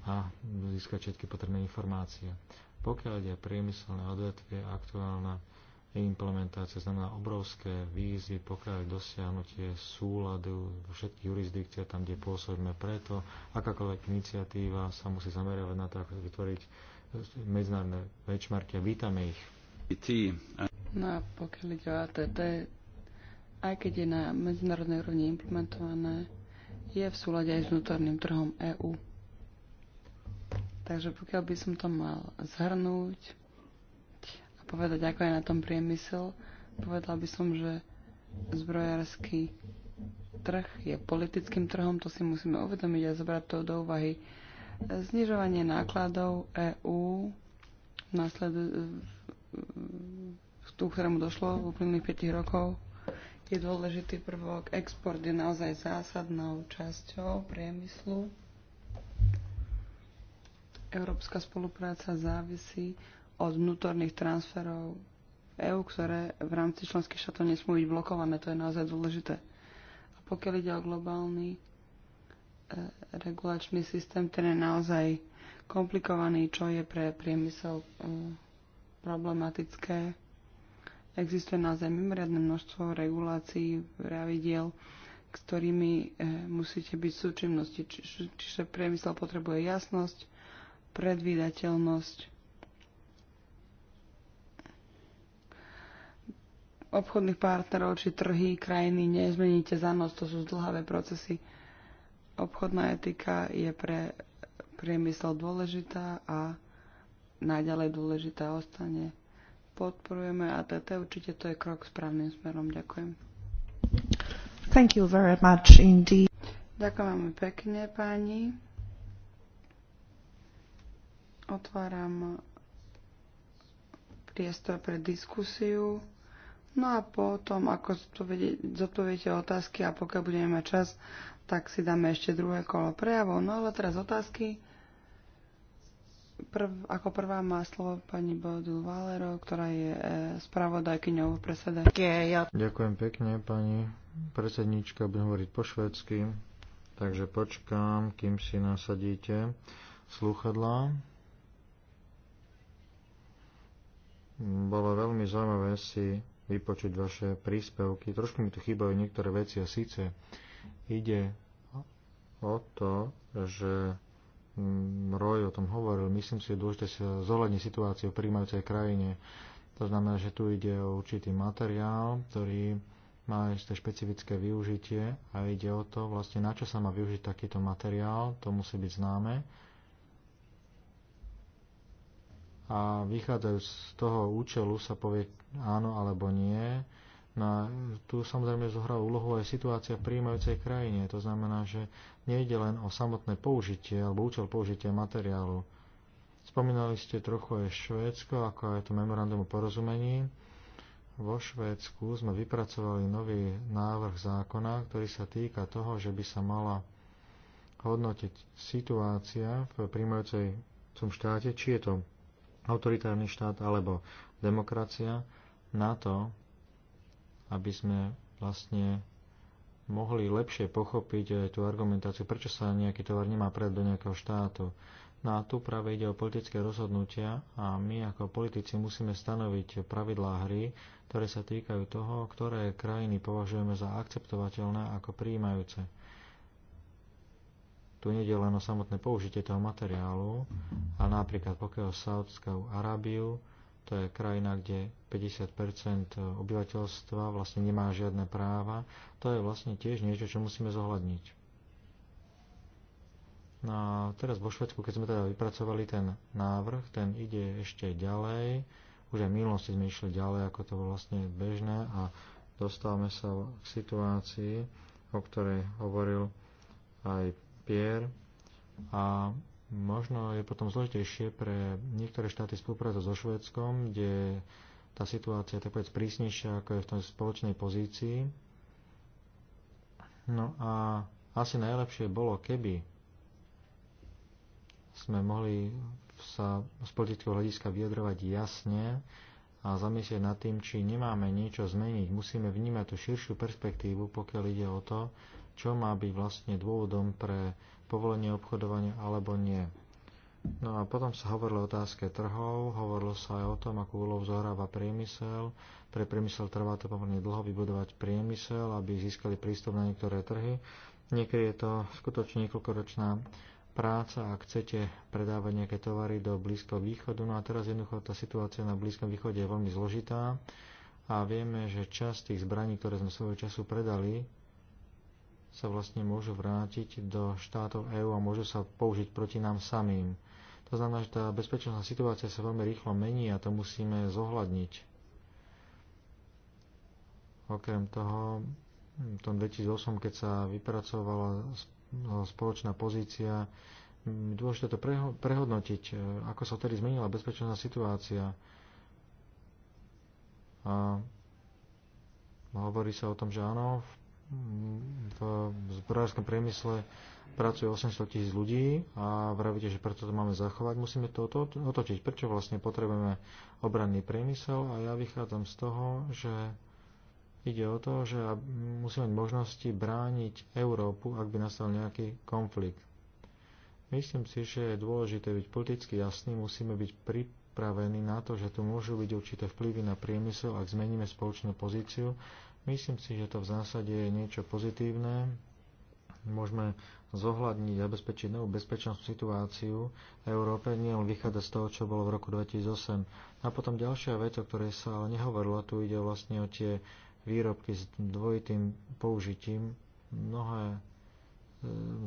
a získať všetky potrebné informácie. Pokiaľ ide priemyselné odvetvie, aktuálna implementácia znamená obrovské výzvy, pokiaľ dosiahnutie súladu vo všetkých jurisdikciách, tam, kde pôsobíme. Preto akákoľvek iniciatíva sa musí zameriavať na to, ako vytvoriť medzinárodné benchmarky a vítame ich. No a pokiaľ ide o ATT, aj keď je na medzinárodnej úrovni implementované, je v súlade aj s vnútorným trhom EÚ. Takže pokiaľ by som to mal zhrnúť a povedať, ako je na tom priemysel, povedal by som, že zbrojársky trh je politickým trhom, to si musíme uvedomiť a zobrať to do úvahy. Znižovanie nákladov EÚ následu, tú, ktorému došlo v uplynulých 5 rokov, je dôležitý prvok. Export je naozaj zásadnou časťou priemyslu. Európska spolupráca závisí od vnútorných transferov EÚ, ktoré v rámci členských štátov nesmú byť blokované. To je naozaj dôležité. A pokiaľ ide o globálny e, regulačný systém, ten je naozaj komplikovaný, čo je pre priemysel e, problematické. Existuje naozaj mimoriadne množstvo regulácií, pravidiel, ktorými eh, musíte byť v súčinnosti. čiže priemysel potrebuje jasnosť, predvídateľnosť, obchodných partnerov či trhy krajiny nezmeníte za noc, to sú zdlhavé procesy. Obchodná etika je pre priemysel dôležitá a najďalej dôležitá ostane podporujeme ATT. Určite to je krok správnym smerom. Ďakujem. Thank you very much indeed. Ďakujem veľmi pekne, pani. Otváram priestor pre diskusiu. No a potom, ako zodpoviete otázky a pokiaľ budeme mať čas, tak si dáme ešte druhé kolo prejavov. No ale teraz otázky. Prv, ako prvá má slovo pani Bodu Valero, ktorá je e, spravodajkyňou pre ja. Ďakujem pekne, pani predsednička. Budem hovoriť po švedsky, takže počkám, kým si nasadíte slúchadlá. Bolo veľmi zaujímavé si vypočuť vaše príspevky. Trošku mi tu chýbajú niektoré veci a síce ide o to, že Mm, Roy o tom hovoril, myslím si, že je sa zohľadniť situáciu v príjmajúcej krajine. To znamená, že tu ide o určitý materiál, ktorý má isté špecifické využitie a ide o to, vlastne na čo sa má využiť takýto materiál, to musí byť známe. A vychádzajú z toho účelu sa povie áno alebo nie, No a tu samozrejme zohrá úlohu aj situácia v príjmajúcej krajine. To znamená, že nejde len o samotné použitie alebo účel použitia materiálu. Spomínali ste trochu aj Švédsko, ako aj to memorandum o porozumení. Vo Švédsku sme vypracovali nový návrh zákona, ktorý sa týka toho, že by sa mala hodnotiť situácia v príjmajúcej štáte, či je to autoritárny štát alebo demokracia, na to, aby sme vlastne mohli lepšie pochopiť eh, tú argumentáciu, prečo sa nejaký tovar nemá predať do nejakého štátu. No a tu práve ide o politické rozhodnutia a my ako politici musíme stanoviť pravidlá hry, ktoré sa týkajú toho, ktoré krajiny považujeme za akceptovateľné ako prijímajúce. Tu nedie len o samotné použitie toho materiálu, a napríklad pokiaľ Saudskou Arábiu to je krajina, kde 50 obyvateľstva vlastne nemá žiadne práva. To je vlastne tiež niečo, čo musíme zohľadniť. No a teraz vo Švedsku, keď sme teda vypracovali ten návrh, ten ide ešte ďalej. Už aj v minulosti sme išli ďalej, ako to bolo vlastne bežné a dostávame sa k situácii, o ktorej hovoril aj Pierre. A Možno je potom zložitejšie pre niektoré štáty spolupráca so Švédskom, kde tá situácia je tak povedz prísnejšia, ako je v tom spoločnej pozícii. No a asi najlepšie bolo, keby sme mohli sa z politického hľadiska vyjadrovať jasne a zamyslieť nad tým, či nemáme niečo zmeniť. Musíme vnímať tú širšiu perspektívu, pokiaľ ide o to, čo má byť vlastne dôvodom pre povolenie obchodovania alebo nie. No a potom sa hovorilo o otázke trhov, hovorilo sa aj o tom, akú úlohu zohráva priemysel. Pre priemysel trvá to pomerne dlho vybudovať priemysel, aby získali prístup na niektoré trhy. Niekedy je to skutočne niekoľkoročná práca, ak chcete predávať nejaké tovary do Blízkoho východu. No a teraz jednoducho tá situácia na Blízkom východe je veľmi zložitá a vieme, že časť tých zbraní, ktoré sme svojho času predali sa vlastne môžu vrátiť do štátov EÚ a môžu sa použiť proti nám samým. To znamená, že tá bezpečnostná situácia sa veľmi rýchlo mení a to musíme zohľadniť. Okrem toho, v tom 2008, keď sa vypracovala no, spoločná pozícia, dôležité to prehodnotiť, e, ako sa vtedy zmenila bezpečnostná situácia. A hovorí sa o tom, že áno, v v zbrojárskom priemysle pracuje 800 tisíc ľudí a vravíte, že preto to máme zachovať, musíme to otočiť. Prečo vlastne potrebujeme obranný priemysel? A ja vychádzam z toho, že ide o to, že musíme mať možnosti brániť Európu, ak by nastal nejaký konflikt. Myslím si, že je dôležité byť politicky jasný, musíme byť pripravení na to, že tu môžu byť určité vplyvy na priemysel, ak zmeníme spoločnú pozíciu Myslím si, že to v zásade je niečo pozitívne. Môžeme zohľadniť a zabezpečiť novú bezpečnú situáciu v Európe, nie len vychádzať z toho, čo bolo v roku 2008. A potom ďalšia vec, o ktorej sa ale nehovorilo, tu ide vlastne o tie výrobky s dvojitým použitím. Mnohé e,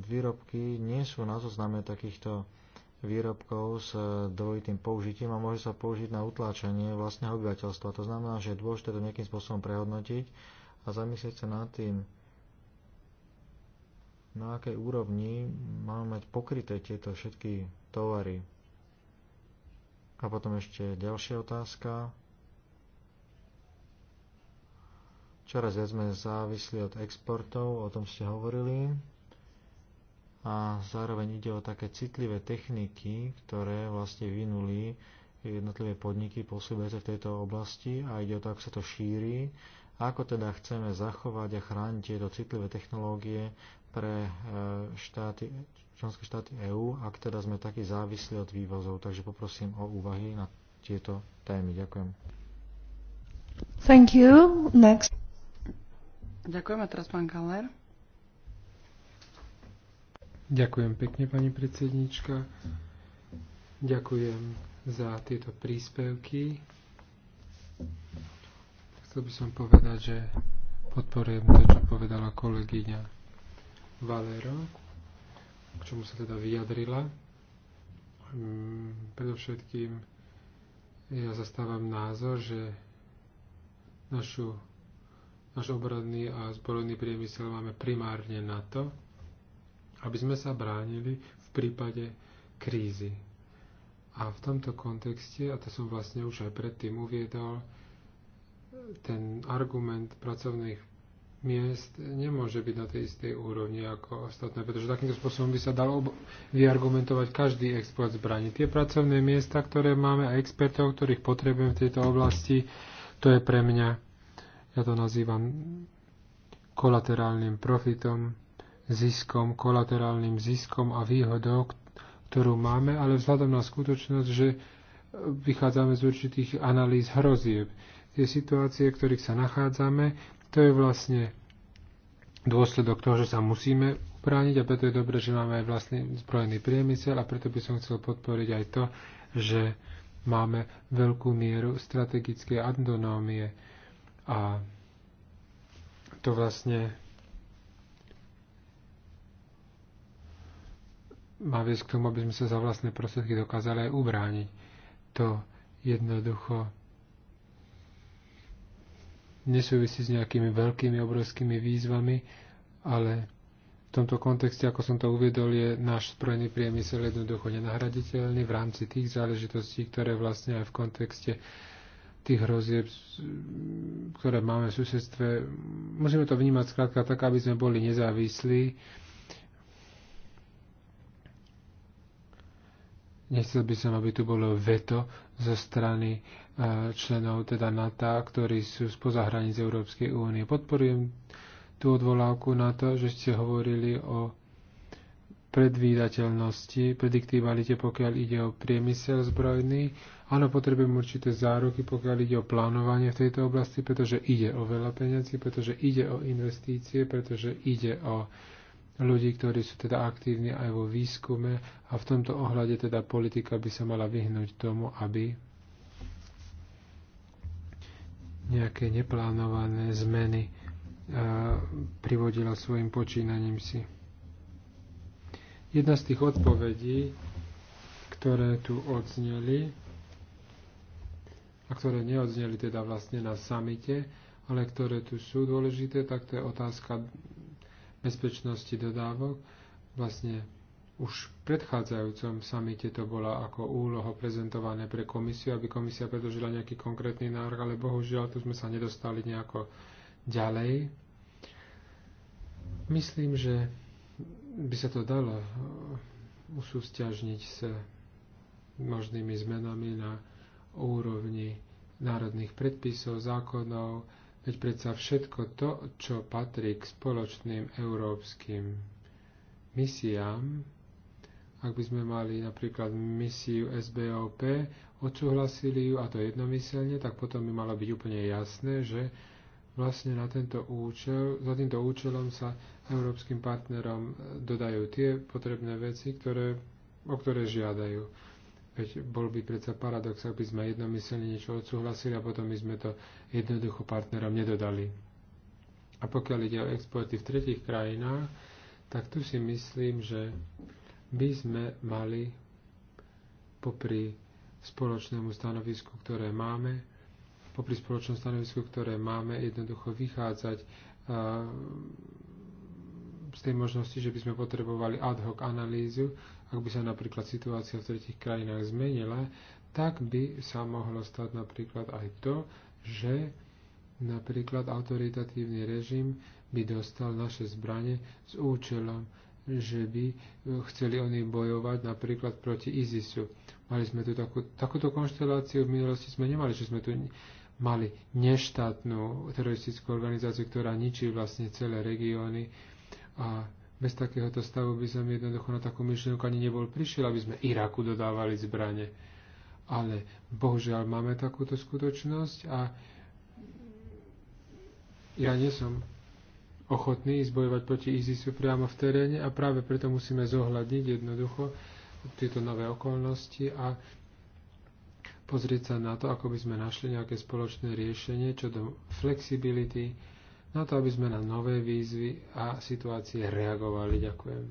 výrobky nie sú na zozname takýchto výrobkov s e, dvojitým použitím a môže sa použiť na utláčanie vlastného obyvateľstva. To znamená, že je dôležité to nejakým spôsobom prehodnotiť a zamyslieť sa nad tým, na akej úrovni máme mať pokryté tieto všetky tovary. A potom ešte ďalšia otázka. Čoraz viac sme závisli od exportov, o tom ste hovorili a zároveň ide o také citlivé techniky, ktoré vlastne vynuli jednotlivé podniky pôsobiace v tejto oblasti a ide o to, ako sa to šíri, ako teda chceme zachovať a chrániť tieto citlivé technológie pre e, štáty, členské štáty EÚ, ak teda sme takí závislí od vývozov. Takže poprosím o úvahy na tieto témy. Ďakujem. Thank you. Next. Ďakujem a teraz pán Kaller. Ďakujem pekne, pani predsednička. Ďakujem za tieto príspevky. Chcel by som povedať, že podporujem to, čo povedala kolegyňa Valero, k čomu sa teda vyjadrila. Mm, predovšetkým ja zastávam názor, že našu, náš obradný a zbrojný priemysel máme primárne na to, aby sme sa bránili v prípade krízy. A v tomto kontexte, a to som vlastne už aj predtým uviedol, ten argument pracovných miest nemôže byť na tej istej úrovni ako ostatné, pretože takýmto spôsobom by sa dal vyargumentovať každý export zbraní. Tie pracovné miesta, ktoré máme a expertov, ktorých potrebujem v tejto oblasti, to je pre mňa, ja to nazývam kolaterálnym profitom, ziskom, kolaterálnym ziskom a výhodou, ktorú máme, ale vzhľadom na skutočnosť, že vychádzame z určitých analýz hrozieb. Tie situácie, v ktorých sa nachádzame, to je vlastne dôsledok toho, že sa musíme uprániť. a preto je dobré, že máme aj vlastný zbrojný priemysel a preto by som chcel podporiť aj to, že máme veľkú mieru strategickej autonómie a to vlastne má viesť k tomu, aby sme sa za vlastné prostriedky dokázali aj ubrániť. To jednoducho nesúvisí s nejakými veľkými, obrovskými výzvami, ale v tomto kontexte, ako som to uviedol, je náš zbrojný priemysel jednoducho nenahraditeľný v rámci tých záležitostí, ktoré vlastne aj v kontexte tých hrozieb, ktoré máme v susedstve. Musíme to vnímať skrátka tak, aby sme boli nezávislí Nechcel by som, aby tu bolo veto zo strany e, členov teda NATO, ktorí sú spoza hraníc Európskej únie. Podporujem tú odvolávku na to, že ste hovorili o predvídateľnosti, prediktívalite, pokiaľ ide o priemysel zbrojný. Áno, potrebujem určité záruky, pokiaľ ide o plánovanie v tejto oblasti, pretože ide o veľa peniazí, pretože ide o investície, pretože ide o uh, ľudí, ktorí sú teda aktívni aj vo výskume a v tomto ohľade teda politika by sa mala vyhnúť tomu, aby nejaké neplánované zmeny e, privodila svojim počínaním si. Jedna z tých odpovedí, ktoré tu odzneli, a ktoré neodzneli teda vlastne na samite, ale ktoré tu sú dôležité, tak to je otázka bezpečnosti dodávok. Vlastne už v predchádzajúcom samite to bola ako úloho prezentované pre komisiu, aby komisia predložila nejaký konkrétny návrh, ale bohužiaľ tu sme sa nedostali nejako ďalej. Myslím, že by sa to dalo e, usústiažniť s možnými zmenami na úrovni národných predpisov, zákonov, Veď predsa všetko to, čo patrí k spoločným európskym misiám, ak by sme mali napríklad misiu SBOP, odsúhlasili ju a to jednomyselne, tak potom by malo byť úplne jasné, že vlastne na tento účel, za týmto účelom sa európskym partnerom dodajú tie potrebné veci, ktoré, o ktoré žiadajú. Veď bol by predsa paradox, ak by sme jednomyselne niečo odsúhlasili a potom by sme to jednoducho partnerom nedodali. A pokiaľ ide o exporty v tretich krajinách, tak tu si myslím, že by sme mali popri spoločnému stanovisku, ktoré máme, popri spoločnom stanovisku, ktoré máme, jednoducho vychádzať z tej možnosti, že by sme potrebovali ad hoc analýzu, ak by sa napríklad situácia v tretich krajinách zmenila, tak by sa mohlo stať napríklad aj to, že napríklad autoritatívny režim by dostal naše zbranie s účelom, že by e, chceli oni bojovať napríklad proti ISISu. Mali sme tu takú, takúto konšteláciu v minulosti sme nemali, že sme tu mali neštátnu teroristickú organizáciu, ktorá ničí vlastne celé regióny a bez takéhoto stavu by som jednoducho na takú myšlienku ani nebol prišiel, aby sme Iraku dodávali zbranie. Ale bohužiaľ máme takúto skutočnosť a ja nie som ochotný ísť bojovať proti ISISu priamo v teréne a práve preto musíme zohľadniť jednoducho tieto nové okolnosti a pozrieť sa na to, ako by sme našli nejaké spoločné riešenie čo do flexibility, na to, aby sme na nové výzvy a situácie reagovali. Ďakujem.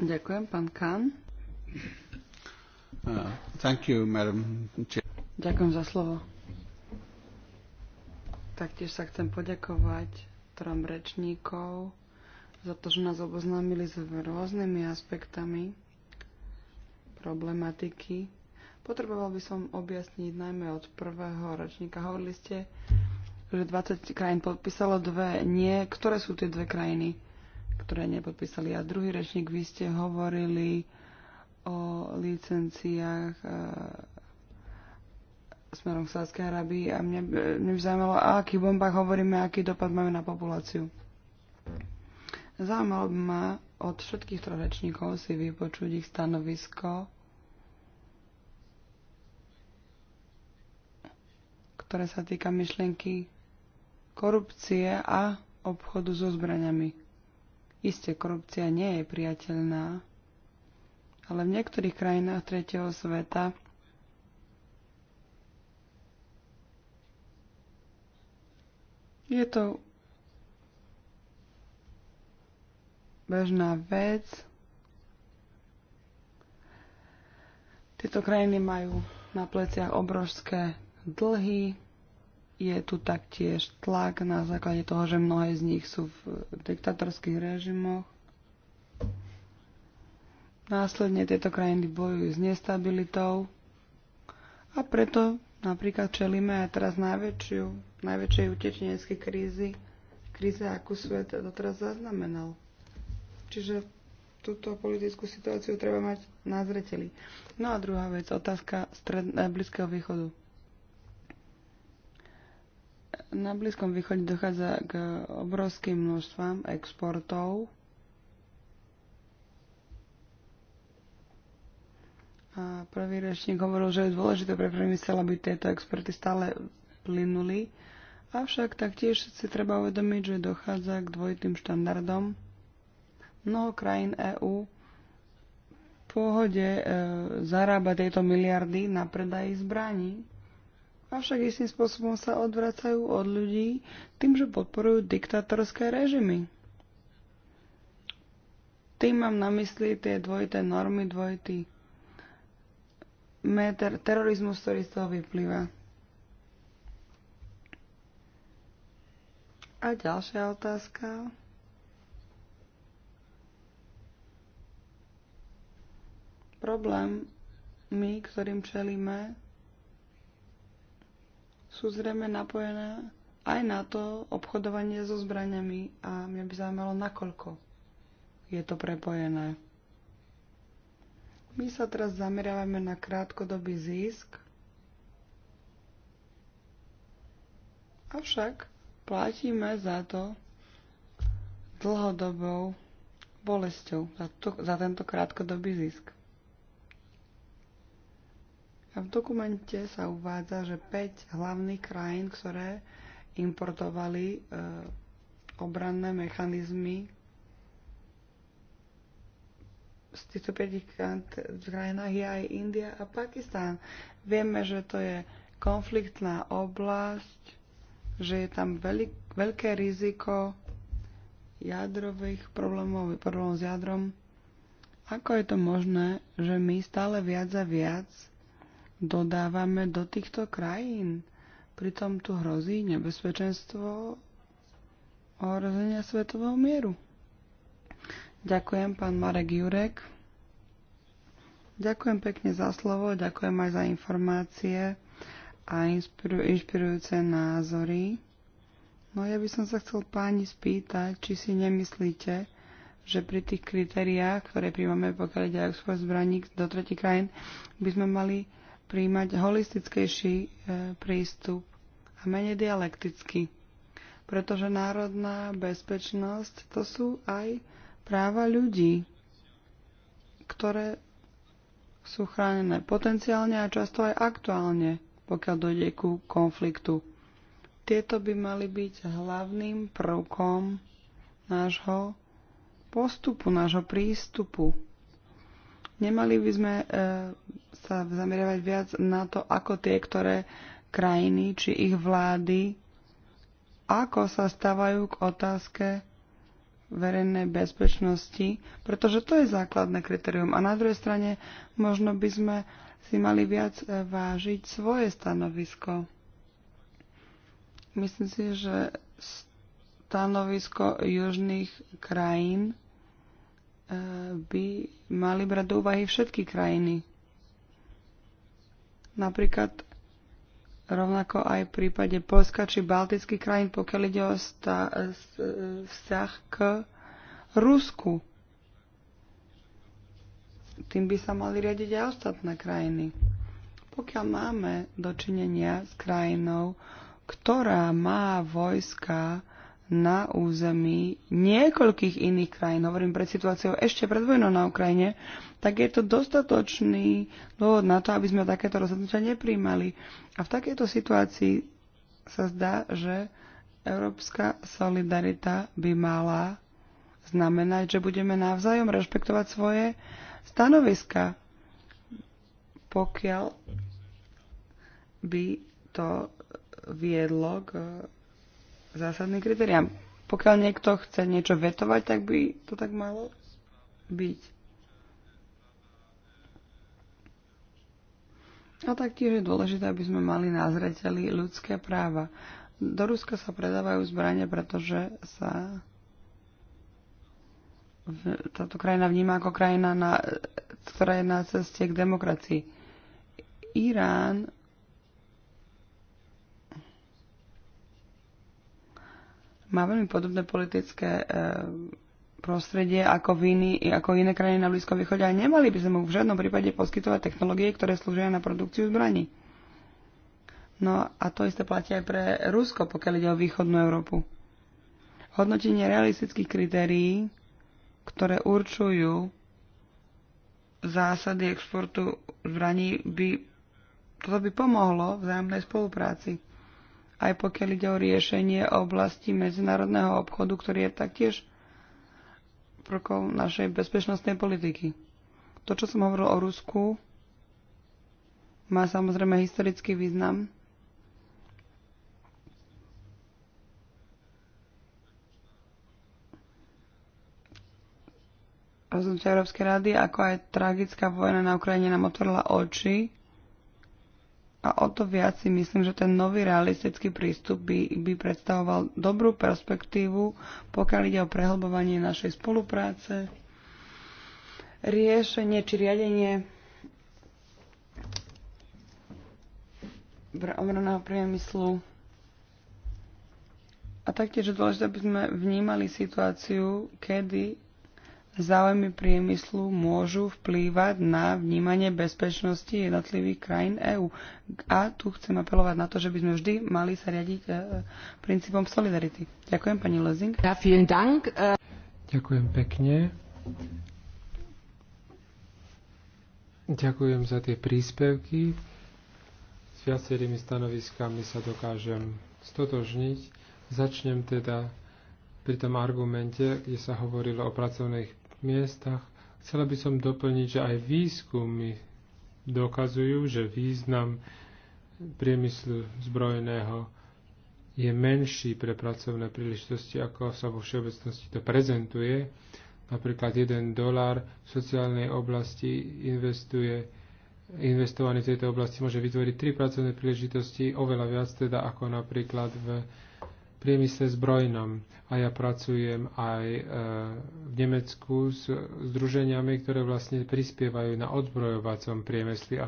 Ďakujem, pán Kán. Uh, thank you, madam. Ďakujem za slovo. Taktiež sa chcem poďakovať trom rečníkov za to, že nás oboznámili s rôznymi aspektami problematiky Potreboval by som objasniť najmä od prvého ročníka. Hovorili ste, že 20 krajín podpísalo, dve nie. Ktoré sú tie dve krajiny, ktoré nepodpísali? A druhý rečník, vy ste hovorili o licenciách e, smerom k Sádskej Arabii a mne, mne by zaujímalo, o akých bombách hovoríme, aký dopad máme na populáciu. Zaujímalo by ma od všetkých troch si vypočuť ich stanovisko ktoré sa týka myšlienky korupcie a obchodu so zbraňami. Isté, korupcia nie je priateľná, ale v niektorých krajinách tretieho sveta je to bežná vec. Tieto krajiny majú na pleciach obrovské dlhy. Je tu taktiež tlak na základe toho, že mnohé z nich sú v diktatorských režimoch. Následne tieto krajiny bojujú s nestabilitou a preto napríklad čelíme aj teraz najväčšiu, najväčšej utečeneckej krízy, kríze, akú svet doteraz zaznamenal. Čiže túto politickú situáciu treba mať na zreteli. No a druhá vec, otázka stred, Blízkeho východu. Na Blízkom východe dochádza k obrovským množstvám exportov. A prvý rečník hovoril, že je dôležité pre priemysel, aby tieto exporty stále plynuli. Avšak taktiež si treba uvedomiť, že dochádza k dvojitým štandardom. Mnoho krajín EÚ v pohode e, zarába tieto miliardy na predaji zbraní avšak istým spôsobom sa odvracajú od ľudí tým, že podporujú diktatorské režimy. Tým mám na mysli tie dvojité normy, dvojitý meter, terorizmus, ktorý z toho vyplýva. A ďalšia otázka. Problém my, ktorým čelíme, sú zrejme napojené aj na to obchodovanie so zbraniami a mňa by zaujímalo, nakoľko je to prepojené. My sa teraz zameriavame na krátkodobý zisk, avšak platíme za to dlhodobou bolesťou, za, to, za tento krátkodobý zisk. A v dokumente sa uvádza, že 5 hlavných krajín, ktoré importovali e, obranné mechanizmy z týchto 5 krajinách je aj India a Pakistán. Vieme, že to je konfliktná oblasť, že je tam veľk, veľké riziko jadrových problémov, problémov s jadrom. Ako je to možné, že my stále viac a viac dodávame do týchto krajín. Pritom tu hrozí nebezpečenstvo ohrozenia svetového mieru. Ďakujem, pán Marek Jurek. Ďakujem pekne za slovo, ďakujem aj za informácie a inšpirujúce názory. No ja by som sa chcel páni spýtať, či si nemyslíte, že pri tých kritériách, ktoré príjmame, pokiaľ ide export zbraní do tretich krajín, by sme mali príjmať holistickejší e, prístup a menej dialektický. Pretože národná bezpečnosť to sú aj práva ľudí, ktoré sú chránené potenciálne a často aj aktuálne, pokiaľ dojde ku konfliktu. Tieto by mali byť hlavným prvkom nášho postupu, nášho prístupu Nemali by sme e, sa zameriavať viac na to, ako tie, ktoré krajiny či ich vlády, ako sa stávajú k otázke verejnej bezpečnosti, pretože to je základné kritérium. A na druhej strane možno by sme si mali viac e, vážiť svoje stanovisko. Myslím si, že stanovisko južných krajín by mali brať do úvahy všetky krajiny. Napríklad rovnako aj v prípade Polska či Baltických krajín, pokiaľ ide o vzťah k Rusku. Tým by sa mali riadiť aj ostatné krajiny. Pokiaľ máme dočinenia s krajinou, ktorá má vojska na území niekoľkých iných krajín, hovorím pred situáciou ešte pred vojnou na Ukrajine, tak je to dostatočný dôvod na to, aby sme takéto rozhodnutia nepríjmali. A v takejto situácii sa zdá, že európska solidarita by mala znamenať, že budeme navzájom rešpektovať svoje stanoviska, pokiaľ by to viedlo k Zásadný kritériám. Pokiaľ niekto chce niečo vetovať, tak by to tak malo byť. A taktiež je dôležité, aby sme mali na zreteli ľudské práva. Do Ruska sa predávajú zbranie, pretože sa táto krajina vníma ako krajina, na, ktorá je na ceste k demokracii. Irán má veľmi podobné politické e, prostredie ako, v iný, ako iné krajiny na Blízkom východe a nemali by sme mu v žiadnom prípade poskytovať technológie, ktoré slúžia na produkciu zbraní. No a to isté platí aj pre Rusko, pokiaľ ide o východnú Európu. Hodnotenie realistických kritérií, ktoré určujú zásady exportu zbraní, by, toto by pomohlo vzájomnej spolupráci aj pokiaľ ide o riešenie oblasti medzinárodného obchodu, ktorý je taktiež prvkov našej bezpečnostnej politiky. To, čo som hovoril o Rusku, má samozrejme historický význam. Rozhodnutie Európskej rady, ako aj tragická vojna na Ukrajine nám otvorila oči a o to viac si myslím, že ten nový realistický prístup by, by predstavoval dobrú perspektívu, pokiaľ ide o prehlbovanie našej spolupráce, riešenie či riadenie obranného priemyslu. A taktiež je dôležité, aby sme vnímali situáciu, kedy záujmy priemyslu môžu vplývať na vnímanie bezpečnosti jednotlivých krajín EÚ. A tu chcem apelovať na to, že by sme vždy mali sa riadiť e, princípom solidarity. Ďakujem, pani Lezing. Ja, vielen Dank. Äh, Ďakujem pekne. Ďakujem za tie príspevky. S viacerými stanoviskami sa dokážem stotožniť. Začnem teda pri tom argumente, kde sa hovorilo o pracovných miestach. Chcela by som doplniť, že aj výskumy dokazujú, že význam priemyslu zbrojného je menší pre pracovné príležitosti, ako sa vo všeobecnosti to prezentuje. Napríklad jeden dolár v sociálnej oblasti investuje, investovaný v tejto oblasti môže vytvoriť tri pracovné príležitosti, oveľa viac teda ako napríklad v priemysle zbrojnom. A ja pracujem aj e, v Nemecku s združeniami, ktoré vlastne prispievajú na odbrojovacom priemysle. A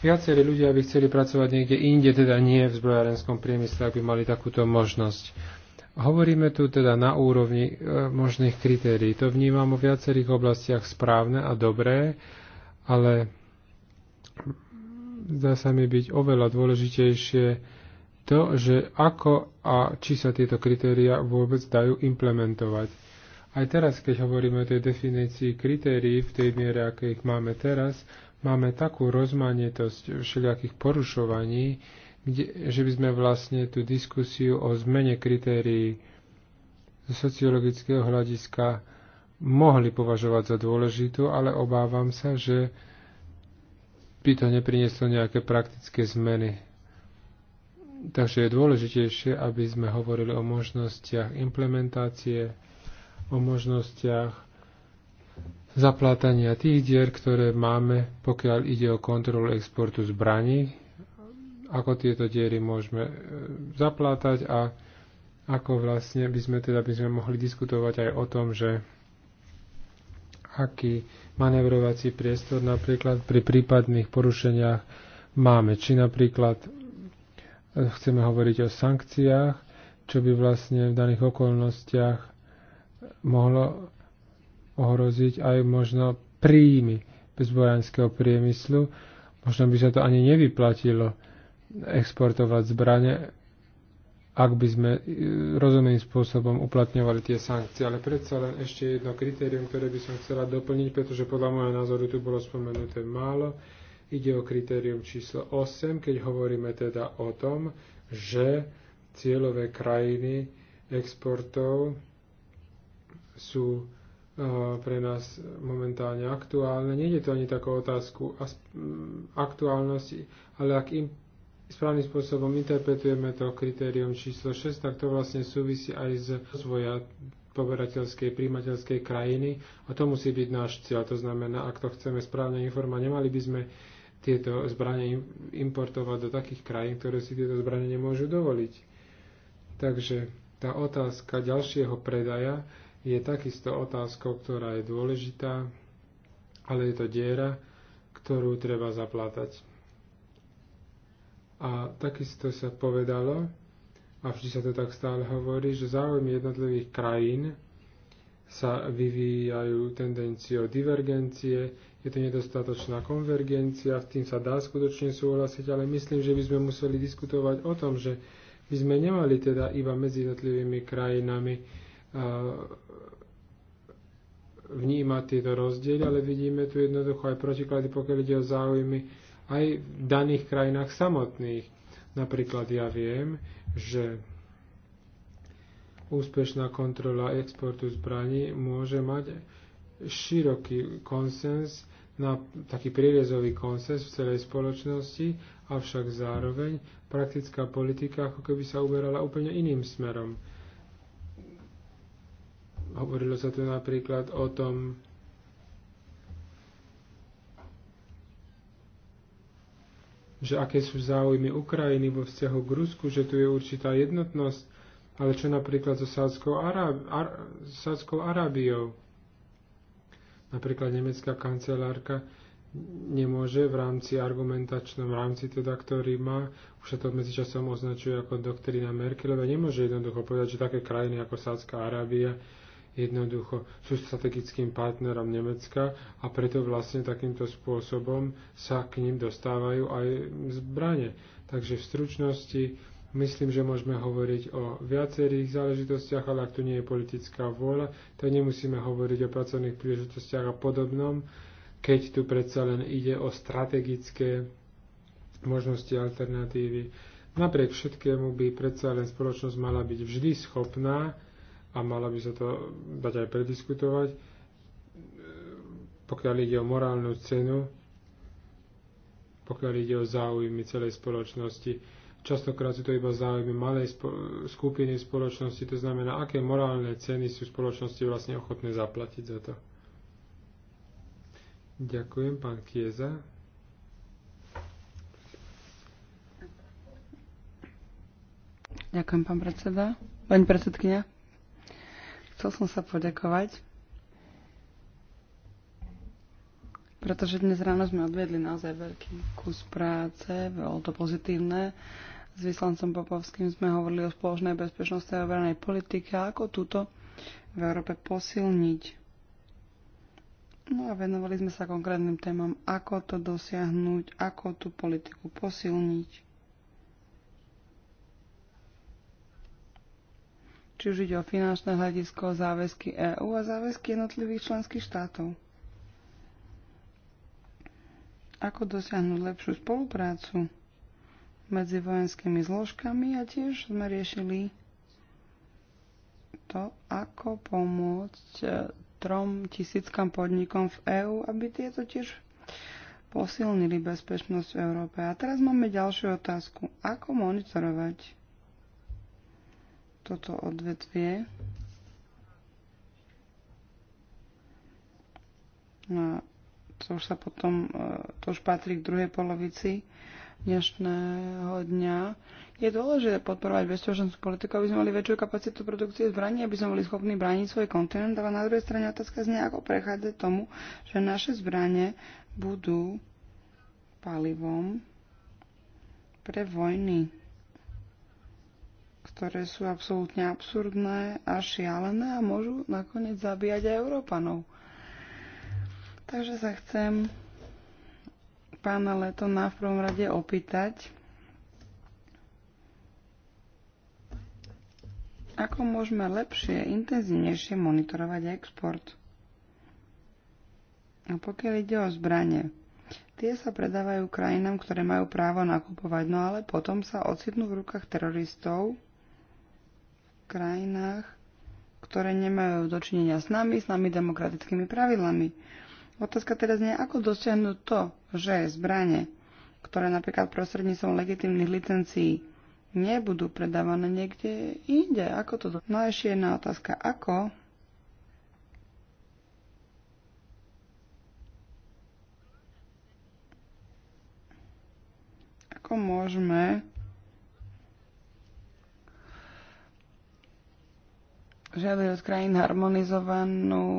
viacerí ľudia by chceli pracovať niekde inde, teda nie v zbrojárenskom priemysle, aby mali takúto možnosť. Hovoríme tu teda na úrovni e, možných kritérií. To vnímam o viacerých oblastiach správne a dobré, ale zdá sa mi byť oveľa dôležitejšie to, že ako a či sa tieto kritéria vôbec dajú implementovať. Aj teraz, keď hovoríme o tej definícii kritérií v tej miere, aké ich máme teraz, máme takú rozmanitosť všelijakých porušovaní, kde, že by sme vlastne tú diskusiu o zmene kritérií z sociologického hľadiska mohli považovať za dôležitú, ale obávam sa, že by to neprinieslo nejaké praktické zmeny Takže je dôležitejšie, aby sme hovorili o možnostiach implementácie, o možnostiach zaplátania tých dier, ktoré máme, pokiaľ ide o kontrolu exportu zbraní, ako tieto diery môžeme e, zaplátať a ako vlastne by sme teda by sme mohli diskutovať aj o tom, že aký manevrovací priestor napríklad pri prípadných porušeniach máme. Či napríklad Chceme hovoriť o sankciách, čo by vlastne v daných okolnostiach mohlo ohroziť aj možno príjmy zbrojánskeho priemyslu. Možno by sa to ani nevyplatilo exportovať zbrane, ak by sme e, rozumným spôsobom uplatňovali tie sankcie. Ale predsa len ešte jedno kritérium, ktoré by som chcela doplniť, pretože podľa môjho názoru tu bolo spomenuté málo. Ide o kritérium číslo 8, keď hovoríme teda o tom, že cieľové krajiny exportov sú e, pre nás momentálne aktuálne. Nie je to ani takú otázku mm, aktuálnosti, ale ak im správnym spôsobom interpretujeme to kritérium číslo 6, tak to vlastne súvisí aj z rozvoja poberateľskej, príjmateľskej krajiny a to musí byť náš cieľ. To znamená, ak to chceme správne informovať, nemali by sme tieto zbranie importovať do takých krajín, ktoré si tieto zbranie nemôžu dovoliť. Takže tá otázka ďalšieho predaja je takisto otázkou, ktorá je dôležitá, ale je to diera, ktorú treba zaplatať. A takisto sa povedalo, a vždy sa to tak stále hovorí, že záujmy jednotlivých krajín sa vyvíjajú tendenciou divergencie, je to nedostatočná konvergencia, s tým sa dá skutočne súhlasiť, ale myslím, že by sme museli diskutovať o tom, že by sme nemali teda iba medzi jednotlivými krajinami vnímať tieto rozdiely, ale vidíme tu jednoducho aj protiklady, pokiaľ ide o záujmy aj v daných krajinách samotných. Napríklad ja viem, že úspešná kontrola exportu zbraní môže mať široký konsens, na taký prírezový konsens v celej spoločnosti, avšak zároveň praktická politika ako keby sa uberala úplne iným smerom. Hovorilo sa tu napríklad o tom, že aké sú záujmy Ukrajiny vo vzťahu k Rusku, že tu je určitá jednotnosť ale čo napríklad so Sádskou Arab- Ar- Sádskou Arábiou? Napríklad nemecká kancelárka nemôže v rámci argumentačnom rámci teda, ktorý má, už sa to medzičasom označuje ako doktrína Merkelova, nemôže jednoducho povedať, že také krajiny ako Sádska Arábia jednoducho sú strategickým partnerom Nemecka a preto vlastne takýmto spôsobom sa k ním dostávajú aj zbranie. Takže v stručnosti Myslím, že môžeme hovoriť o viacerých záležitostiach, ale ak tu nie je politická vôľa, tak nemusíme hovoriť o pracovných príležitostiach a podobnom, keď tu predsa len ide o strategické možnosti alternatívy. Napriek všetkému by predsa len spoločnosť mala byť vždy schopná a mala by sa to dať aj prediskutovať, pokiaľ ide o morálnu cenu, pokiaľ ide o záujmy celej spoločnosti Častokrát sú to iba záujmy malej spo- skupiny spoločnosti, to znamená, aké morálne ceny sú spoločnosti vlastne ochotné zaplatiť za to. Ďakujem, pán Kieza. Ďakujem, pán predseda. Pani predsedkynia, chcel som sa poďakovať, pretože dnes ráno sme odvedli naozaj veľký kus práce, bolo to pozitívne. S vyslancom Popovským sme hovorili o spoločnej bezpečnosti a obranej politike a ako túto v Európe posilniť. No a venovali sme sa konkrétnym témam, ako to dosiahnuť, ako tú politiku posilniť. Či už ide o finančné hľadisko, záväzky EÚ a záväzky jednotlivých členských štátov. Ako dosiahnuť lepšiu spoluprácu medzi vojenskými zložkami a tiež sme riešili to, ako pomôcť e, trom tisíckam podnikom v EÚ, aby tieto tiež posilnili bezpečnosť v Európe. A teraz máme ďalšiu otázku. Ako monitorovať toto odvetvie? No, to už sa potom, e, to už patrí k druhej polovici dnešného dňa. Je dôležité podporovať bezpečnostnú politiku, aby sme mali väčšiu kapacitu produkcie zbraní, aby sme boli schopní brániť svoj kontinent, ale na druhej strane otázka znie, ako prechádzať tomu, že naše zbranie budú palivom pre vojny, ktoré sú absolútne absurdné a šialené a môžu nakoniec zabíjať aj Európanov. Takže sa chcem pána Letona v prvom rade opýtať, ako môžeme lepšie, intenzívnejšie monitorovať export. A pokiaľ ide o zbranie, tie sa predávajú krajinám, ktoré majú právo nakupovať, no ale potom sa ocitnú v rukách teroristov v krajinách, ktoré nemajú dočinenia s nami, s nami demokratickými pravidlami. Otázka teraz nie ako dosiahnuť to, že zbranie, ktoré napríklad prostredníctvom legitimných licencií nebudú predávané niekde inde. Ako to do... No a ešte jedna otázka. Ako ako môžeme žiadať od krajín harmonizovanú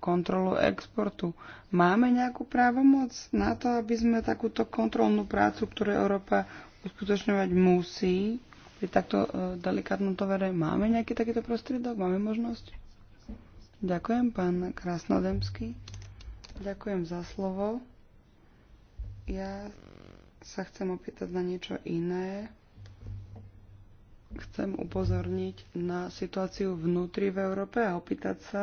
kontrolu exportu. Máme nejakú právomoc na to, aby sme takúto kontrolnú prácu, ktorú Európa uskutočňovať musí, pri takto e, delikátnom tovere, máme nejaký takýto prostriedok? Máme možnosť? Ďakujem, pán Krasnodemský. Ďakujem za slovo. Ja sa chcem opýtať na niečo iné. Chcem upozorniť na situáciu vnútri v Európe a opýtať sa,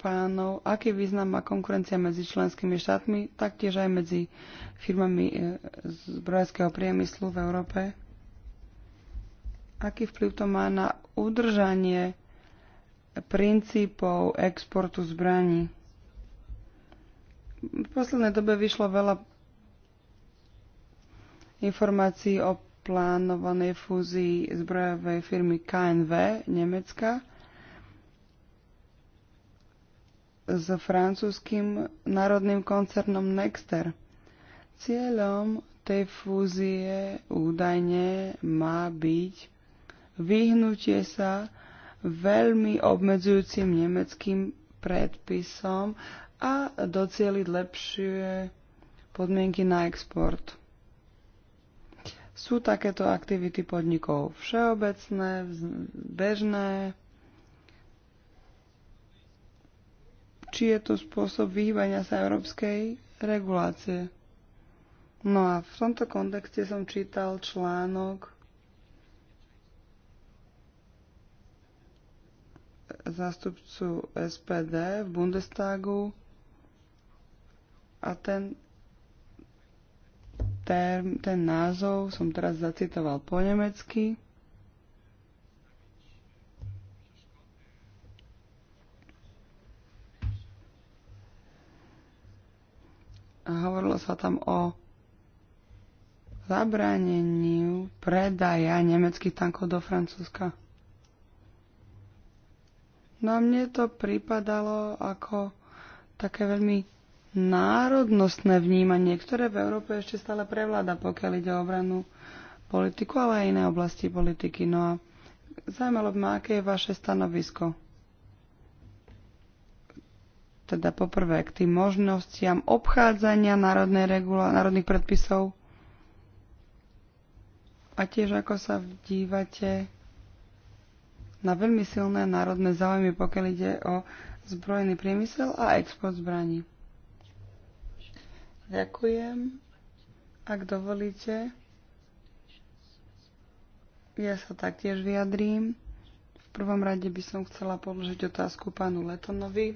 pánov, aký význam má konkurencia medzi členskými štátmi, taktiež aj medzi firmami e, zbrojárskeho priemyslu v Európe. Aký vplyv to má na udržanie princípov exportu zbraní? V poslednej dobe vyšlo veľa informácií o plánovanej fúzii zbrojovej firmy KNV Nemecka s francúzským národným koncernom Nexter. Cieľom tej fúzie údajne má byť vyhnutie sa veľmi obmedzujúcim nemeckým predpisom a docieliť lepšie podmienky na export. Sú takéto aktivity podnikov všeobecné, bežné, či je to spôsob vyhýbania sa európskej regulácie. No a v tomto kontexte som čítal článok zástupcu SPD v Bundestagu a ten, term, ten názov som teraz zacitoval po nemecky. Hovorilo sa tam o zabraneniu predaja nemeckých tankov do Francúzska. No a mne to pripadalo ako také veľmi národnostné vnímanie, ktoré v Európe ešte stále prevláda, pokiaľ ide o obranu politiku, ale aj iné oblasti politiky. No a zaujímalo by ma, aké je vaše stanovisko. Teda poprvé k tým možnostiam obchádzania národnej regula- národných predpisov a tiež ako sa vdívate na veľmi silné národné záujmy, pokiaľ ide o zbrojný priemysel a export zbraní. Ďakujem. Ak dovolíte, ja sa taktiež vyjadrím. V prvom rade by som chcela položiť otázku pánu Letonovi.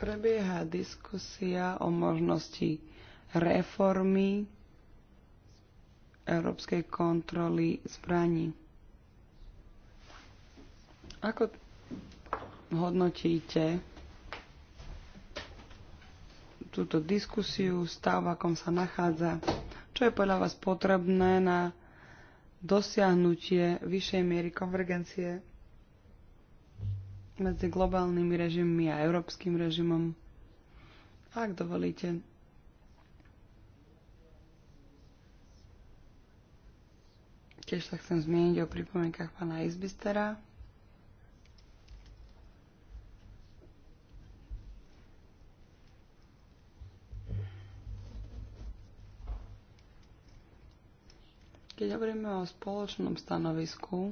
Prebieha diskusia o možnosti reformy európskej kontroly zbraní. Ako hodnotíte túto diskusiu, stav, akom sa nachádza, čo je podľa vás potrebné na dosiahnutie vyššej miery konvergencie medzi globálnymi režimmi a európskym režimom. Ak dovolíte, Tiež sa chcem zmieniť o pripomienkach pána Izbistera. Keď hovoríme o spoločnom stanovisku,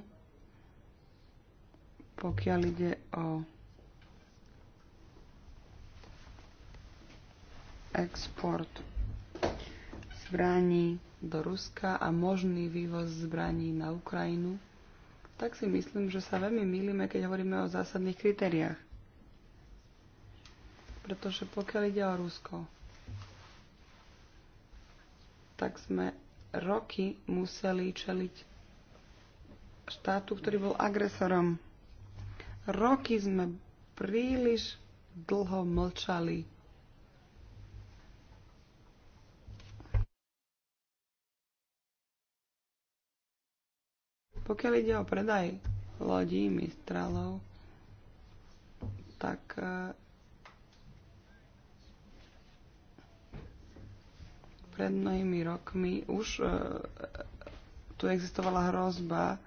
pokiaľ ide o export zbraní do Ruska a možný vývoz zbraní na Ukrajinu, tak si myslím, že sa veľmi mýlime, keď hovoríme o zásadných kritériách. Pretože pokiaľ ide o Rusko, tak sme roky museli čeliť štátu, ktorý bol agresorom Roky sme príliš dlho mlčali. Pokiaľ ide o predaj lodí Mistralov, tak eh, pred mnohými rokmi už eh, tu existovala hrozba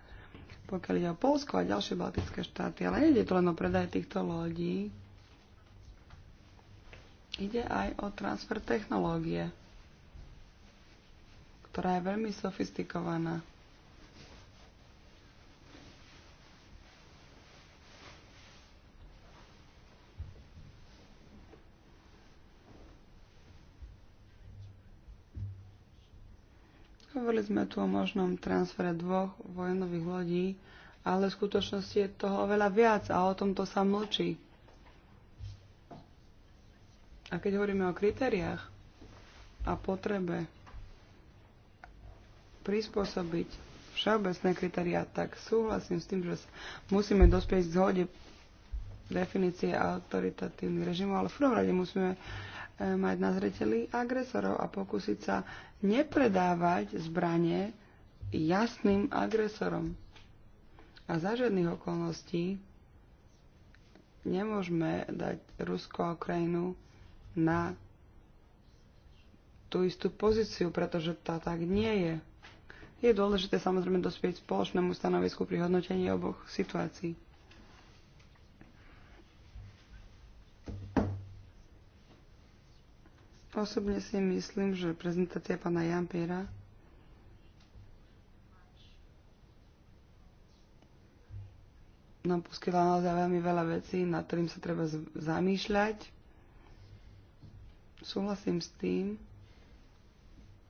pokiaľ ide o Polsko a ďalšie baltické štáty. Ale nejde to len o predaj týchto lodí. Ide aj o transfer technológie, ktorá je veľmi sofistikovaná. Hovorili sme tu o možnom transfere dvoch vojnových lodí, ale v skutočnosti je toho oveľa viac a o tomto sa mlčí. A keď hovoríme o kritériách a potrebe prispôsobiť všeobecné kritériá, tak súhlasím s tým, že musíme dospieť zhode definície autoritatívnych režimov, ale v prvom rade musíme E, mať na zreteli agresorov a pokúsiť sa nepredávať zbranie jasným agresorom. A za žiadnych okolností nemôžeme dať Rusko a Ukrajinu na tú istú pozíciu, pretože tá tak nie je. Je dôležité samozrejme dospieť spoločnému stanovisku pri hodnotení oboch situácií. Osobne si myslím, že prezentácia pána Jampiera nám poskytla naozaj veľmi veľa vecí, nad ktorým sa treba zamýšľať. Súhlasím s tým,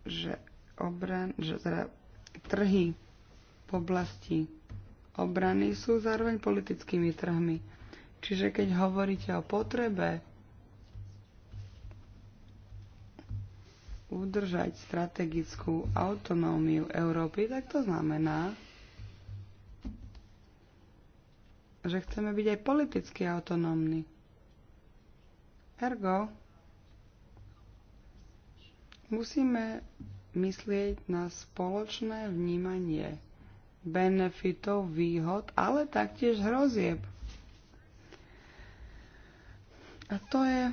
že, obran, že teda trhy v oblasti obrany sú zároveň politickými trhmi. Čiže keď hovoríte o potrebe udržať strategickú autonómiu Európy, tak to znamená, že chceme byť aj politicky autonómni. Ergo, musíme myslieť na spoločné vnímanie benefitov, výhod, ale taktiež hrozieb. A to je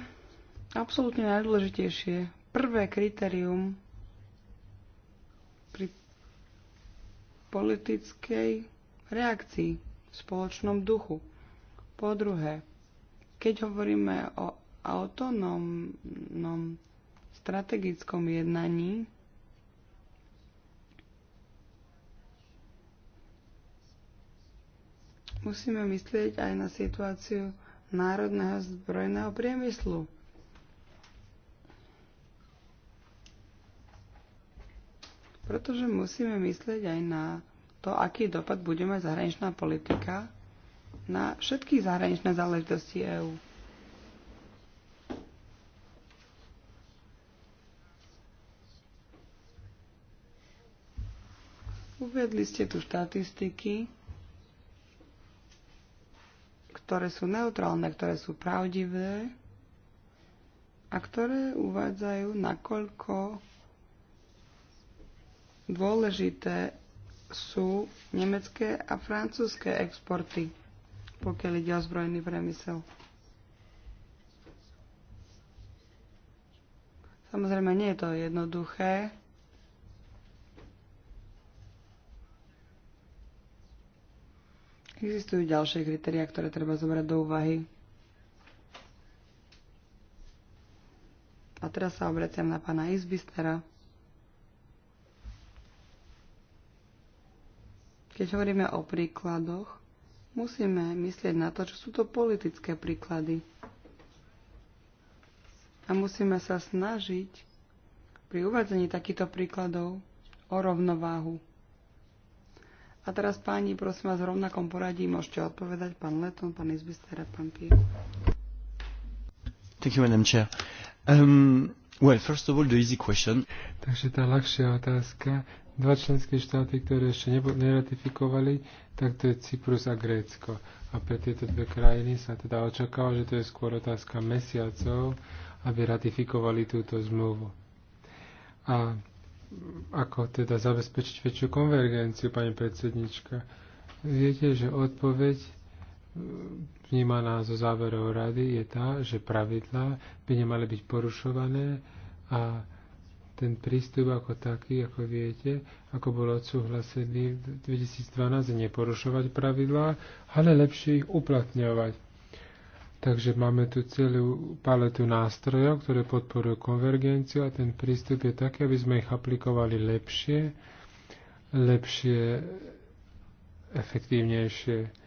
absolútne najdôležitejšie prvé kritérium pri politickej reakcii v spoločnom duchu. Po druhé, keď hovoríme o autonómnom strategickom jednaní, musíme myslieť aj na situáciu národného zbrojného priemyslu. Pretože musíme myslieť aj na to, aký dopad bude mať zahraničná politika na všetky zahraničné záležitosti EÚ. Uvedli ste tu štatistiky, ktoré sú neutrálne, ktoré sú pravdivé a ktoré uvádzajú, nakoľko Dôležité sú nemecké a francúzske exporty, pokiaľ ide o zbrojný priemysel. Samozrejme, nie je to jednoduché. Existujú ďalšie kritériá, ktoré treba zobrať do úvahy. A teraz sa obraciam na pána Izbistera. Keď hovoríme o príkladoch, musíme myslieť na to, že sú to politické príklady. A musíme sa snažiť pri uvádzaní takýchto príkladov o rovnováhu. A teraz páni, prosím vás, v rovnakom poradí môžete odpovedať pán Leton, pán Izbistera, pán Pier. Thank you, Madam Chair. Um, Well, first of all, the easy question. Takže tá ľahšia otázka. Dva členské štáty, ktoré ešte nebo- neratifikovali, tak to je Cyprus a Grécko. A pre tieto dve krajiny sa teda očakáva, že to je skôr otázka mesiacov, aby ratifikovali túto zmluvu. A ako teda zabezpečiť väčšiu konvergenciu, pani predsednička? Viete, že odpoveď vnímaná zo záverov rady, je tá, že pravidlá by nemali byť porušované a ten prístup ako taký, ako viete, ako bolo odsúhlasený v 2012, neporušovať pravidlá, ale lepšie ich uplatňovať. Takže máme tu celú paletu nástrojov, ktoré podporujú konvergenciu a ten prístup je taký, aby sme ich aplikovali lepšie, lepšie, efektívnejšie.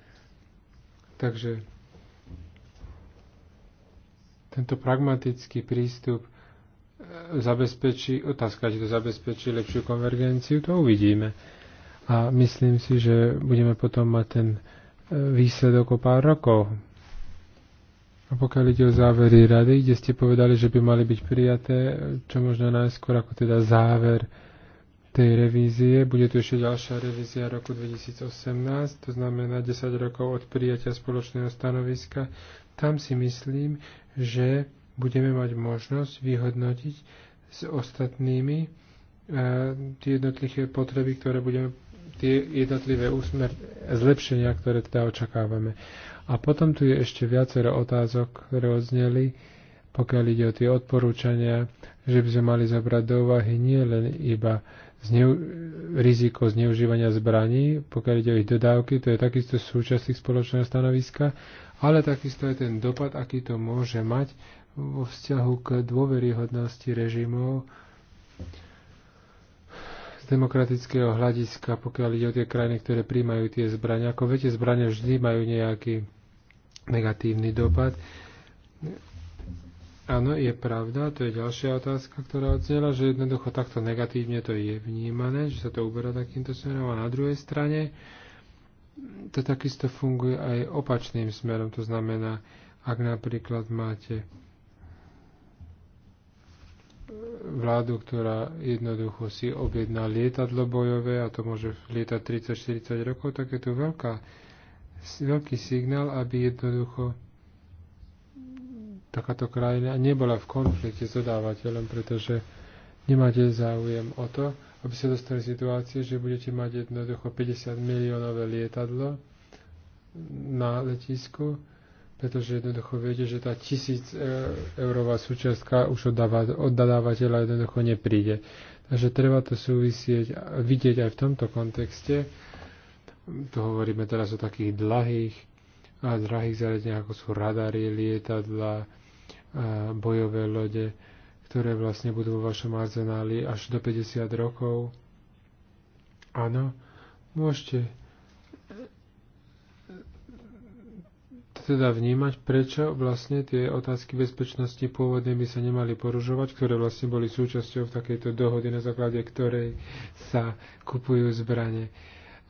Takže tento pragmatický prístup e, zabezpečí, otázka, či to zabezpečí lepšiu konvergenciu, to uvidíme. A myslím si, že budeme potom mať ten e, výsledok o pár rokov. A pokiaľ ide o závery rady, kde ste povedali, že by mali byť prijaté, e, čo možno najskôr ako teda záver tej revízie. Bude tu ešte ďalšia revízia roku 2018, to znamená 10 rokov od prijatia spoločného stanoviska. Tam si myslím, že budeme mať možnosť vyhodnotiť s ostatnými e, tie jednotlivé potreby, ktoré budeme tie jednotlivé úsmer, zlepšenia, ktoré teda očakávame. A potom tu je ešte viacero otázok, ktoré odzneli, pokiaľ ide o tie odporúčania, že by sme mali zobrať do úvahy nie len iba zneu, riziko zneužívania zbraní, pokiaľ ide o ich dodávky, to je takisto súčasť ich spoločného stanoviska, ale takisto je ten dopad, aký to môže mať vo vzťahu k dôveryhodnosti režimov z demokratického hľadiska, pokiaľ ide o tie krajiny, ktoré príjmajú tie zbrania. Ako viete, zbrania vždy majú nejaký negatívny dopad Áno, je pravda, to je ďalšia otázka, ktorá odznela, že jednoducho takto negatívne to je vnímané, že sa to uberá takýmto smerom a na druhej strane to takisto funguje aj opačným smerom. To znamená, ak napríklad máte vládu, ktorá jednoducho si objedná lietadlo bojové a to môže lietať 30-40 rokov, tak je tu veľká, veľký signál, aby jednoducho takáto krajina nebola v konflikte s dodávateľom, pretože nemáte záujem o to, aby sa dostali situácie, že budete mať jednoducho 50 miliónové lietadlo na letisku, pretože jednoducho viete, že tá tisíc e, eurová súčiastka už od dodávateľa jednoducho nepríde. Takže treba to súvisieť, a vidieť aj v tomto kontexte. Tu hovoríme teraz o takých dlhých a drahých zariadeniach, ako sú radary, lietadla, bojové lode, ktoré vlastne budú vo vašom arzenáli až do 50 rokov. Áno, môžete e, teda vnímať, prečo vlastne tie otázky bezpečnosti pôvodne by sa nemali porušovať, ktoré vlastne boli súčasťou v takejto dohody, na základe ktorej sa kupujú zbranie.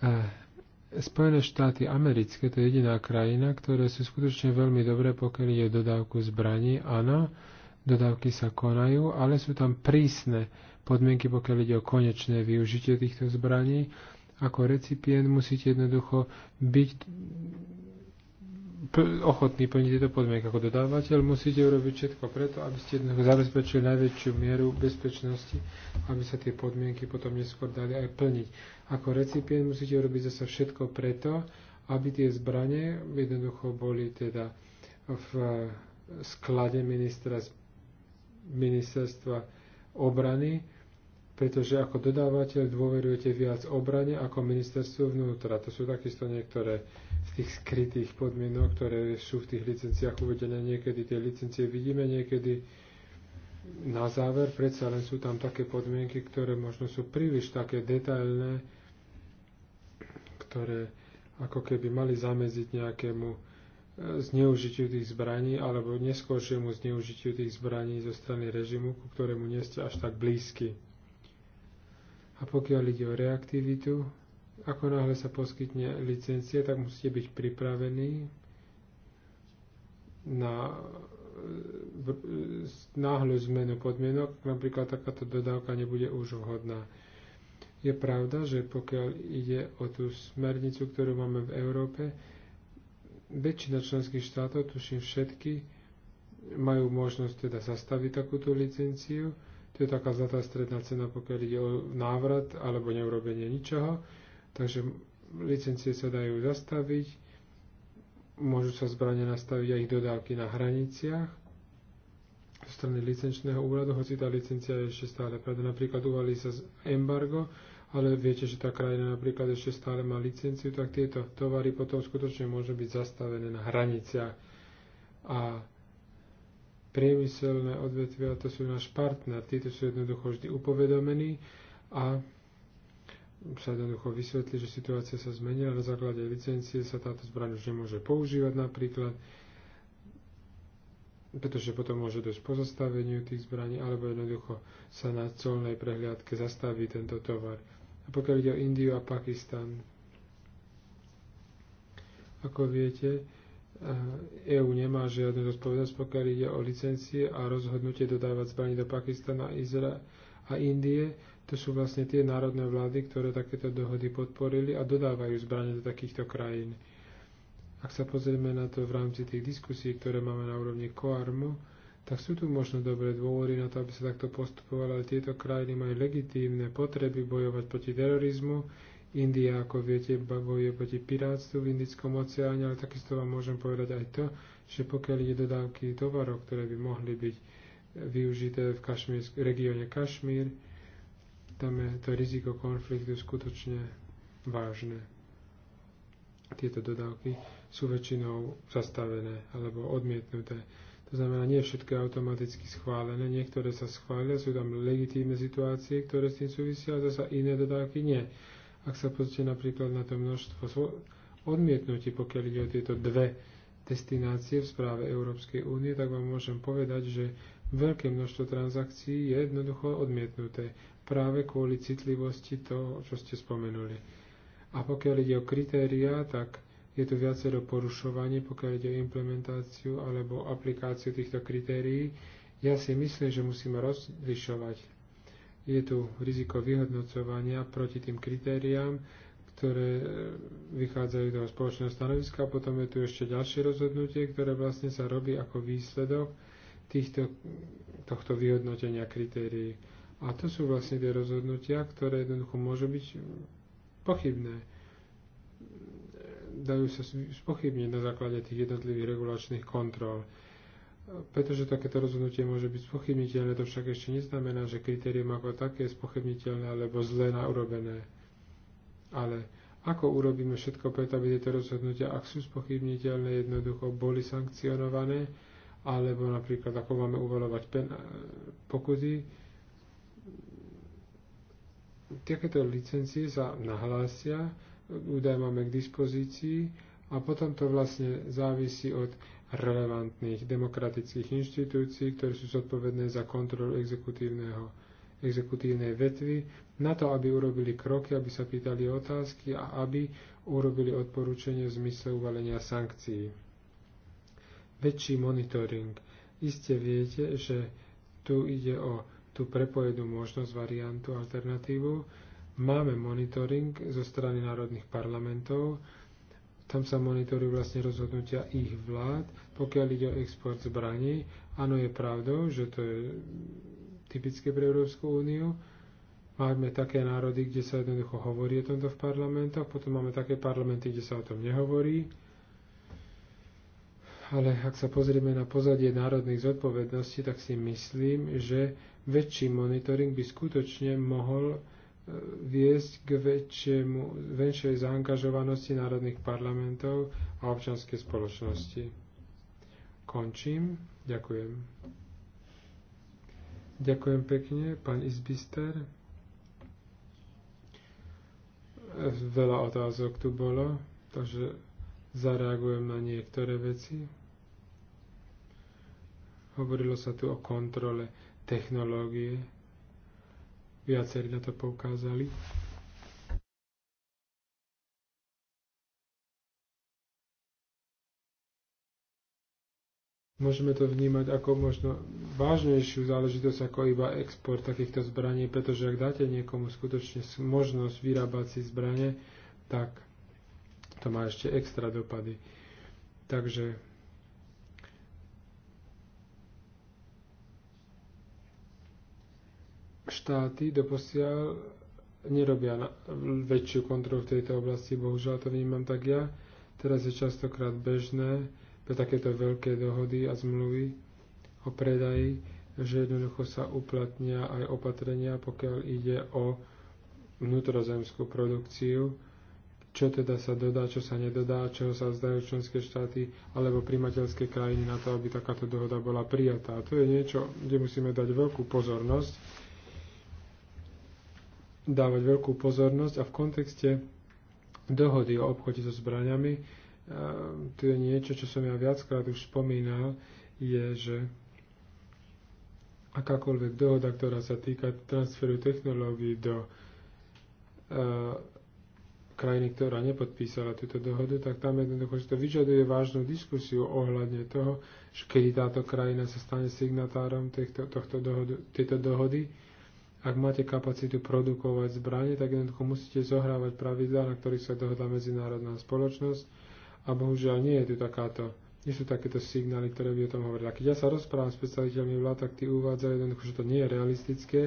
E, Spojené štáty americké, to je jediná krajina, ktoré sú skutočne veľmi dobré, pokiaľ je dodávku zbraní. Áno, dodávky sa konajú, ale sú tam prísne podmienky, pokiaľ ide o konečné využitie týchto zbraní. Ako recipient musíte jednoducho byť ochotný plniť tieto podmienky. Ako dodávateľ musíte urobiť všetko preto, aby ste jednoducho zabezpečili najväčšiu mieru bezpečnosti, aby sa tie podmienky potom neskôr dali aj plniť. Ako recipient musíte urobiť zase všetko preto, aby tie zbranie jednoducho boli teda v eh, sklade ministra, ministerstva obrany, pretože ako dodávateľ dôverujete viac obrane ako ministerstvu vnútra. To sú takisto niektoré z tých skrytých podmienok, ktoré sú v tých licenciách uvedené. Niekedy tie licencie vidíme, niekedy na záver predsa len sú tam také podmienky, ktoré možno sú príliš také detailné, ktoré ako keby mali zameziť nejakému e, zneužitiu tých zbraní alebo neskôršiemu zneužitiu tých zbraní zo strany režimu, ku ktorému nie ste až tak blízky. A pokiaľ ide o reaktivitu, ako náhle sa poskytne licencia, tak musíte byť pripravení na e, e, náhlu zmenu podmienok, napríklad takáto dodávka nebude už vhodná. Je pravda, že pokiaľ ide o tú smernicu, ktorú máme v Európe, väčšina členských štátov, tuším všetky, majú možnosť teda zastaviť takúto licenciu. To je taká zlatá stredná cena, pokiaľ ide o návrat alebo neurobenie ničoho. Takže licencie sa dajú zastaviť, môžu sa zbranie nastaviť aj ich dodávky na hraniciach zo strany licenčného úradu, hoci tá licencia je ešte stále preto Napríklad uvalí sa embargo ale viete, že tá krajina napríklad ešte stále má licenciu, tak tieto tovary potom skutočne môžu byť zastavené na hraniciach. A priemyselné odvetvia, to sú náš partner, títo sú jednoducho vždy upovedomení a sa jednoducho vysvetlí, že situácia sa zmenila, na základe licencie sa táto zbraň už nemôže používať napríklad, pretože potom môže dosť pozastaveniu tých zbraní, alebo jednoducho sa na colnej prehliadke zastaví tento tovar a pokiaľ ide o Indiu a Pakistan. Ako viete, EÚ eh, e nemá žiadnu zodpovednosť, pokiaľ ide o licencie a rozhodnutie dodávať zbraní do Pakistana, Izra a Indie. To sú vlastne tie národné vlády, ktoré takéto dohody podporili a dodávajú zbranie do takýchto krajín. Ak sa pozrieme na to v rámci tých diskusí, ktoré máme na úrovni COARMu, tak sú tu možno dobré dôvody na to, aby sa takto postupovalo, ale tieto krajiny majú legitímne potreby bojovať proti terorizmu. India, ako viete, bojuje proti pirátstvu v Indickom oceáne, ale takisto vám môžem povedať aj to, že pokiaľ je dodávky tovarov, ktoré by mohli byť využité v regióne Kašmír, tam je to riziko konfliktu skutočne vážne. Tieto dodávky sú väčšinou zastavené alebo odmietnuté. To znamená, nie všetko je automaticky schválené. Niektoré sa schvália, sú tam legitímne situácie, ktoré s tým súvisia, a zasa iné dodávky nie. Ak sa pozrite napríklad na to množstvo odmietnutí, pokiaľ ide o tieto dve destinácie v správe Európskej únie, tak vám môžem povedať, že veľké množstvo transakcií je jednoducho odmietnuté práve kvôli citlivosti toho, čo ste spomenuli. A pokiaľ ide o kritériá, tak je tu viacero porušovaní, pokiaľ ide o implementáciu alebo aplikáciu týchto kritérií. Ja si myslím, že musíme rozlišovať. Je tu riziko vyhodnocovania proti tým kritériám, ktoré e, vychádzajú do spoločného stanoviska. Potom je tu ešte ďalšie rozhodnutie, ktoré vlastne sa robí ako výsledok týchto, tohto vyhodnotenia kritérií. A to sú vlastne tie rozhodnutia, ktoré jednoducho môžu byť pochybné dajú sa spochybniť na základe tých jednotlivých regulačných kontrol. Pretože takéto rozhodnutie môže byť spochybniteľné, to však ešte neznamená, že kritérium ako také je spochybniteľné alebo zle naurobené. Ale ako urobíme všetko preto, aby tieto rozhodnutia, ak sú spochybniteľné, jednoducho boli sankcionované, alebo napríklad ako máme uvalovať pokuty. Takéto licencie sa nahlásia, údaj máme k dispozícii a potom to vlastne závisí od relevantných demokratických inštitúcií, ktoré sú zodpovedné za kontrolu exekutívneho, exekutívnej vetvy, na to, aby urobili kroky, aby sa pýtali otázky a aby urobili odporúčanie v zmysle uvalenia sankcií. Väčší monitoring. Iste viete, že tu ide o tú prepojenú možnosť, variantu, alternatívu, Máme monitoring zo strany národných parlamentov, tam sa monitorujú vlastne rozhodnutia ich vlád, pokiaľ ide o export zbraní. Áno, je pravdou, že to je typické pre Európsku úniu. Máme také národy, kde sa jednoducho hovorí o tomto v parlamentoch, potom máme také parlamenty, kde sa o tom nehovorí. Ale ak sa pozrieme na pozadie národných zodpovedností, tak si myslím, že väčší monitoring by skutočne mohol viesť k väčšiemu, väčšej zaangažovanosti národných parlamentov a občanskej spoločnosti. Končím. Ďakujem. Ďakujem pekne, pán Izbister. Veľa otázok tu bolo, takže zareagujem na niektoré veci. Hovorilo sa tu o kontrole technológie Viacerí na to poukázali. Môžeme to vnímať ako možno vážnejšiu záležitosť ako iba export takýchto zbraní, pretože ak dáte niekomu skutočne možnosť vyrábať si zbranie, tak to má ešte extra dopady. Takže štáty doposiaľ nerobia na, väčšiu kontrolu v tejto oblasti, bohužiaľ to vnímam tak ja. Teraz je častokrát bežné pre takéto veľké dohody a zmluvy o predaji, že jednoducho sa uplatnia aj opatrenia, pokiaľ ide o vnútrozemskú produkciu, čo teda sa dodá, čo sa nedodá, čo sa vzdajú členské štáty alebo primateľské krajiny na to, aby takáto dohoda bola prijatá. To je niečo, kde musíme dať veľkú pozornosť dávať veľkú pozornosť a v kontexte dohody o obchode so zbraniami, ehm, to je niečo, čo som ja viackrát už spomínal, je, že akákoľvek dohoda, ktorá sa týka transferu technológií do ehm, krajiny, ktorá nepodpísala túto dohodu, tak tam jednoducho to vyžaduje vážnu diskusiu ohľadne toho, že kedy táto krajina sa stane signatárom tejto, tohto dohodu, tejto dohody ak máte kapacitu produkovať zbranie, tak jednoducho musíte zohrávať pravidlá, na ktorých sa dohodla medzinárodná spoločnosť. A bohužiaľ nie je tu takáto, nie sú takéto signály, ktoré by o tom hovorili. A keď ja sa rozprávam s predstaviteľmi vlád, tak tí uvádzajú jednoducho, že to nie je realistické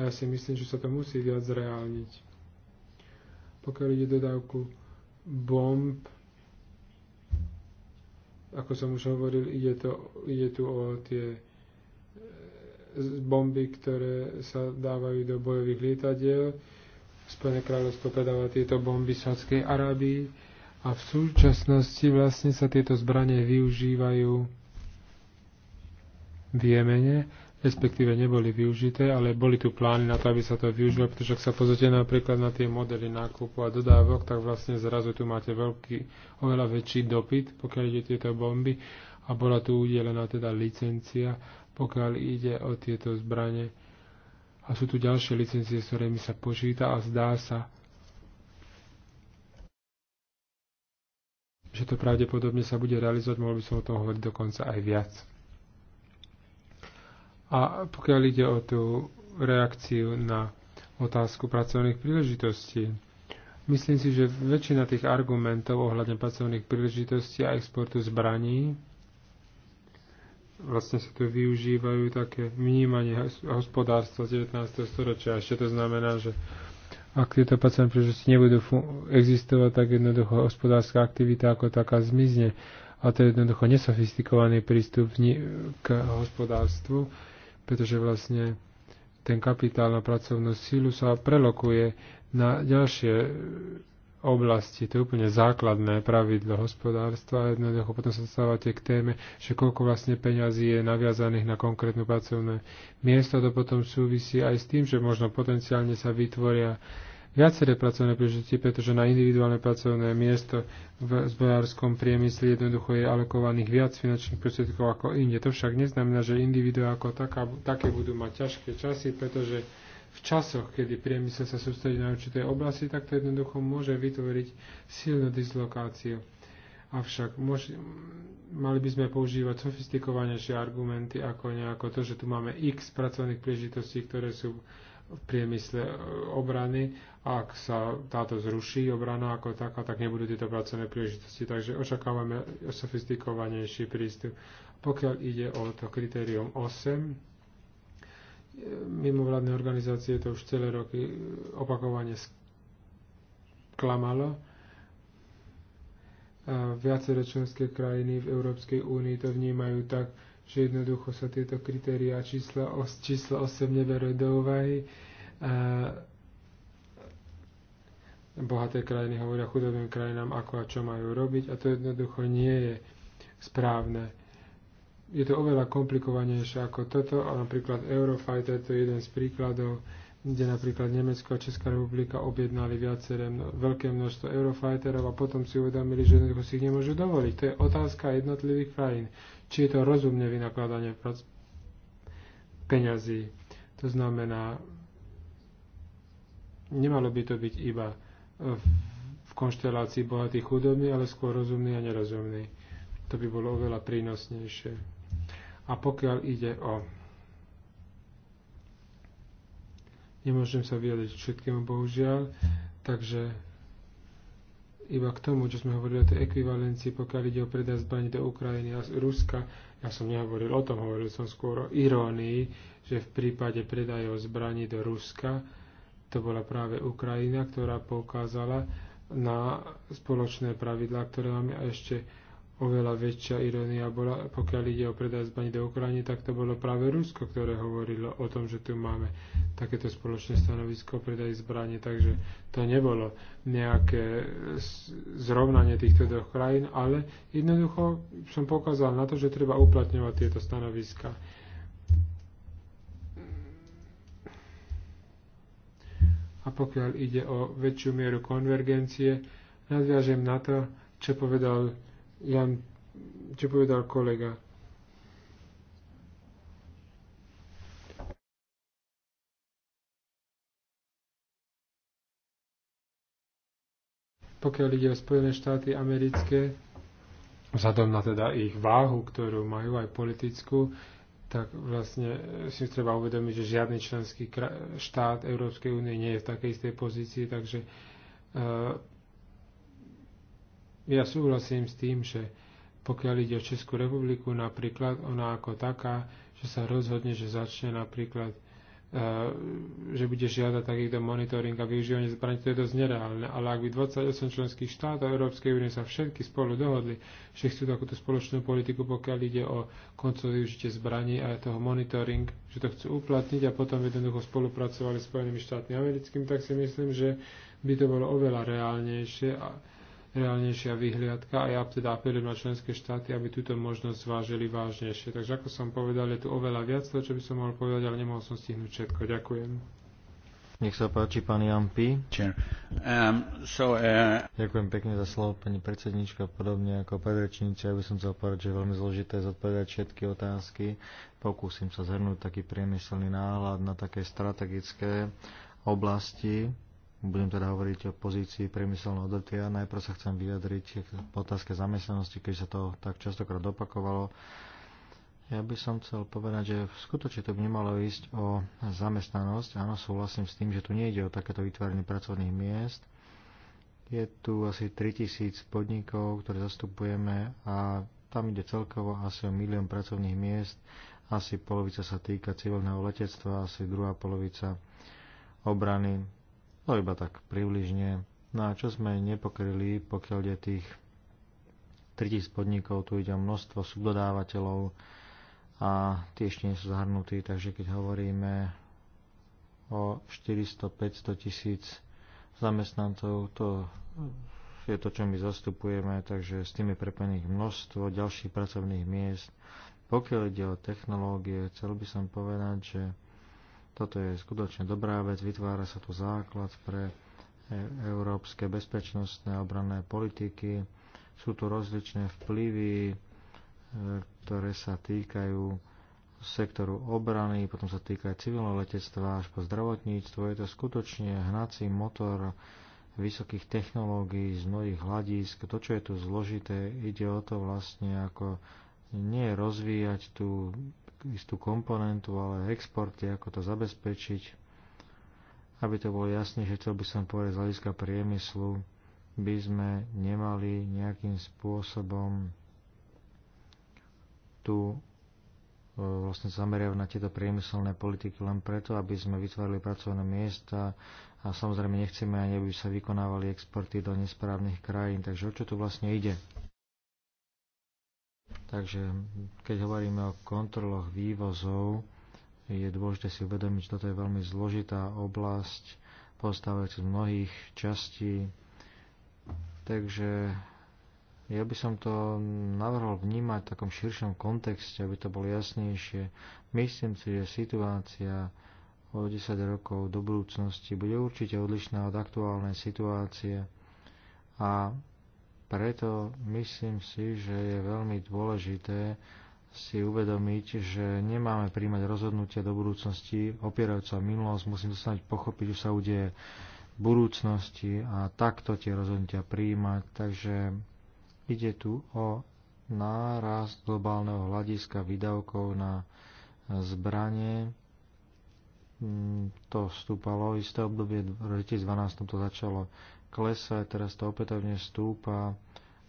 a ja si myslím, že sa to musí viac zreálniť. Pokiaľ ide dodávku bomb, ako som už hovoril, ide, to, ide tu o tie bomby, ktoré sa dávajú do bojových lietadiel. Spojené kráľovstvo predáva tieto bomby Sádskej Arábii a v súčasnosti vlastne sa tieto zbranie využívajú v Jemene, respektíve neboli využité, ale boli tu plány na to, aby sa to využilo, pretože ak sa pozrite napríklad na tie modely nákupu a dodávok, tak vlastne zrazu tu máte veľký, oveľa väčší dopyt, pokiaľ ide tieto bomby a bola tu udelená teda licencia pokiaľ ide o tieto zbranie. A sú tu ďalšie licencie, s ktorými sa počíta a zdá sa, že to pravdepodobne sa bude realizovať, mohol by som o tom hovoriť dokonca aj viac. A pokiaľ ide o tú reakciu na otázku pracovných príležitostí, myslím si, že väčšina tých argumentov ohľadne pracovných príležitostí a exportu zbraní vlastne sa tu využívajú také vnímanie hospodárstva z 19. storočia. Ešte to znamená, že ak tieto pacienti príležitosti nebudú existovať, tak jednoducho hospodárska aktivita ako taká zmizne. A to je jednoducho nesofistikovaný prístup k hospodárstvu, pretože vlastne ten kapitál na pracovnú sílu sa prelokuje na ďalšie oblasti. To je úplne základné pravidlo hospodárstva. Jednoducho potom sa dostávate k téme, že koľko vlastne peňazí je naviazaných na konkrétne pracovné miesto. To potom súvisí aj s tým, že možno potenciálne sa vytvoria viaceré pracovné príležitosti, pretože na individuálne pracovné miesto v zbojárskom priemysle jednoducho je alokovaných viac finančných prostriedkov ako inde. To však neznamená, že individuá ako taká, také budú mať ťažké časy, pretože v časoch, kedy priemysel sa sústredí na určité oblasti, tak to jednoducho môže vytvoriť silnú dislokáciu. Avšak mož, mali by sme používať sofistikovanejšie argumenty ako nejako to, že tu máme x pracovných príležitostí, ktoré sú v priemysle e, obrany a ak sa táto zruší obrana ako taká, tak nebudú tieto pracovné príležitosti. Takže očakávame sofistikovanejší prístup. Pokiaľ ide o to kritérium 8, mimovládne organizácie to už celé roky e, opakovane sklamalo. A viacero členské krajiny v Európskej únii to vnímajú tak, že jednoducho sa tieto kritériá čísla, os, čísla 8 neberú do úvahy. A bohaté krajiny hovoria chudobným krajinám, ako a čo majú robiť a to jednoducho nie je správne je to oveľa komplikovanejšie ako toto a napríklad Eurofighter to je jeden z príkladov, kde napríklad Nemecko a Česká republika objednali viaceré veľké množstvo Eurofighterov a potom si uvedomili, že jednoducho si ich nemôžu dovoliť. To je otázka jednotlivých krajín. Či je to rozumné vynakladanie peňazí. To znamená, nemalo by to byť iba v konštelácii bohatých chudobných, ale skôr rozumný a nerozumný. To by bolo oveľa prínosnejšie. A pokiaľ ide o... Nemôžem sa vyjadriť všetkému, bohužiaľ. Takže iba k tomu, čo sme hovorili o tej ekvivalencii, pokiaľ ide o predaj zbraní do Ukrajiny a z Ruska, ja som nehovoril o tom, hovoril som skôr o irónii, že v prípade predajov zbraní do Ruska to bola práve Ukrajina, ktorá poukázala na spoločné pravidlá, ktoré máme a ešte oveľa väčšia ironia bola, pokiaľ ide o predaj zbraní do Ukrajiny, tak to bolo práve Rusko, ktoré hovorilo o tom, že tu máme takéto spoločné stanovisko o predaj zbraní, takže to nebolo nejaké zrovnanie týchto dvoch krajín, ale jednoducho som pokázal na to, že treba uplatňovať tieto stanoviska. A pokiaľ ide o väčšiu mieru konvergencie, nadviažem na to, čo povedal Jan, čo povedal kolega. Pokiaľ ide o Spojené štáty americké, vzhľadom na teda ich váhu, ktorú majú aj politickú, tak vlastne si treba uvedomiť, že žiadny členský štát Európskej únie nie je v takej istej pozícii, takže eh, ja súhlasím s tým, že pokiaľ ide o Českú republiku napríklad, ona ako taká, že sa rozhodne, že začne napríklad, e, že bude žiadať takýto monitoring a využívanie zbraní, to je dosť nereálne. Ale ak by 28 členských štátov Európskej únie sa všetky spolu dohodli, že chcú takúto spoločnú politiku, pokiaľ ide o koncov využitie zbraní a toho monitoring, že to chcú uplatniť a potom jednoducho spolupracovali s Spojenými štátmi americkými, tak si myslím, že by to bolo oveľa reálnejšie. A, reálnejšia vyhliadka a ja teda apelujem na členské štáty, aby túto možnosť zvážili vážnejšie. Takže ako som povedal, je tu oveľa viac toho, čo by som mohol povedať, ale nemohol som stihnúť všetko. Ďakujem. Nech sa páči, pán Jampi. Um, so, uh... Ďakujem pekne za slovo, pani predsednička, podobne ako predrečníci. Ja by som chcel povedať, že je veľmi zložité zodpovedať všetky otázky. Pokúsim sa zhrnúť taký priemyselný náhľad na také strategické oblasti, budem teda hovoriť o pozícii priemyselného odvetvia. Najprv sa chcem vyjadriť k otázke zamestnanosti, keď sa to tak častokrát opakovalo. Ja by som chcel povedať, že v skutočne to by nemalo ísť o zamestnanosť. Áno, súhlasím s tým, že tu nejde o takéto vytvárenie pracovných miest. Je tu asi 3000 podnikov, ktoré zastupujeme a tam ide celkovo asi o milión pracovných miest. Asi polovica sa týka civilného letectva, asi druhá polovica obrany, to no, iba tak približne. No a čo sme nepokryli, pokiaľ je tých 3000 podnikov, tu ide o množstvo subdodávateľov a tie ešte nie sú zahrnutí, takže keď hovoríme o 400-500 tisíc zamestnancov, to je to, čo my zastupujeme, takže s tým je prepojených množstvo ďalších pracovných miest. Pokiaľ ide o technológie, chcel by som povedať, že toto je skutočne dobrá vec, vytvára sa tu základ pre e, európske bezpečnostné a obranné politiky. Sú tu rozličné vplyvy, e, ktoré sa týkajú sektoru obrany, potom sa týka aj civilného letectva až po zdravotníctvo. Je to skutočne hnací motor vysokých technológií z mnohých hľadísk. To, čo je tu zložité, ide o to vlastne ako nie rozvíjať tú istú komponentu, ale exporty, ako to zabezpečiť, aby to bolo jasné, že chcel by som povedať z hľadiska priemyslu, by sme nemali nejakým spôsobom tu e, vlastne zameriav na tieto priemyselné politiky len preto, aby sme vytvorili pracovné miesta a samozrejme nechceme ani, aby sa vykonávali exporty do nesprávnych krajín. Takže o čo tu vlastne ide? Takže keď hovoríme o kontroloch vývozov, je dôležité si uvedomiť, že toto je veľmi zložitá oblasť, postavec z mnohých častí. Takže ja by som to navrhol vnímať v takom širšom kontexte, aby to bolo jasnejšie. Myslím si, že situácia o 10 rokov do budúcnosti bude určite odlišná od aktuálnej situácie a preto myslím si, že je veľmi dôležité si uvedomiť, že nemáme príjmať rozhodnutia do budúcnosti opierajúca minulosť, musím sa pochopiť, že sa udeje v budúcnosti a takto tie rozhodnutia príjmať. Takže ide tu o nárast globálneho hľadiska výdavkov na zbranie. Mm, to vstúpalo isté obdobie, v 2012 to začalo klesať, teraz to opätovne stúpa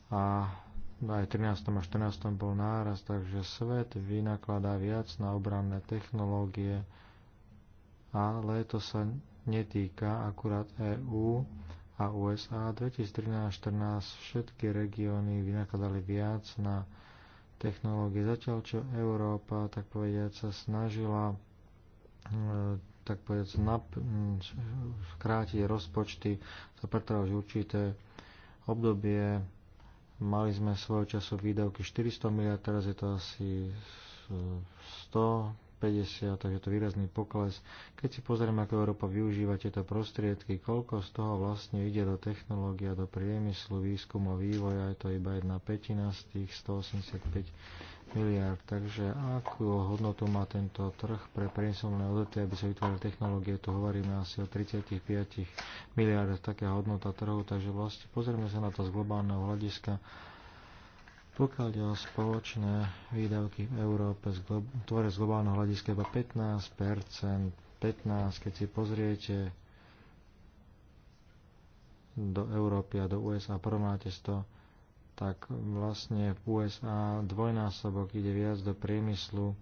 a aj v 13. a 14. bol náraz, takže svet vynakladá viac na obranné technológie, ale to sa netýka akurát EÚ a USA. 2013-2014 všetky regióny vynakladali viac na technológie, zatiaľ čo Európa, tak povediať, sa snažila e, tak povedať, nap- skrátiť rozpočty, to preto už určité obdobie. Mali sme svojho času výdavky 400 miliard, teraz je to asi 150, takže to výrazný pokles. Keď si pozrieme, ako Európa využíva tieto prostriedky, koľko z toho vlastne ide do technológia, do priemyslu, výskumu a vývoja, je to iba jedna petina z tých 185 miliard. Takže akú hodnotu má tento trh pre priemyselné odvetvie, aby sa vytvorili technológie? Tu hovoríme asi o 35 miliard, taká hodnota trhu, takže vlastne pozrieme sa na to z globálneho hľadiska. Pokiaľ ide o spoločné výdavky v Európe, tvore z globálneho hľadiska iba 15 15, keď si pozriete do Európy a do USA, porovnáte s to tak vlastne v USA dvojnásobok ide viac do priemyslu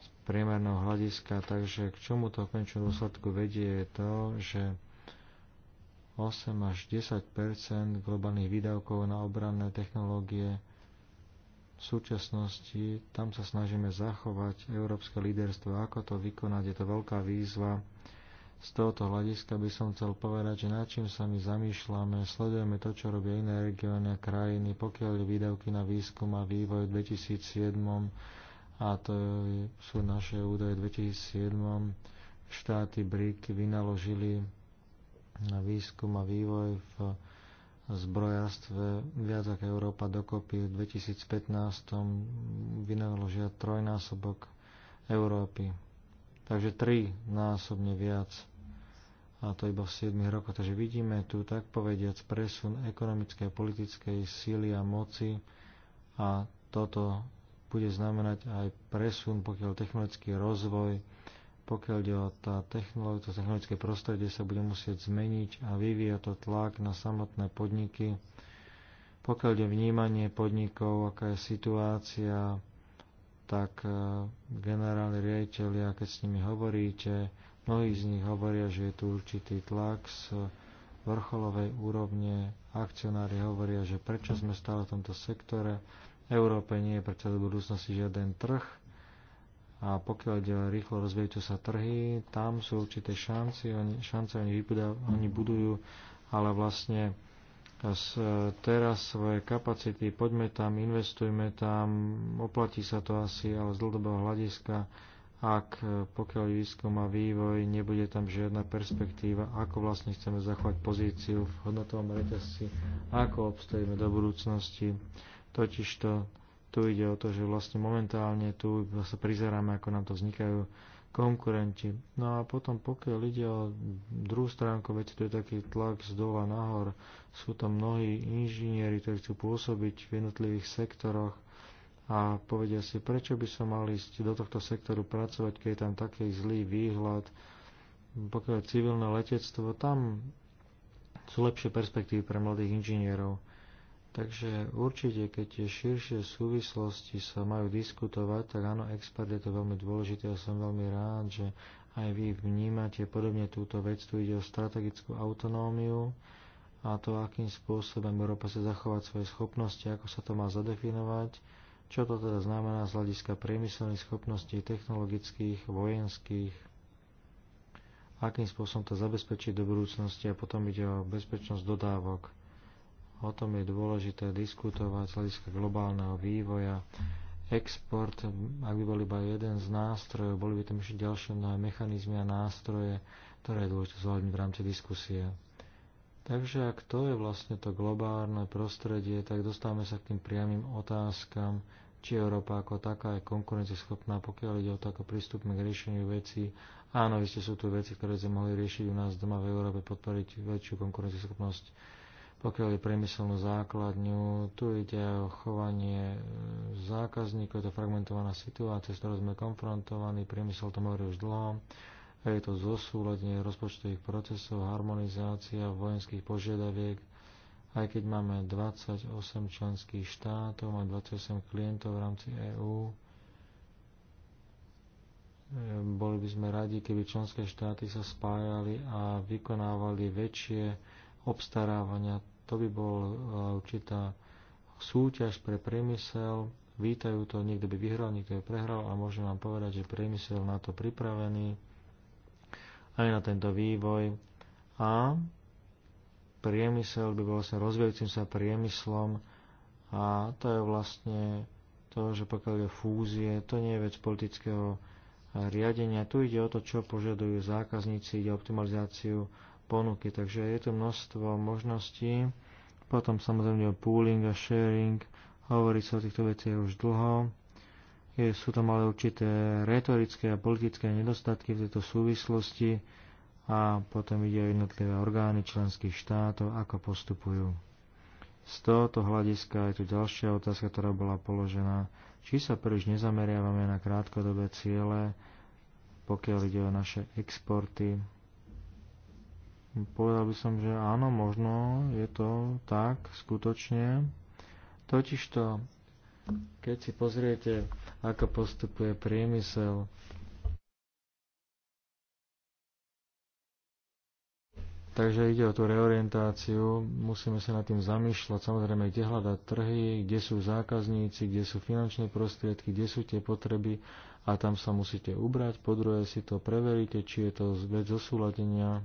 z priemerného hľadiska, takže k čomu to v končnom dôsledku vedie je to, že 8 až 10 globálnych výdavkov na obranné technológie v súčasnosti tam sa snažíme zachovať európske líderstvo. Ako to vykonať? Je to veľká výzva. Z tohoto hľadiska by som chcel povedať, že nad čím sa my zamýšľame, sledujeme to, čo robia iné regióny a krajiny, pokiaľ je výdavky na výskum a vývoj v 2007 a to sú naše údaje v 2007 štáty BRIC vynaložili na výskum a vývoj v zbrojárstve viac ako Európa dokopy v 2015 vynaložia trojnásobok Európy. Takže tri násobne viac a to iba v 7 rokoch. Takže vidíme tu tak povediac presun ekonomickej a politickej síly a moci a toto bude znamenať aj presun, pokiaľ technologický rozvoj, pokiaľ ide o tá technolo- to technologické prostredie sa bude musieť zmeniť a vyvíja to tlak na samotné podniky, pokiaľ ide vnímanie podnikov, aká je situácia, tak eh, generálni riaditeľia, keď s nimi hovoríte, Mnohí z nich hovoria, že je tu určitý tlak z vrcholovej úrovne. Akcionári hovoria, že prečo sme stále v tomto sektore. Európe nie je predsa do budúcnosti žiaden trh. A pokiaľ ide rýchlo rozvíjajú sa trhy, tam sú určité šanci, oni, šance oni, vybudajú, oni budujú, ale vlastne teraz svoje kapacity, poďme tam, investujme tam, oplatí sa to asi, ale z dlhodobého hľadiska ak e, pokiaľ výskum a vývoj nebude tam žiadna perspektíva, ako vlastne chceme zachovať pozíciu v hodnotovom reťazci, ako obstojíme do budúcnosti. Totižto tu ide o to, že vlastne momentálne tu sa prizeráme, ako nám to vznikajú konkurenti. No a potom pokiaľ ide o druhú stránku, veci, to je taký tlak z dola nahor. Sú tam mnohí inžinieri, ktorí chcú pôsobiť v jednotlivých sektoroch, a povedia si, prečo by som mal ísť do tohto sektoru pracovať, keď je tam taký zlý výhľad, pokiaľ je civilné letectvo, tam sú lepšie perspektívy pre mladých inžinierov. Takže určite, keď tie širšie súvislosti sa majú diskutovať, tak áno, expert je to veľmi dôležité a som veľmi rád, že aj vy vnímate podobne túto vec, tu ide o strategickú autonómiu a to, akým spôsobom Európa sa zachovať svoje schopnosti, ako sa to má zadefinovať čo to teda znamená z hľadiska priemyselných schopností, technologických, vojenských, akým spôsobom to zabezpečiť do budúcnosti a potom ide o bezpečnosť dodávok. O tom je dôležité diskutovať z hľadiska globálneho vývoja. Export, ak by bol iba jeden z nástrojov, boli by tam ešte ďalšie mechanizmy a nástroje, ktoré je dôležité zohľadniť v rámci diskusie. Takže ak to je vlastne to globálne prostredie, tak dostávame sa k tým priamým otázkam, či Európa ako taká je konkurencieschopná, pokiaľ ide o to, ako pristúpme k riešeniu vecí. Áno, isté sú tu veci, ktoré sme mohli riešiť u nás doma v Európe, podporiť väčšiu konkurencieschopnosť, pokiaľ je priemyselnú základňu. Tu ide o chovanie e, zákazníkov, je to fragmentovaná situácia, s ktorou sme konfrontovaní, priemysel to hovorí už dlho. Je to zosúladenie rozpočtových procesov, harmonizácia vojenských požiadaviek, aj keď máme 28 členských štátov, máme 28 klientov v rámci EÚ. Boli by sme radi, keby členské štáty sa spájali a vykonávali väčšie obstarávania. To by bola e, určitá súťaž pre priemysel. Vítajú to, niekto by vyhral, niekto by prehral a môžem vám povedať, že priemysel na to pripravený aj na tento vývoj a priemysel by bol vlastne rozvíjajúcim sa priemyslom a to je vlastne to, že pokiaľ je fúzie, to nie je vec politického riadenia. Tu ide o to, čo požadujú zákazníci, ide o optimalizáciu ponuky, takže je tu množstvo možností. Potom samozrejme o pooling a sharing, hovorí sa o týchto veciach už dlho sú tam ale určité retorické a politické nedostatky v tejto súvislosti a potom ide o jednotlivé orgány členských štátov, ako postupujú. Z tohoto hľadiska je tu ďalšia otázka, ktorá bola položená. Či sa príliš nezameriavame na krátkodobé ciele, pokiaľ ide o naše exporty? Povedal by som, že áno, možno je to tak, skutočne. Totižto keď si pozriete, ako postupuje priemysel, Takže ide o tú reorientáciu, musíme sa nad tým zamýšľať, samozrejme, kde hľadať trhy, kde sú zákazníci, kde sú finančné prostriedky, kde sú tie potreby a tam sa musíte ubrať. Po druhé si to preveríte, či je to vec zosúladenia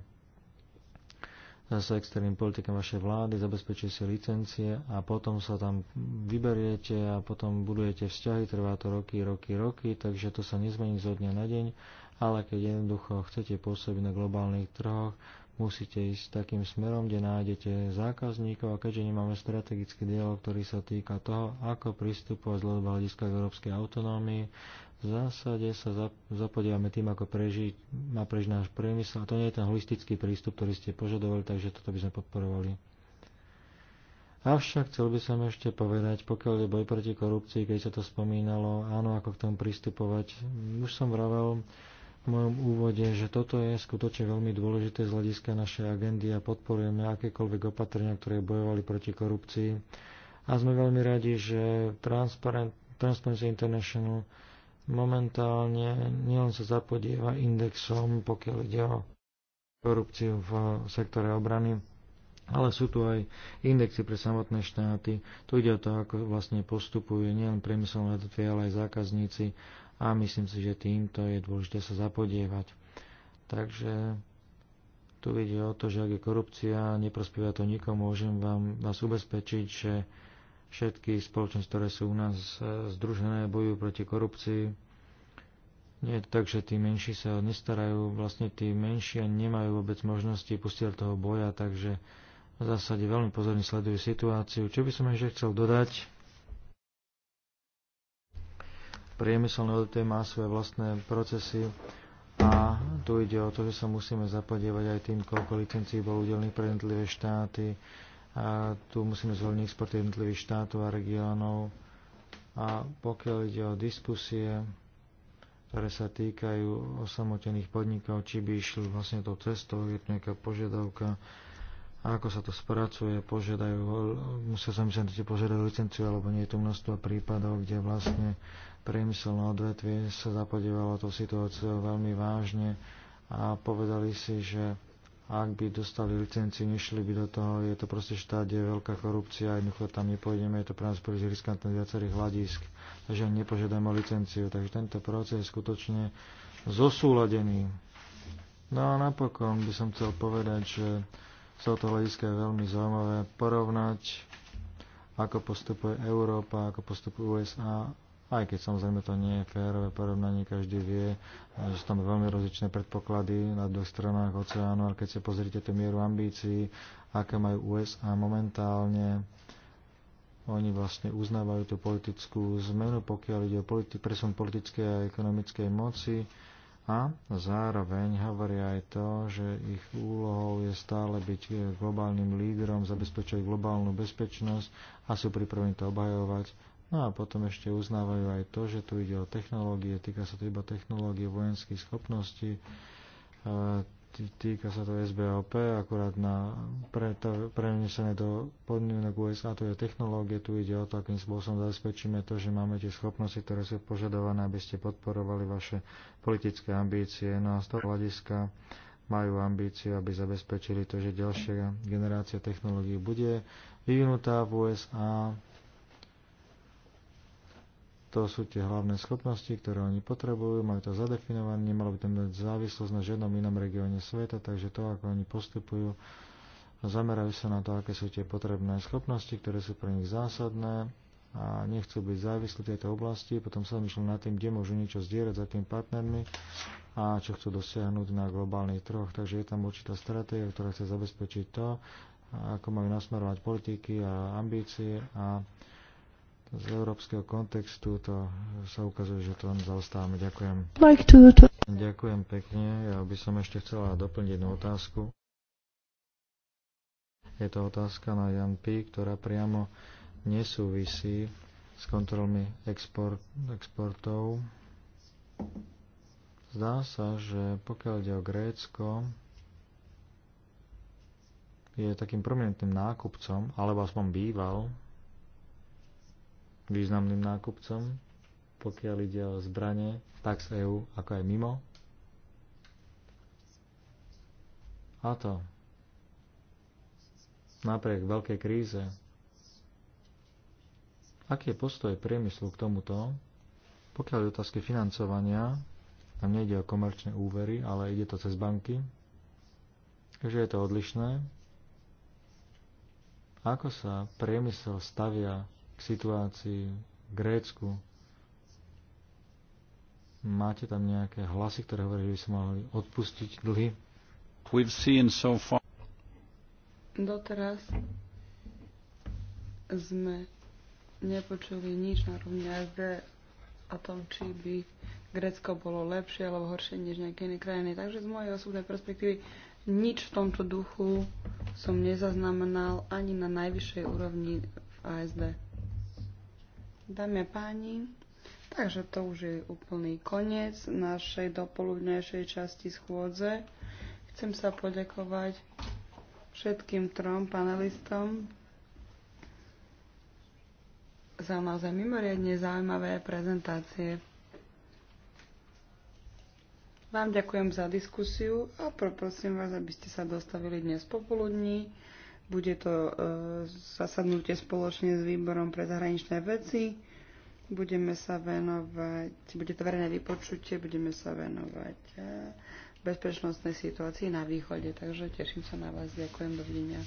s externým politikom vašej vlády, zabezpečuje si licencie a potom sa tam vyberiete a potom budujete vzťahy, trvá to roky, roky, roky, takže to sa nezmení zo dňa na deň, ale keď jednoducho chcete pôsobiť na globálnych trhoch, musíte ísť takým smerom, kde nájdete zákazníkov a keďže nemáme strategický dialog, ktorý sa týka toho, ako pristupovať z hľadiska k európskej autonómii, v zásade sa zapodívame tým, ako prežiť, má prežiť náš priemysel. A to nie je ten holistický prístup, ktorý ste požadovali, takže toto by sme podporovali. Avšak chcel by som ešte povedať, pokiaľ je boj proti korupcii, keď sa to spomínalo, áno, ako k tomu pristupovať. Už som vravel v mojom úvode, že toto je skutočne veľmi dôležité z hľadiska našej agendy a podporujeme akékoľvek opatrenia, ktoré bojovali proti korupcii. A sme veľmi radi, že Transparent, Transparency International momentálne nielen sa zapodieva indexom, pokiaľ ide o korupciu v sektore obrany, ale sú tu aj indexy pre samotné štáty. Tu ide o to, ako vlastne postupujú nielen priemyselné odvetvie, ale aj zákazníci a myslím si, že týmto je dôležité sa zapodievať. Takže tu ide o to, že ak je korupcia, neprospieva to nikomu, môžem vám, vás ubezpečiť, že Všetky spoločnosti, ktoré sú u nás e, združené, bojujú proti korupcii. Nie je tak, že tí menší sa nestarajú, vlastne tí menší nemajú vôbec možnosti pustiť toho boja, takže v zásade veľmi pozorne sledujú situáciu. Čo by som ešte chcel dodať? Priemyselné odvetvie má svoje vlastné procesy, a tu ide o to, že sa musíme zapodievať aj tým, koľko licencií bol udelených pre jednotlivé štáty, a tu musíme zvolniť exporty jednotlivých štátov a regiónov. A pokiaľ ide o diskusie, ktoré sa týkajú osamotených podnikov, či by išli vlastne tou cestou, je tu nejaká požiadavka, a ako sa to spracuje, požiadajú, musia sa myslieť, že požiadajú licenciu, alebo nie je tu množstvo prípadov, kde vlastne priemyselné odvetvie sa zapodievalo tou situáciou veľmi vážne a povedali si, že ak by dostali licenciu, nešli by do toho, je to proste štát, je veľká korupcia, jednoducho tam nepôjdeme, je to pre nás príliš riskantné z viacerých hľadisk, takže nepožiadame o licenciu. Takže tento proces je skutočne zosúladený. No a napokon by som chcel povedať, že z tohto hľadiska je veľmi zaujímavé porovnať, ako postupuje Európa, ako postupuje USA aj keď samozrejme to nie je férové porovnanie, každý vie, že tam veľmi rozličné predpoklady na dvoch stranách oceánu, ale keď sa pozrite tú mieru ambícií, aké majú USA momentálne, oni vlastne uznávajú tú politickú zmenu, pokiaľ ide o politi- presun politickej a ekonomickej moci a zároveň hovoria aj to, že ich úlohou je stále byť globálnym lídrom, zabezpečovať globálnu bezpečnosť a sú pripravení to obhajovať No a potom ešte uznávajú aj to, že tu ide o technológie, týka sa to iba technológie vojenských schopností, týka sa to SBOP, akurát na prenesené do podmienok USA, to je technológie, tu ide o to, akým spôsobom zabezpečíme to, že máme tie schopnosti, ktoré sú požadované, aby ste podporovali vaše politické ambície. No a z toho hľadiska majú ambíciu, aby zabezpečili to, že ďalšia generácia technológií bude vyvinutá v USA, to sú tie hlavné schopnosti, ktoré oni potrebujú, majú to zadefinované, nemalo by tam mať závislosť na žiadnom inom regióne sveta, takže to, ako oni postupujú, zamerajú sa na to, aké sú tie potrebné schopnosti, ktoré sú pre nich zásadné a nechcú byť závislí v tejto oblasti, potom sa myšľú nad tým, kde môžu niečo zdierať za tým partnermi a čo chcú dosiahnuť na globálnych troch. Takže je tam určitá stratégia, ktorá chce zabezpečiť to, ako majú nasmerovať politiky a ambície a z európskeho kontextu to sa ukazuje, že to len zaostávame. Ďakujem. Like to, to... Ďakujem pekne. Ja by som ešte chcela doplniť jednu otázku. Je to otázka na Jan P, ktorá priamo nesúvisí s kontrolmi export, exportov. Zdá sa, že pokiaľ ide o Grécko, je takým prominentným nákupcom, alebo aspoň býval, významným nákupcom, pokiaľ ide o zbranie, tak z EÚ, ako aj mimo. A to napriek veľkej kríze. Aký je postoj priemyslu k tomuto? Pokiaľ je otázky financovania, tam nejde o komerčné úvery, ale ide to cez banky, takže je to odlišné. Ako sa priemysel stavia k situácii v Grécku. Máte tam nejaké hlasy, ktoré hovorí, že by sa mali odpustiť dlhy? We've seen so far... Doteraz sme nepočuli nič na rovne SD o tom, či by Grécko bolo lepšie alebo horšie než nejaké iné krajiny. Takže z mojej osobnej perspektívy nič v tomto duchu som nezaznamenal ani na najvyššej úrovni v ASD. Dámy a páni, takže to už je úplný koniec našej dopoludnejšej časti schôdze. Chcem sa poďakovať všetkým trom panelistom za naozaj mimoriadne zaujímavé prezentácie. Vám ďakujem za diskusiu a poprosím vás, aby ste sa dostavili dnes popoludní. Bude to e, zasadnutie spoločne s výborom pre zahraničné veci. Budeme sa venovať, bude to verejné vypočutie, budeme sa venovať e, bezpečnostnej situácii na východe. Takže teším sa na vás. Ďakujem. Dovidenia.